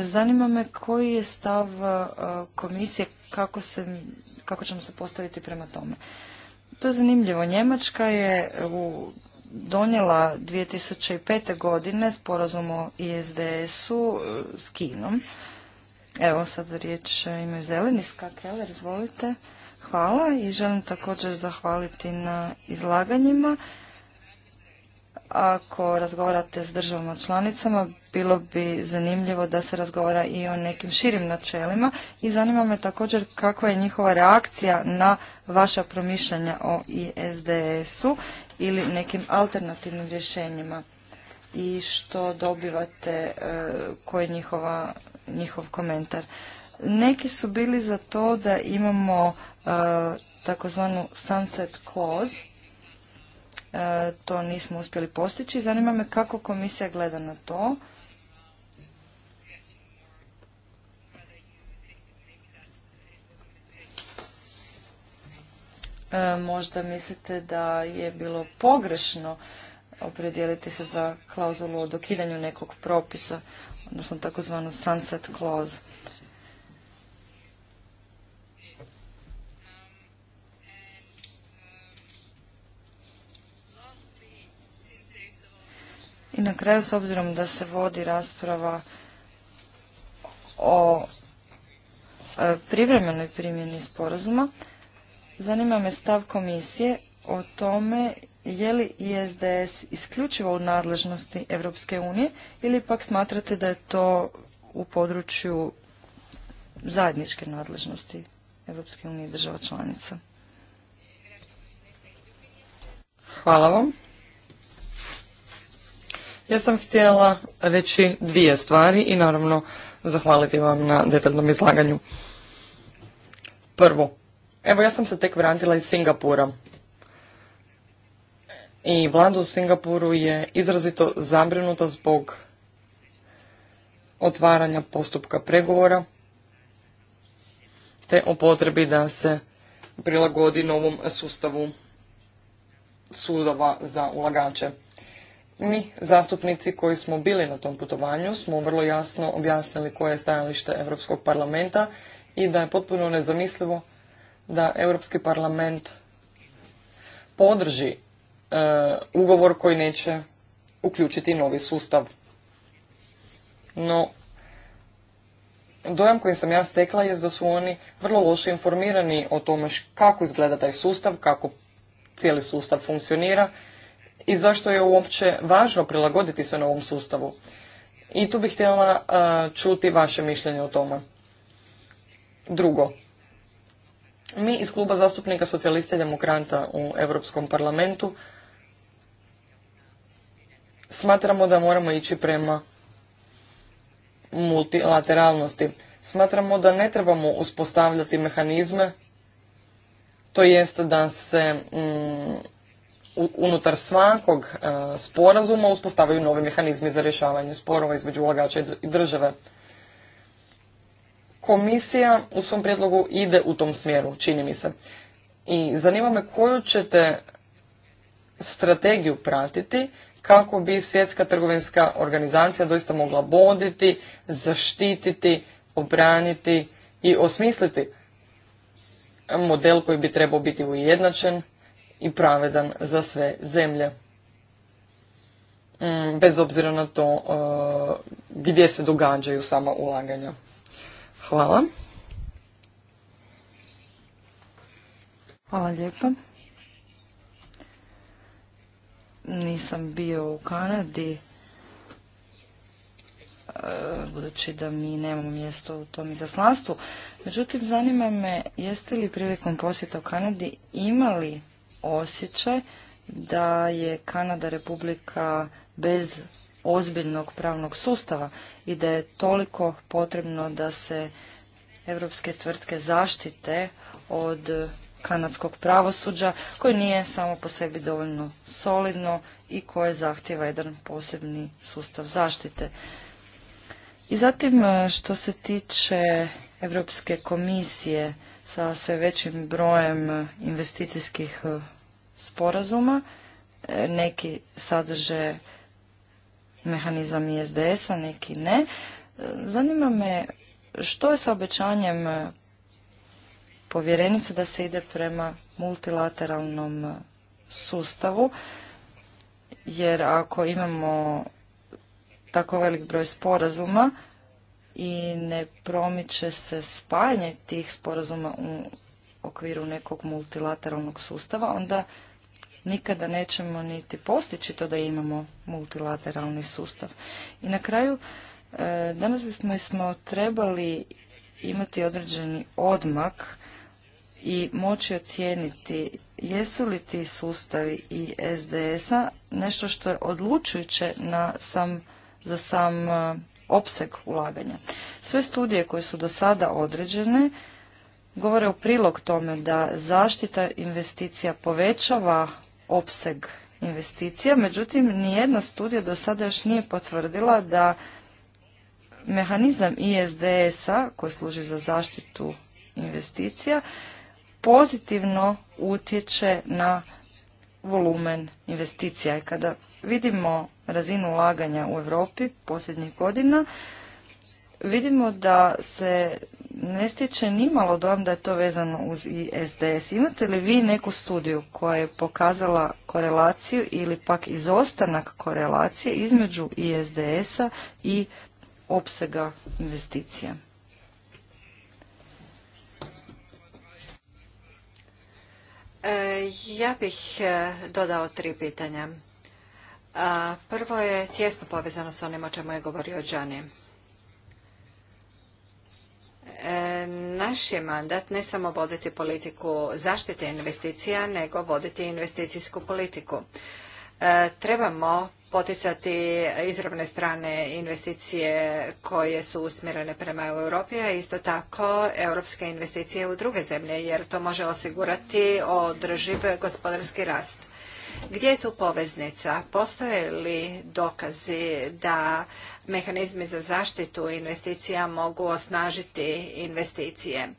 Zanima me koji je stav e, komisije, kako, se, kako ćemo se postaviti prema tome. To je zanimljivo. Njemačka je u donijela 2005. godine sporazum o ISDS-u e, s Kinom. Evo sad riječ ime zeleni. Ska Keller, izvolite. Hvala i želim također zahvaliti na izlaganjima. Ako razgovarate s državama članicama, bilo bi zanimljivo da se razgovara i o nekim širim načelima i zanima me također kakva je njihova reakcija na vaša promišljanja o ISDS-u ili nekim alternativnim rješenjima i što dobivate, e, koji je njihova, njihov komentar. Neki su bili za to da imamo e, takozvanu sunset clause, E, to nismo uspjeli postići. Zanima me kako komisija gleda na to. E, možda mislite da je bilo pogrešno opredijeliti se za klauzulu o dokidanju nekog propisa, odnosno takozvanu sunset clause. I na kraju, s obzirom da se vodi rasprava o e, privremenoj primjeni sporazuma, zanima me stav komisije o tome je li ISDS isključivo u nadležnosti Europske unije ili pak smatrate da je to u području zajedničke nadležnosti Europske unije i država članica? Hvala vam. Ja sam htjela reći dvije stvari i naravno zahvaliti vam na detaljnom izlaganju. Prvo, evo ja sam se tek vratila iz Singapura. I vlada u Singapuru je izrazito zabrinuta zbog otvaranja postupka pregovora te o potrebi da se prilagodi novom sustavu sudova za ulagače. Mi, zastupnici koji smo bili na tom putovanju, smo vrlo jasno objasnili koje je stajalište Europskog parlamenta i da je potpuno nezamislivo da Europski parlament podrži e, ugovor koji neće uključiti novi sustav. No, dojam kojim sam ja stekla je da su oni vrlo loše informirani o tome kako izgleda taj sustav, kako cijeli sustav funkcionira i zašto je uopće važno prilagoditi se novom sustavu. I tu bih htjela čuti vaše mišljenje o tome. Drugo, mi iz Kluba zastupnika socijalista i demokrata u Europskom parlamentu smatramo da moramo ići prema multilateralnosti. Smatramo da ne trebamo uspostavljati mehanizme, to jest da se mm, unutar svakog e, sporazuma uspostavaju novi mehanizmi za rješavanje sporova između ulagača i države. Komisija u svom prijedlogu ide u tom smjeru, čini mi se. I zanima me koju ćete strategiju pratiti kako bi svjetska trgovinska organizacija doista mogla boditi, zaštititi, obraniti i osmisliti model koji bi trebao biti ujednačen i pravedan za sve zemlje. Mm, bez obzira na to uh, gdje se događaju sama ulaganja. Hvala. Hvala lijepa. Nisam bio u Kanadi, uh, budući da mi nemamo mjesto u tom izaslanstvu. Međutim, zanima me, jeste li prilikom posjeta u Kanadi imali osjećaj da je Kanada republika bez ozbiljnog pravnog sustava i da je toliko potrebno da se evropske tvrtke zaštite od kanadskog pravosuđa koji nije samo po sebi dovoljno solidno i koje zahtjeva jedan posebni sustav zaštite. I zatim što se tiče Europske komisije sa sve većim brojem investicijskih e, sporazuma. E, neki sadrže mehanizam ISDS-a, neki ne. E, zanima me što je sa obećanjem povjerenice da se ide prema multilateralnom sustavu, jer ako imamo tako velik broj sporazuma, i ne promiče se spajanje tih sporazuma u okviru nekog multilateralnog sustava, onda nikada nećemo niti postići to da imamo multilateralni sustav. I na kraju, e, danas bismo smo trebali imati određeni odmak i moći ocijeniti jesu li ti sustavi i SDS-a nešto što je odlučujuće na sam, za sam e, opseg ulaganja. Sve studije koje su do sada određene govore u prilog tome da zaštita investicija povećava opseg investicija, međutim nijedna studija do sada još nije potvrdila da mehanizam ISDS-a koji služi za zaštitu investicija pozitivno utječe na volumen investicija. I kada vidimo razinu ulaganja u Europi posljednjih godina, vidimo da se ne stječe nimalo dojam da je to vezano uz ISDS. Imate li vi neku studiju koja je pokazala korelaciju ili pak izostanak korelacije između ISDS-a i opsega investicija? E, ja bih e, dodao tri pitanja. E, prvo je tijesno povezano s onim o čemu je govorio Đani. Naš je mandat ne samo voditi politiku zaštite investicija, nego voditi investicijsku politiku. Trebamo poticati izravne strane investicije koje su usmjerene prema Europi, a isto tako europske investicije u druge zemlje, jer to može osigurati održiv gospodarski rast. Gdje je tu poveznica? Postoje li dokazi da mehanizmi za zaštitu investicija mogu osnažiti investicije?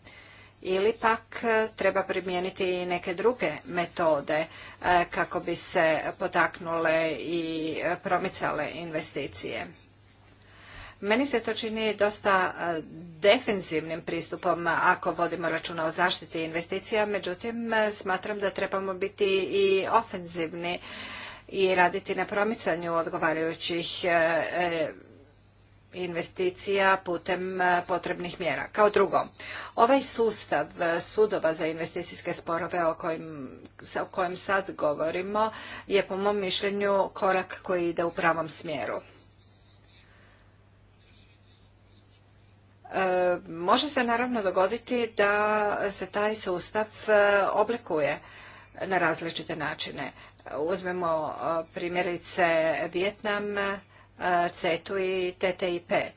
Ili pak treba primijeniti i neke druge metode E, kako bi se potaknule i promicale investicije. Meni se to čini dosta e, defenzivnim pristupom ako vodimo računa o zaštiti investicija, međutim e, smatram da trebamo biti i ofenzivni i raditi na promicanju odgovarajućih investicija putem e, potrebnih mjera. Kao drugo, ovaj sustav e, sudova za investicijske sporove o kojem, sad govorimo je po mom mišljenju korak koji ide u pravom smjeru. E, može se naravno dogoditi da se taj sustav oblikuje na različite načine. Uzmemo primjerice Vjetnam, CETU i TTIP. E,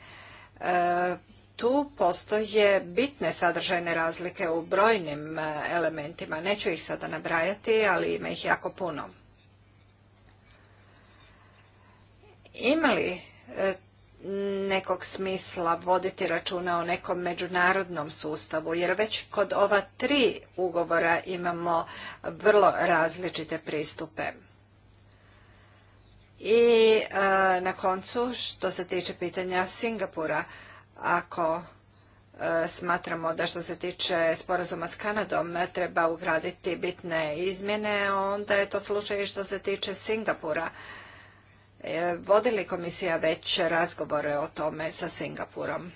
tu postoje bitne sadržajne razlike u brojnim e, elementima. Neću ih sada nabrajati, ali ima ih jako puno. Ima li e, nekog smisla voditi računa o nekom međunarodnom sustavu, jer već kod ova tri ugovora imamo vrlo različite pristupe. I e, na koncu, što se tiče pitanja Singapura, ako e, smatramo da što se tiče sporazuma s Kanadom treba ugraditi bitne izmjene, onda je to slučaj i što se tiče Singapura. E, vodi li komisija već razgovore o tome sa Singapurom?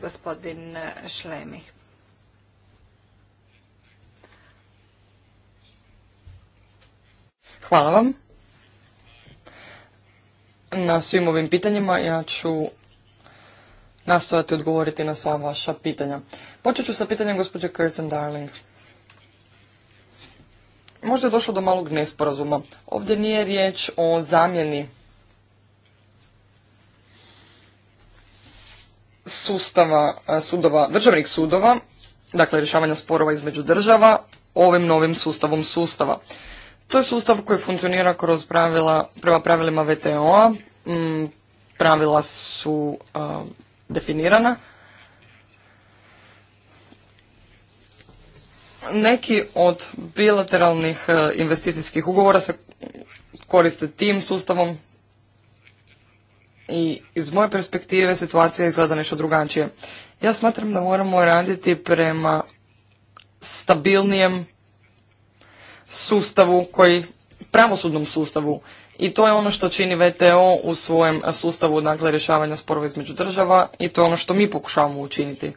Gospodin Šlemih. Hvala vam na svim ovim pitanjima. Ja ću nastojati odgovoriti na sva vaša pitanja. Počet ću sa pitanjem gospođe Curtin Darling. Možda je došlo do malog nesporazuma. Ovdje nije riječ o zamjeni sustava sudova, državnih sudova, dakle rješavanja sporova između država, ovim novim sustavom sustava. To je sustav koji funkcionira kroz pravila, prema pravilima VTO-a. Mm, pravila su definirana. Neki od bilateralnih e, investicijskih ugovora se koriste tim sustavom i iz moje perspektive situacija izgleda nešto drugačije. Ja smatram da moramo raditi prema stabilnijem sustavu koji pravosudnom sustavu i to je ono što čini VTO u svojem sustavu dakle rješavanja sporova između država i to je ono što mi pokušavamo učiniti.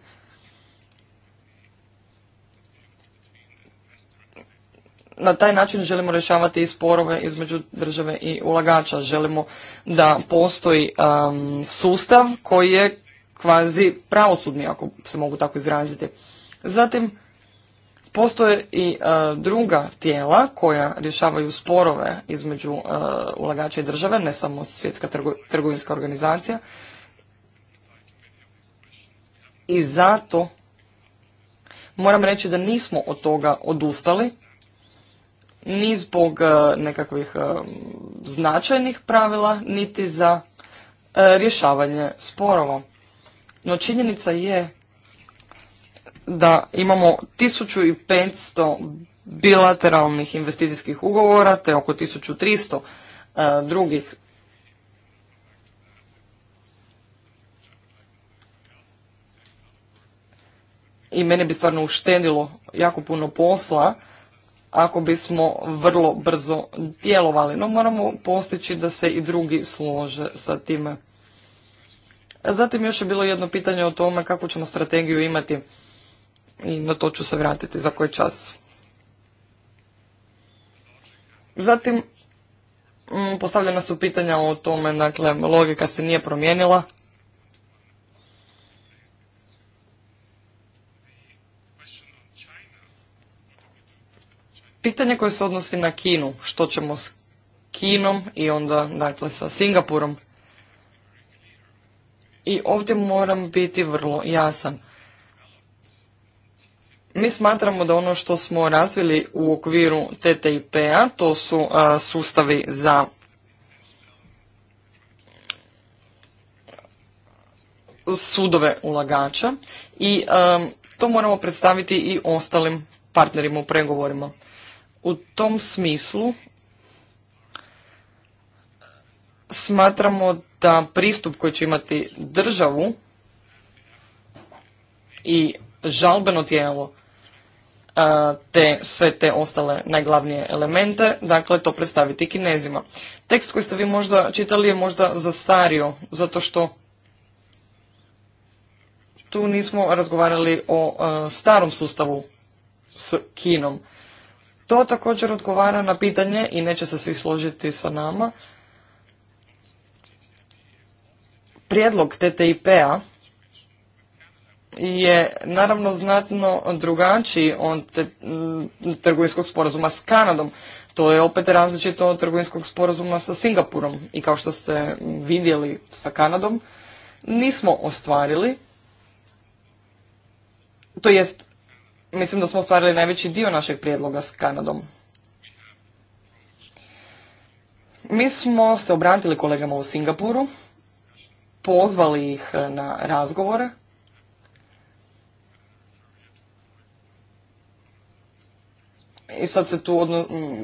Na taj način želimo rješavati i sporove između države i ulagača. Želimo da postoji um, sustav koji je kvazi pravosudni, ako se mogu tako izraziti. Zatim, Postoje i e, druga tijela koja rješavaju sporove između e, ulagača i države, ne samo svjetska trgovinska organizacija. I zato moram reći da nismo od toga odustali, ni zbog e, nekakvih značajnih pravila, niti za rješavanje sporova. No činjenica je da imamo 1500 bilateralnih investicijskih ugovora te oko 1300 e, drugih i mene bi stvarno uštedilo jako puno posla ako bismo vrlo brzo djelovali. No moramo postići da se i drugi slože sa time. Zatim još je bilo jedno pitanje o tome kako ćemo strategiju imati i na to ću se vratiti za koji čas. Zatim, mm, postavljena su pitanja o tome, dakle, logika se nije promijenila. Pitanje koje se odnosi na Kinu, što ćemo s Kinom i onda, dakle, sa Singapurom. I ovdje moram biti vrlo jasan. Mi smatramo da ono što smo razvili u okviru TTIP-a, to su sustavi za sudove ulagača i to moramo predstaviti i ostalim partnerima u pregovorima. U tom smislu smatramo da pristup koji će imati državu i žalbeno tijelo te sve te ostale najglavnije elemente, dakle to predstaviti kinezima. Tekst koji ste vi možda čitali je možda zastario, zato što tu nismo razgovarali o starom sustavu s Kinom. To također odgovara na pitanje i neće se svi složiti sa nama. Prijedlog TTIP-a je naravno znatno drugačiji od mm, trgovinskog sporazuma s Kanadom. To je opet različito od trgovinskog sporazuma sa Singapurom i kao što ste vidjeli sa Kanadom, nismo ostvarili, to jest, mislim da smo ostvarili najveći dio našeg prijedloga s Kanadom. Mi smo se obratili kolegama u Singapuru, pozvali ih na razgovore, i sad se tu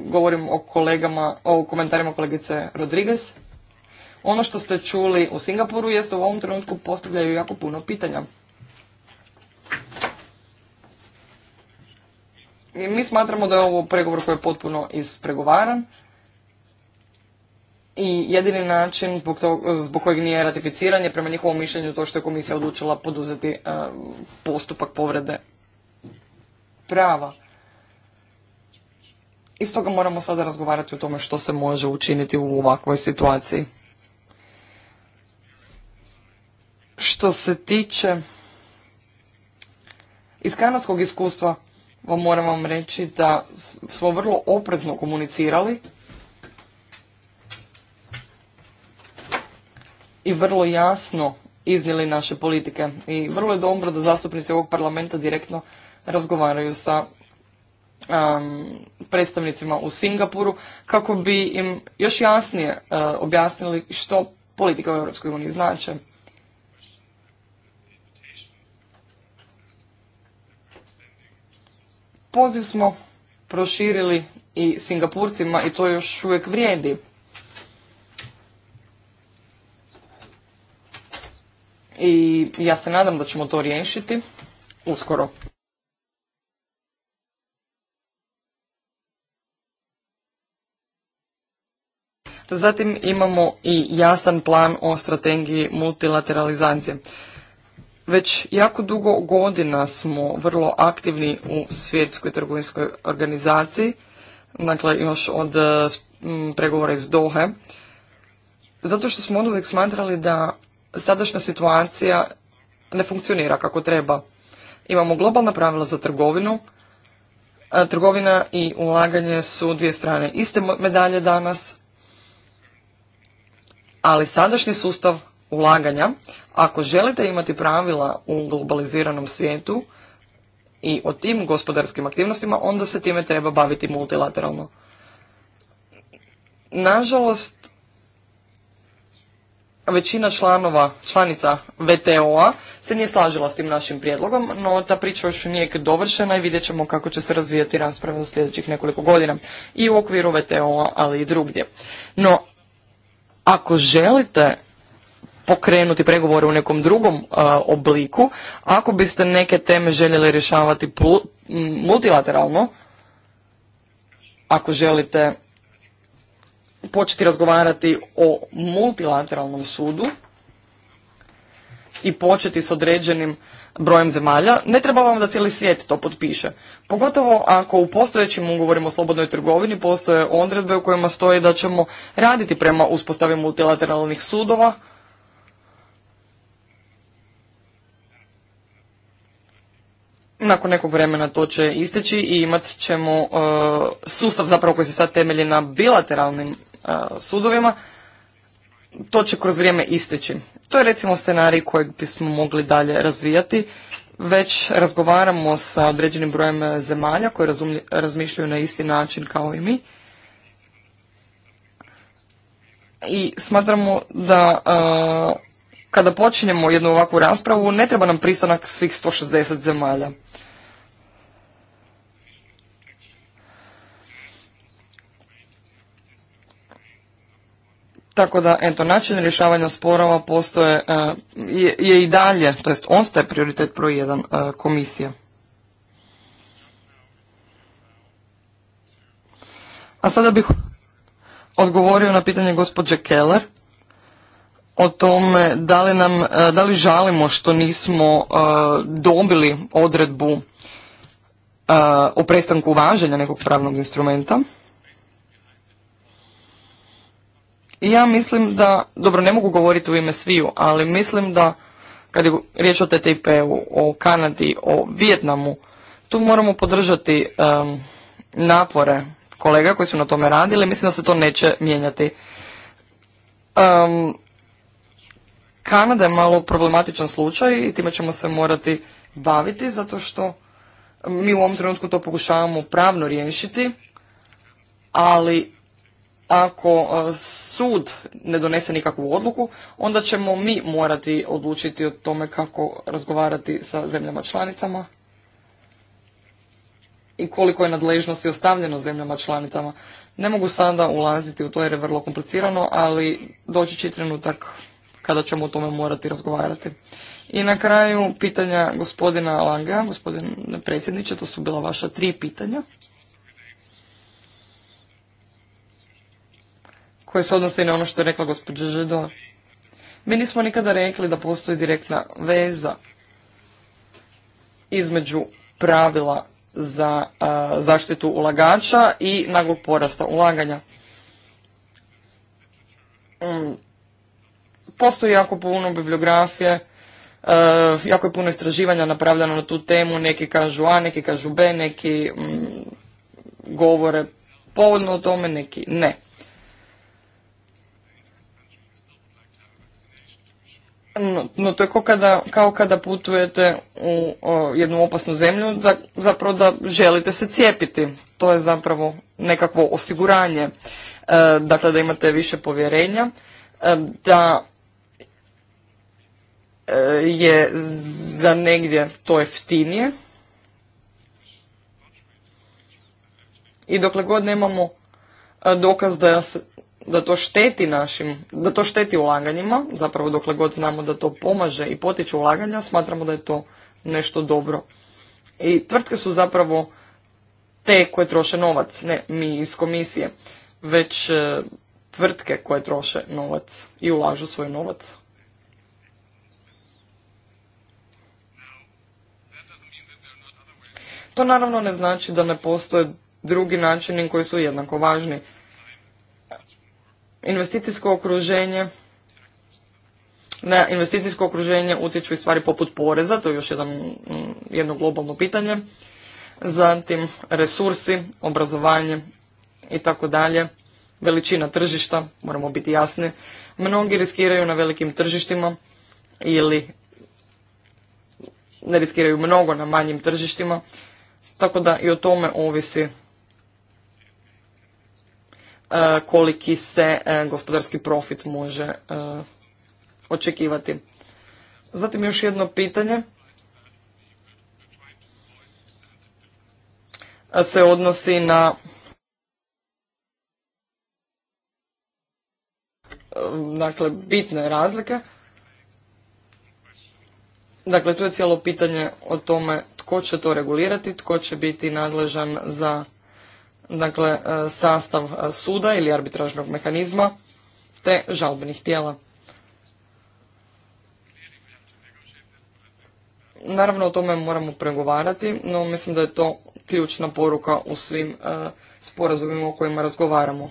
govorim o kolegama, o komentarima kolegice Rodriguez. Ono što ste čuli u Singapuru jest da u ovom trenutku postavljaju jako puno pitanja. I mi smatramo da je ovo pregovor koji je potpuno ispregovaran i jedini način zbog, kojeg nije ratificiran je prema njihovom mišljenju to što je komisija odlučila poduzeti e, postupak povrede prava. I stoga moramo sada razgovarati o tome što se može učiniti u ovakvoj situaciji. Što se tiče iz kanadskog iskustva, vam moram vam reći da smo vrlo oprezno komunicirali i vrlo jasno iznijeli naše politike. I vrlo je dobro da zastupnici ovog parlamenta direktno razgovaraju sa Um, predstavnicima u Singapuru kako bi im još jasnije uh, objasnili što politika u EU znači. znače. Poziv smo proširili i Singapurcima i to još uvijek vrijedi. I ja se nadam da ćemo to riješiti uskoro. Zatim imamo i jasan plan o strategiji multilateralizacije. Već jako dugo godina smo vrlo aktivni u svjetskoj trgovinskoj organizaciji, dakle još od mm, pregovora iz Dohe, zato što smo uvijek smatrali da sadašnja situacija ne funkcionira kako treba. Imamo globalna pravila za trgovinu, trgovina i ulaganje su dvije strane iste medalje danas, ali sadašnji sustav ulaganja, ako želite imati pravila u globaliziranom svijetu i o tim gospodarskim aktivnostima, onda se time treba baviti multilateralno. Nažalost, većina članova, članica VTO-a se nije slažila s tim našim prijedlogom, no ta priča još nije dovršena i vidjet ćemo kako će se razvijati rasprave u sljedećih nekoliko godina i u okviru VTO-a, ali i drugdje. No, ako želite pokrenuti pregovore u nekom drugom e, obliku, ako biste neke teme željeli rješavati multilateralno, ako želite početi razgovarati o multilateralnom sudu, i početi s određenim brojem zemalja, ne treba vam da cijeli svijet to potpiše. Pogotovo ako u postojećim ugovorima o slobodnoj trgovini postoje odredbe u kojima stoji da ćemo raditi prema uspostavi multilateralnih sudova, nakon nekog vremena to će isteći i imat ćemo e, sustav zapravo koji se sad temelji na bilateralnim e, sudovima to će kroz vrijeme isteći. To je recimo scenarij kojeg bismo mogli dalje razvijati. Već razgovaramo sa određenim brojem zemalja koje razmišljaju na isti način kao i mi. I smatramo da e, kada počinjemo jednu ovakvu raspravu ne treba nam pristanak svih 160 zemalja. Tako da, eto, način rješavanja sporova postoje, e, je, i dalje, to jest ostaje prioritet broj jedan e, komisije. A sada bih odgovorio na pitanje gospođe Keller o tome da li, nam, e, da li žalimo što nismo dobili odredbu o prestanku važenja nekog pravnog instrumenta. I ja mislim da, dobro ne mogu govoriti u ime sviju, ali mislim da kad je riječ o TTIP-u, o Kanadi, o Vijetnamu, tu moramo podržati napore kolega koji su na tome radili, mislim da se to neće mijenjati. Um, Kanada je malo problematičan slučaj i time ćemo se morati baviti zato što mi u ovom trenutku to pokušavamo pravno riješiti, ali ako e, sud ne donese nikakvu odluku, onda ćemo mi morati odlučiti o tome kako razgovarati sa zemljama članicama i koliko je nadležnosti ostavljeno zemljama članicama. Ne mogu sada ulaziti u to jer je vrlo komplicirano, ali doći će trenutak kada ćemo o tome morati razgovarati. I na kraju pitanja gospodina Langea, gospodine predsjedniče, to su bila vaša tri pitanja. koje se odnose i na ono što je rekla gospođa Žedo. Mi nismo nikada rekli da postoji direktna veza između pravila za zaštitu ulagača i naglog porasta ulaganja. Mm, postoji jako puno bibliografije, jako je puno istraživanja napravljeno na tu temu, neki kažu A, neki kažu B, neki mm, govore povodno o tome, neki ne. No, to je kao kada, kao kada putujete u jednu opasnu zemlju, za, zapravo da želite se cijepiti. To je zapravo nekakvo osiguranje, e, dakle da imate više povjerenja, e, da e, je za negdje to jeftinije. I dokle god nemamo e, dokaz da se da to šteti našim, da to šteti ulaganjima, zapravo dokle god znamo da to pomaže i potiče ulaganja, smatramo da je to nešto dobro. I tvrtke su zapravo te koje troše novac, ne mi iz komisije, već e, tvrtke koje troše novac i ulažu svoj novac. To naravno ne znači da ne postoje drugi načini koji su jednako važni investicijsko okruženje, na investicijsko okruženje utječu i stvari poput poreza, to je još jedan, mm, jedno globalno pitanje, zatim resursi, obrazovanje i tako dalje, veličina tržišta, moramo biti jasni, mnogi riskiraju na velikim tržištima ili ne riskiraju mnogo na manjim tržištima, tako da i o tome ovisi E, koliki se e, gospodarski profit može e, očekivati. Zatim još jedno pitanje se odnosi na dakle bitne razlike. Dakle, tu je cijelo pitanje o tome tko će to regulirati, tko će biti nadležan za dakle e, sastav e, suda ili arbitražnog mehanizma te žalbenih tijela. Naravno o tome moramo pregovarati, no mislim da je to ključna poruka u svim e, sporazumima o kojima razgovaramo.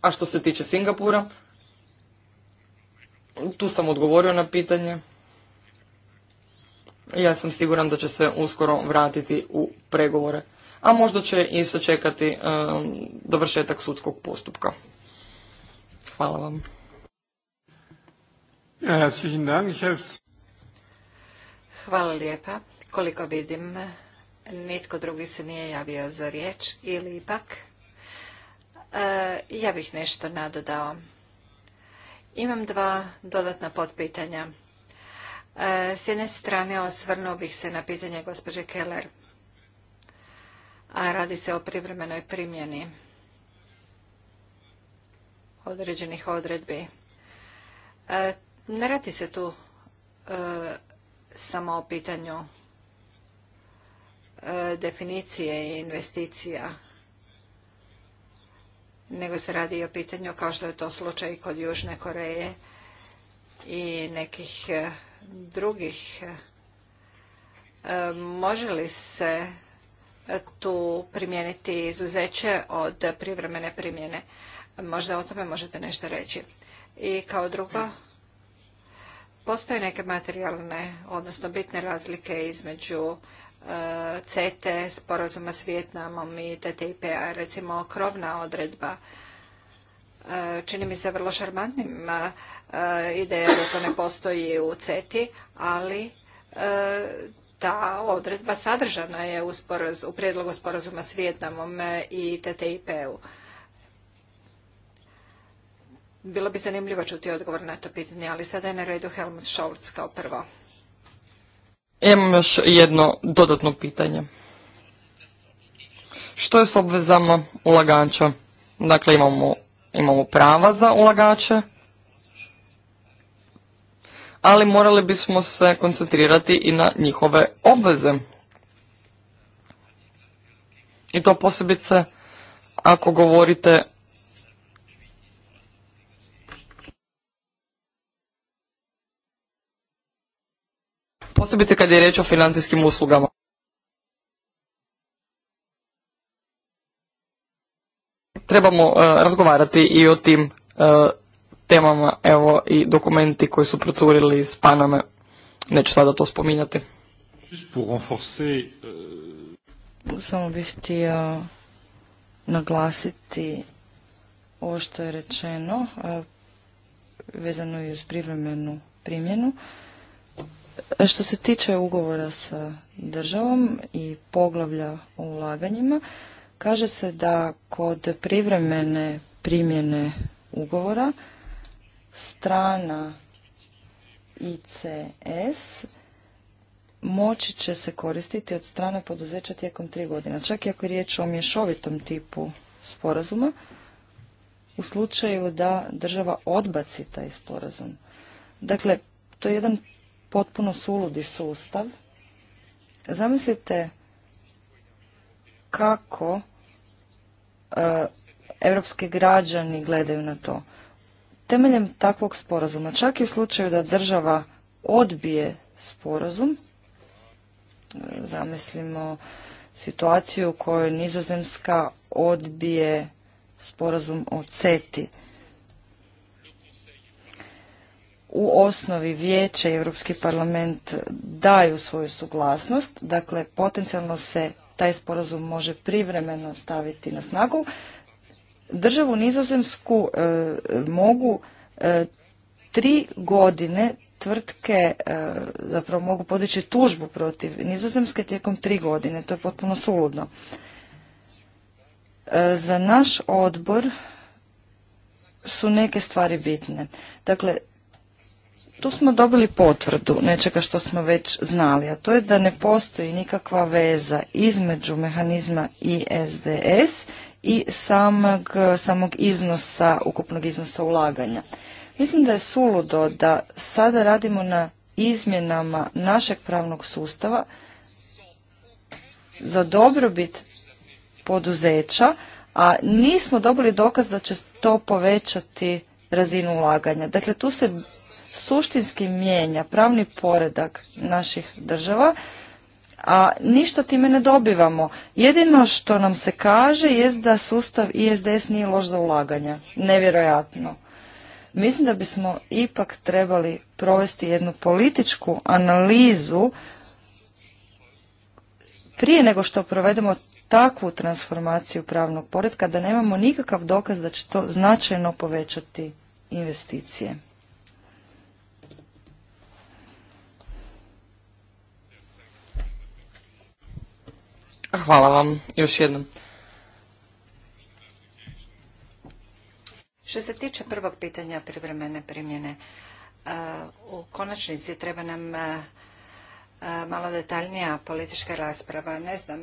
A što se tiče Singapura, tu sam odgovorio na pitanje. Ja sam siguran da će se uskoro vratiti u pregovore, a možda će i sačekati e, dovršetak sudskog postupka. Hvala vam. Hvala lijepa. Koliko vidim, nitko drugi se nije javio za riječ ili ipak e, ja bih nešto nadodao. Imam dva dodatna potpitanja. E, s jedne strane osvrnuo bih se na pitanje gospođe Keller, a radi se o privremenoj primjeni određenih odredbi. E, ne radi se tu e, samo o pitanju definicije i investicija, nego se radi i o pitanju kao što je to slučaj kod Južne Koreje i nekih drugih. E, može li se tu primijeniti izuzeće od privremene primjene? Možda o tome možete nešto reći. I kao drugo, postoje neke materijalne, odnosno bitne razlike između e, CETE, sporazuma s Vjetnamom i TTIP-a, recimo krovna odredba. E, čini mi se vrlo šarmantnim E, ideja da to ne postoji u CETI, ali e, ta odredba sadržana je u, prijedlogu sporazuma s Vijetnamom i TTIP-u. Bilo bi zanimljivo čuti odgovor na to pitanje, ali sada je na redu Helmut Scholz kao prvo. Imam još jedno dodatno pitanje. Što je s obvezama ulagača? Dakle, imamo, imamo prava za ulagače, ali morali bismo se koncentrirati i na njihove obveze. I to posebice ako govorite posebice kad je riječ o financijskim uslugama. Trebamo e, razgovarati i o tim e, temama, evo i dokumenti koji su procurili iz Paname. Neću sada to spominjati. Euh, Samo bih htio naglasiti ovo što je rečeno vezano je uz privremenu primjenu. E, što se tiče ugovora sa državom i poglavlja o ulaganjima, kaže se da kod privremene primjene ugovora strana ICS moći će se koristiti od strane poduzeća tijekom tri godina. Čak i ako je riječ o mješovitom tipu sporazuma, u slučaju da država odbaci taj sporazum. Dakle, to je jedan potpuno suludi sustav. Zamislite kako europski evropski građani gledaju na to. Temeljem takvog sporazuma, čak i u slučaju da država odbije sporazum, e, zamislimo situaciju u kojoj Nizozemska odbije sporazum o CETI. U osnovi vijeće i Europski parlament daju svoju suglasnost, dakle potencijalno se taj sporazum može privremeno staviti na snagu, državu Nizozemsku e, mogu e, tri godine tvrtke e, zapravo mogu podići tužbu protiv Nizozemske tijekom tri godine. To je potpuno suludno. Za naš odbor su neke stvari bitne. Dakle, tu smo dobili potvrdu nečega što smo već znali, a to je da ne postoji nikakva veza između mehanizma ISDS i samog, iznosa, ukupnog iznosa ulaganja. Mislim da je suludo da sada radimo na izmjenama našeg pravnog sustava za dobrobit poduzeća, a nismo dobili dokaz da će to povećati razinu ulaganja. Dakle, tu se suštinski mijenja pravni poredak naših država a ništa time ne dobivamo. Jedino što nam se kaže jest da sustav ISDS nije loš za ulaganja. Nevjerojatno. Mislim da bismo ipak trebali provesti jednu političku analizu prije nego što provedemo takvu transformaciju pravnog poredka da nemamo nikakav dokaz da će to značajno povećati investicije. Hvala vam još jednom. Što se tiče prvog pitanja privremene primjene, e, u konačnici treba nam e, e, malo detaljnija politička rasprava. Ne znam,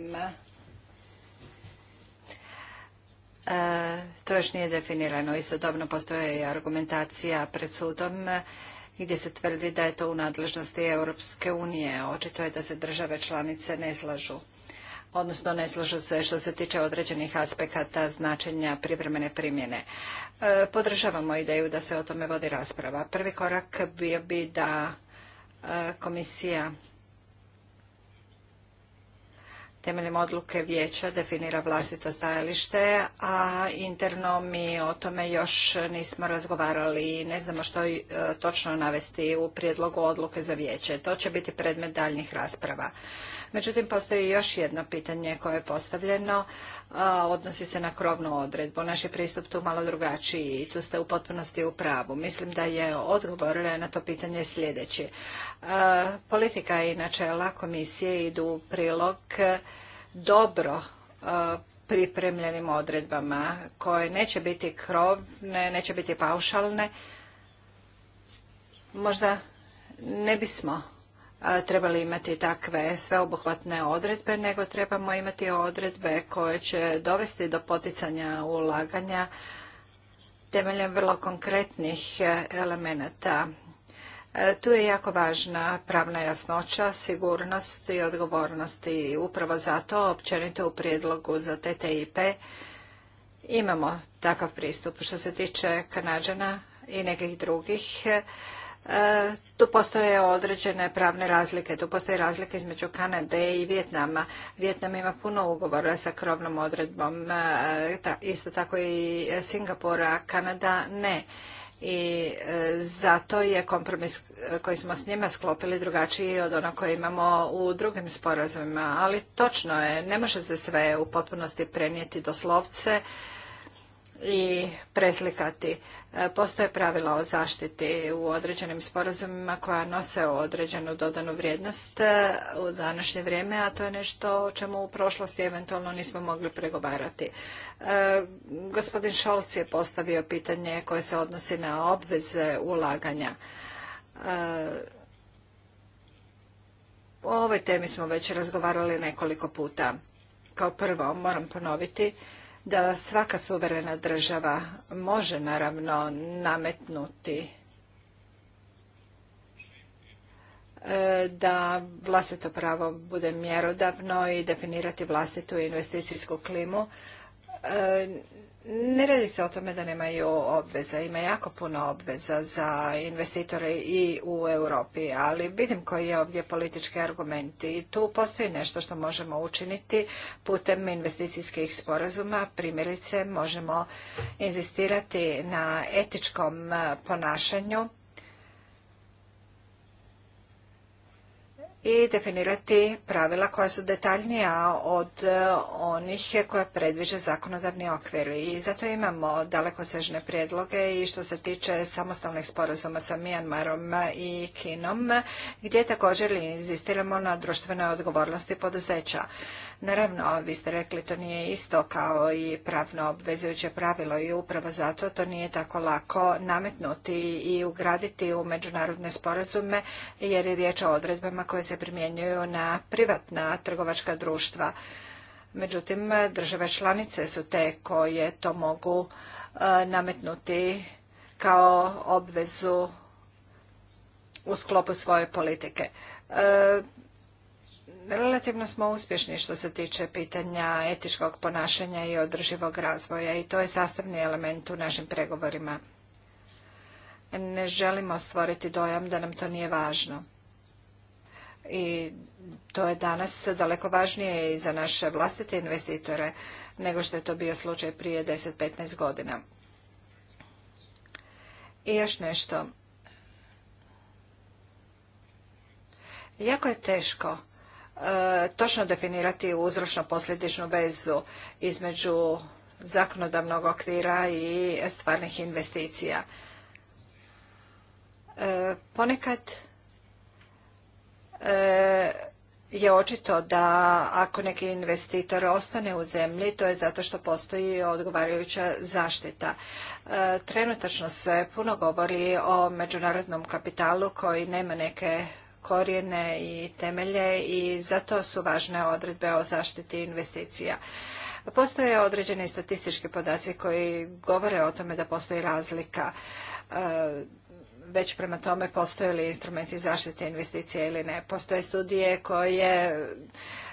to još nije definirano. Istodobno postoje i argumentacija pred sudom gdje se tvrdi da je to u nadležnosti Europske unije. Očito je da se države članice ne slažu odnosno ne slažu se što se tiče određenih aspekata značenja privremene primjene. E, podržavamo ideju da se o tome vodi rasprava. Prvi korak bio bi da e, komisija temeljem odluke vijeća definira vlastito stajalište, a interno mi o tome još nismo razgovarali i ne znamo što e, točno navesti u prijedlogu odluke za vijeće. To će biti predmet daljnjih rasprava. Međutim, postoji još jedno pitanje koje je postavljeno, odnosi se na krovnu odredbu. Naš je pristup tu malo drugačiji i tu ste u potpunosti u pravu. Mislim da je odgovor na to pitanje sljedeći. politika i načela komisije idu u prilog dobro pripremljenim odredbama koje neće biti krovne, neće biti paušalne. Možda ne bismo trebali imati takve sveobuhvatne odredbe, nego trebamo imati odredbe koje će dovesti do poticanja ulaganja temeljem vrlo konkretnih e, elemenata. E, tu je jako važna pravna jasnoća, sigurnost i odgovornost i upravo zato općenito u prijedlogu za TTIP imamo takav pristup. Što se tiče Kanađana i nekih drugih, e, E, tu postoje određene pravne razlike. Tu postoje razlike između Kanade i Vjetnama. Vjetnam ima puno ugovora sa krovnom odredbom, e, isto tako i Singapura, Kanada ne. I e, zato je kompromis koji smo s njima sklopili drugačiji od onog koji imamo u drugim sporazumima. Ali točno je, ne može se sve u potpunosti prenijeti doslovce i preslikati. E, postoje pravila o zaštiti u određenim sporazumima koja nose određenu dodanu vrijednost e, u današnje vrijeme, a to je nešto o čemu u prošlosti eventualno nismo mogli pregovarati. E, gospodin Šolc je postavio pitanje koje se odnosi na obveze ulaganja. O ovoj temi smo već razgovarali nekoliko puta. Kao prvo, moram ponoviti, da svaka suverena država može naravno nametnuti e, da vlastito pravo bude mjerodavno i definirati vlastitu investicijsku klimu. E, ne radi se o tome da nemaju obveza, ima jako puno obveza za investitore i u Europi, ali vidim koji je ovdje politički argument i tu postoji nešto što možemo učiniti putem investicijskih sporazuma. Primjerice možemo inzistirati na etičkom ponašanju i definirati pravila koja su detaljnija od e, onih koje predviđa zakonodavni okvir. I zato imamo dalekosežne prijedloge i što se tiče samostalnih sporazuma sa Mijanmarom i Kinom, gdje također inzistiramo na društvenoj odgovornosti poduzeća. Naravno, vi ste rekli, to nije isto kao i pravno obvezujuće pravilo i upravo zato to nije tako lako nametnuti i ugraditi u međunarodne sporazume jer je riječ o odredbama koje se primjenjuju na privatna trgovačka društva. Međutim, države članice su te koje to mogu e, nametnuti kao obvezu u sklopu svoje politike. E, relativno smo uspješni što se tiče pitanja etičkog ponašanja i održivog razvoja i to je sastavni element u našim pregovorima. Ne želimo stvoriti dojam da nam to nije važno. I to je danas daleko važnije i za naše vlastite investitore nego što je to bio slučaj prije 10-15 godina. I još nešto. Jako je teško E, točno definirati uzročno-posljedičnu vezu između zakonodavnog okvira i stvarnih investicija. E, ponekad e, je očito da ako neki investitor ostane u zemlji, to je zato što postoji odgovarajuća zaštita. Trenutačno se puno govori o međunarodnom kapitalu koji nema neke korijene i temelje i zato su važne odredbe o zaštiti investicija. Postoje određeni statistički podaci koji govore o tome da postoji razlika e, već prema tome postoje li instrumenti zaštite investicija ili ne. Postoje studije koje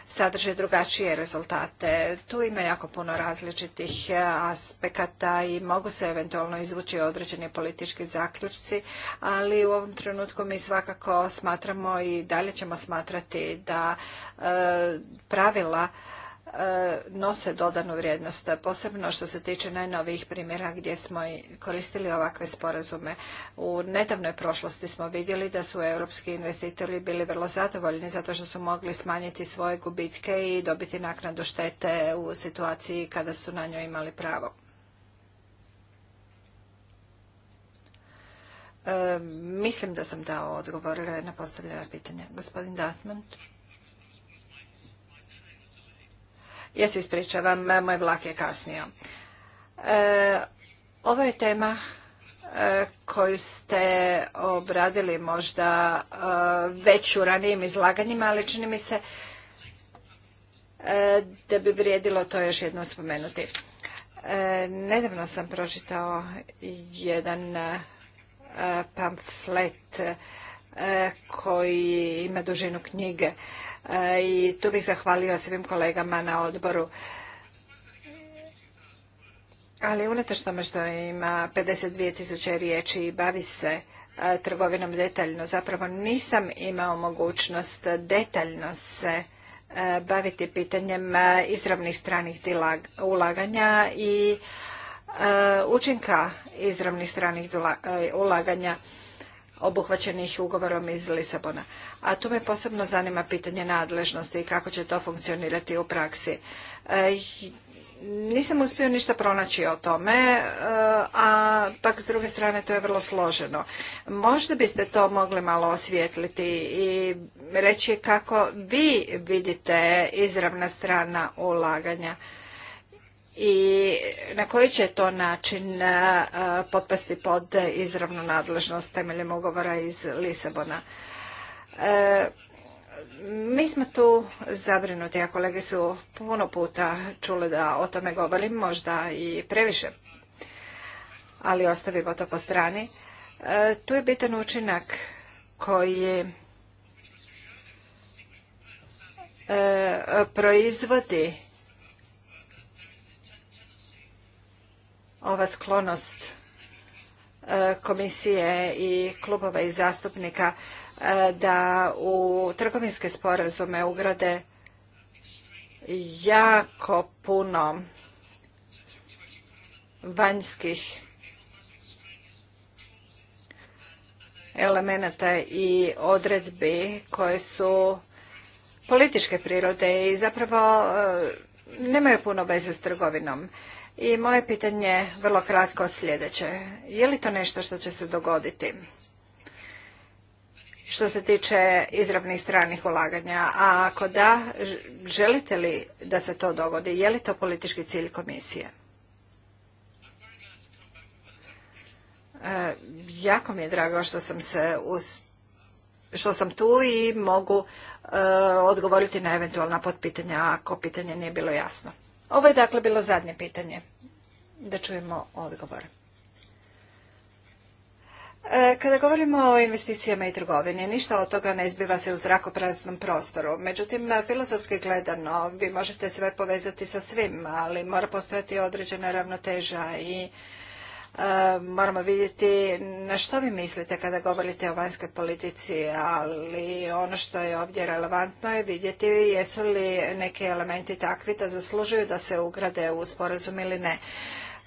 sadrže drugačije rezultate. Tu ima jako puno različitih e, aspekata i mogu se eventualno izvući određeni politički zaključci, ali u ovom trenutku mi svakako smatramo i dalje ćemo smatrati da e, pravila E, nose dodanu vrijednost, posebno što se tiče najnovijih primjera gdje smo koristili ovakve sporazume. U nedavnoj prošlosti smo vidjeli da su europski investitori bili vrlo zadovoljni zato što su mogli smanjiti svoje gubitke i dobiti naknadu štete u situaciji kada su na njoj imali pravo. E, mislim da sam dao odgovor na postavljena pitanja. Gospodin Datman. Ja se ispričavam, moj vlak je kasnio. E, ovo je tema e, koju ste obradili možda e, već u ranijim izlaganjima, ali čini mi se da bi vrijedilo to još jednom spomenuti. Nedavno sam pročitao jedan pamflet koji ima dužinu knjige i tu bih zahvalio svim kolegama na odboru. Ali unatoč tome što ima 52 tisuće riječi i bavi se e, trgovinom detaljno, zapravo nisam imao mogućnost detaljno se e, baviti pitanjem e, izravnih stranih ulaganja i učinka izravnih stranih ulaganja obuhvaćenih ugovorom iz Lisabona. A tu me posebno zanima pitanje nadležnosti i kako će to funkcionirati u praksi. E, nisam uspio ništa pronaći o tome, e, a pak s druge strane to je vrlo složeno. Možda biste to mogli malo osvijetliti i reći kako vi vidite izravna strana ulaganja i na koji će to način e, potpasti pod izravnu nadležnost temeljem ugovora iz Lisabona. E, mi smo tu zabrinuti, a kolege su puno puta čuli da o tome govorim, možda i previše, ali ostavimo to po strani. E, tu je bitan učinak koji proizvodi ova sklonost e, komisije i klubova i zastupnika e, da u trgovinske sporazume ugrade jako puno vanjskih elemenata i odredbi koje su političke prirode i zapravo e, nemaju puno veze s trgovinom. I moje pitanje vrlo kratko sljedeće. Je li to nešto što će se dogoditi? što se tiče izravnih stranih ulaganja. A ako da, želite li da se to dogodi? Je li to politički cilj komisije? E, jako mi je drago što sam se što sam tu i mogu e, odgovoriti na eventualna potpitanja ako pitanje nije bilo jasno. Ovo je dakle bilo zadnje pitanje. Da čujemo odgovor. E, kada govorimo o investicijama i trgovini, ništa od toga ne izbiva se u zrakopraznom prostoru. Međutim, filozofski gledano, vi možete sve povezati sa svim, ali mora postojati određena ravnoteža i Eh, moramo vidjeti na što vi mislite kada govorite o vanjskoj politici, ali ono što je ovdje relevantno je vidjeti jesu li neki elementi takvi da zaslužuju da se ugrade u sporazum ili ne.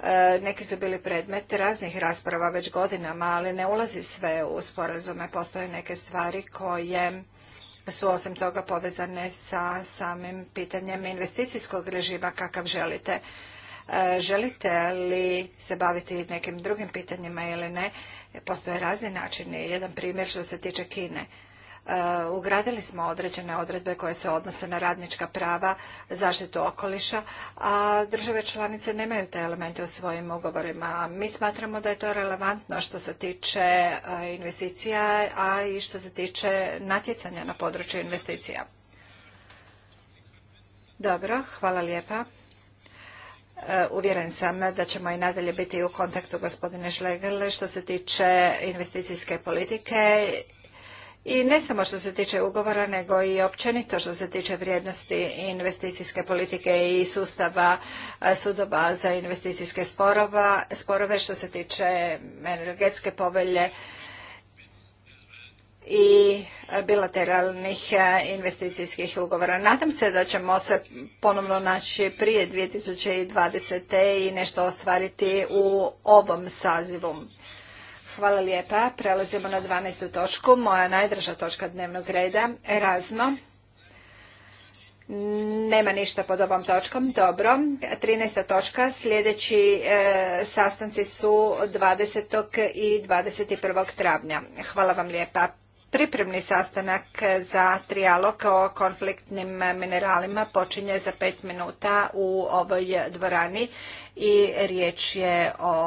Eh, neki su bili predmet raznih rasprava već godinama, ali ne ulazi sve u sporazume. Postoje neke stvari koje su osim toga povezane sa samim pitanjem investicijskog režima kakav želite. E, želite li se baviti nekim drugim pitanjima ili ne? Postoje razni načini. Jedan primjer što se tiče Kine. E, ugradili smo određene odredbe koje se odnose na radnička prava, zaštitu okoliša, a države članice nemaju te elemente u svojim ugovorima. Mi smatramo da je to relevantno što se tiče e, investicija, a i što se tiče natjecanja na području investicija. Dobro, hvala lijepa. E, uvjeren sam da ćemo i nadalje biti u kontaktu gospodine Schlegel što se tiče investicijske politike i ne samo što se tiče ugovora, nego i općenito što se tiče vrijednosti investicijske politike i sustava e, sudova za investicijske sporove što se tiče energetske povelje i bilateralnih e, investicijskih ugovora. Nadam se da ćemo se ponovno naći prije 2020. i nešto ostvariti u ovom sazivu. Hvala lijepa. Prelazimo na 12. točku, moja najdraža točka dnevnog reda, razno. Nema ništa pod ovom točkom, dobro. 13. točka, sljedeći e, sastanci su 20. i 21. travnja. Hvala vam lijepa. Pripremni sastanak za trijalog o konfliktnim mineralima počinje za pet minuta u ovoj dvorani i riječ je o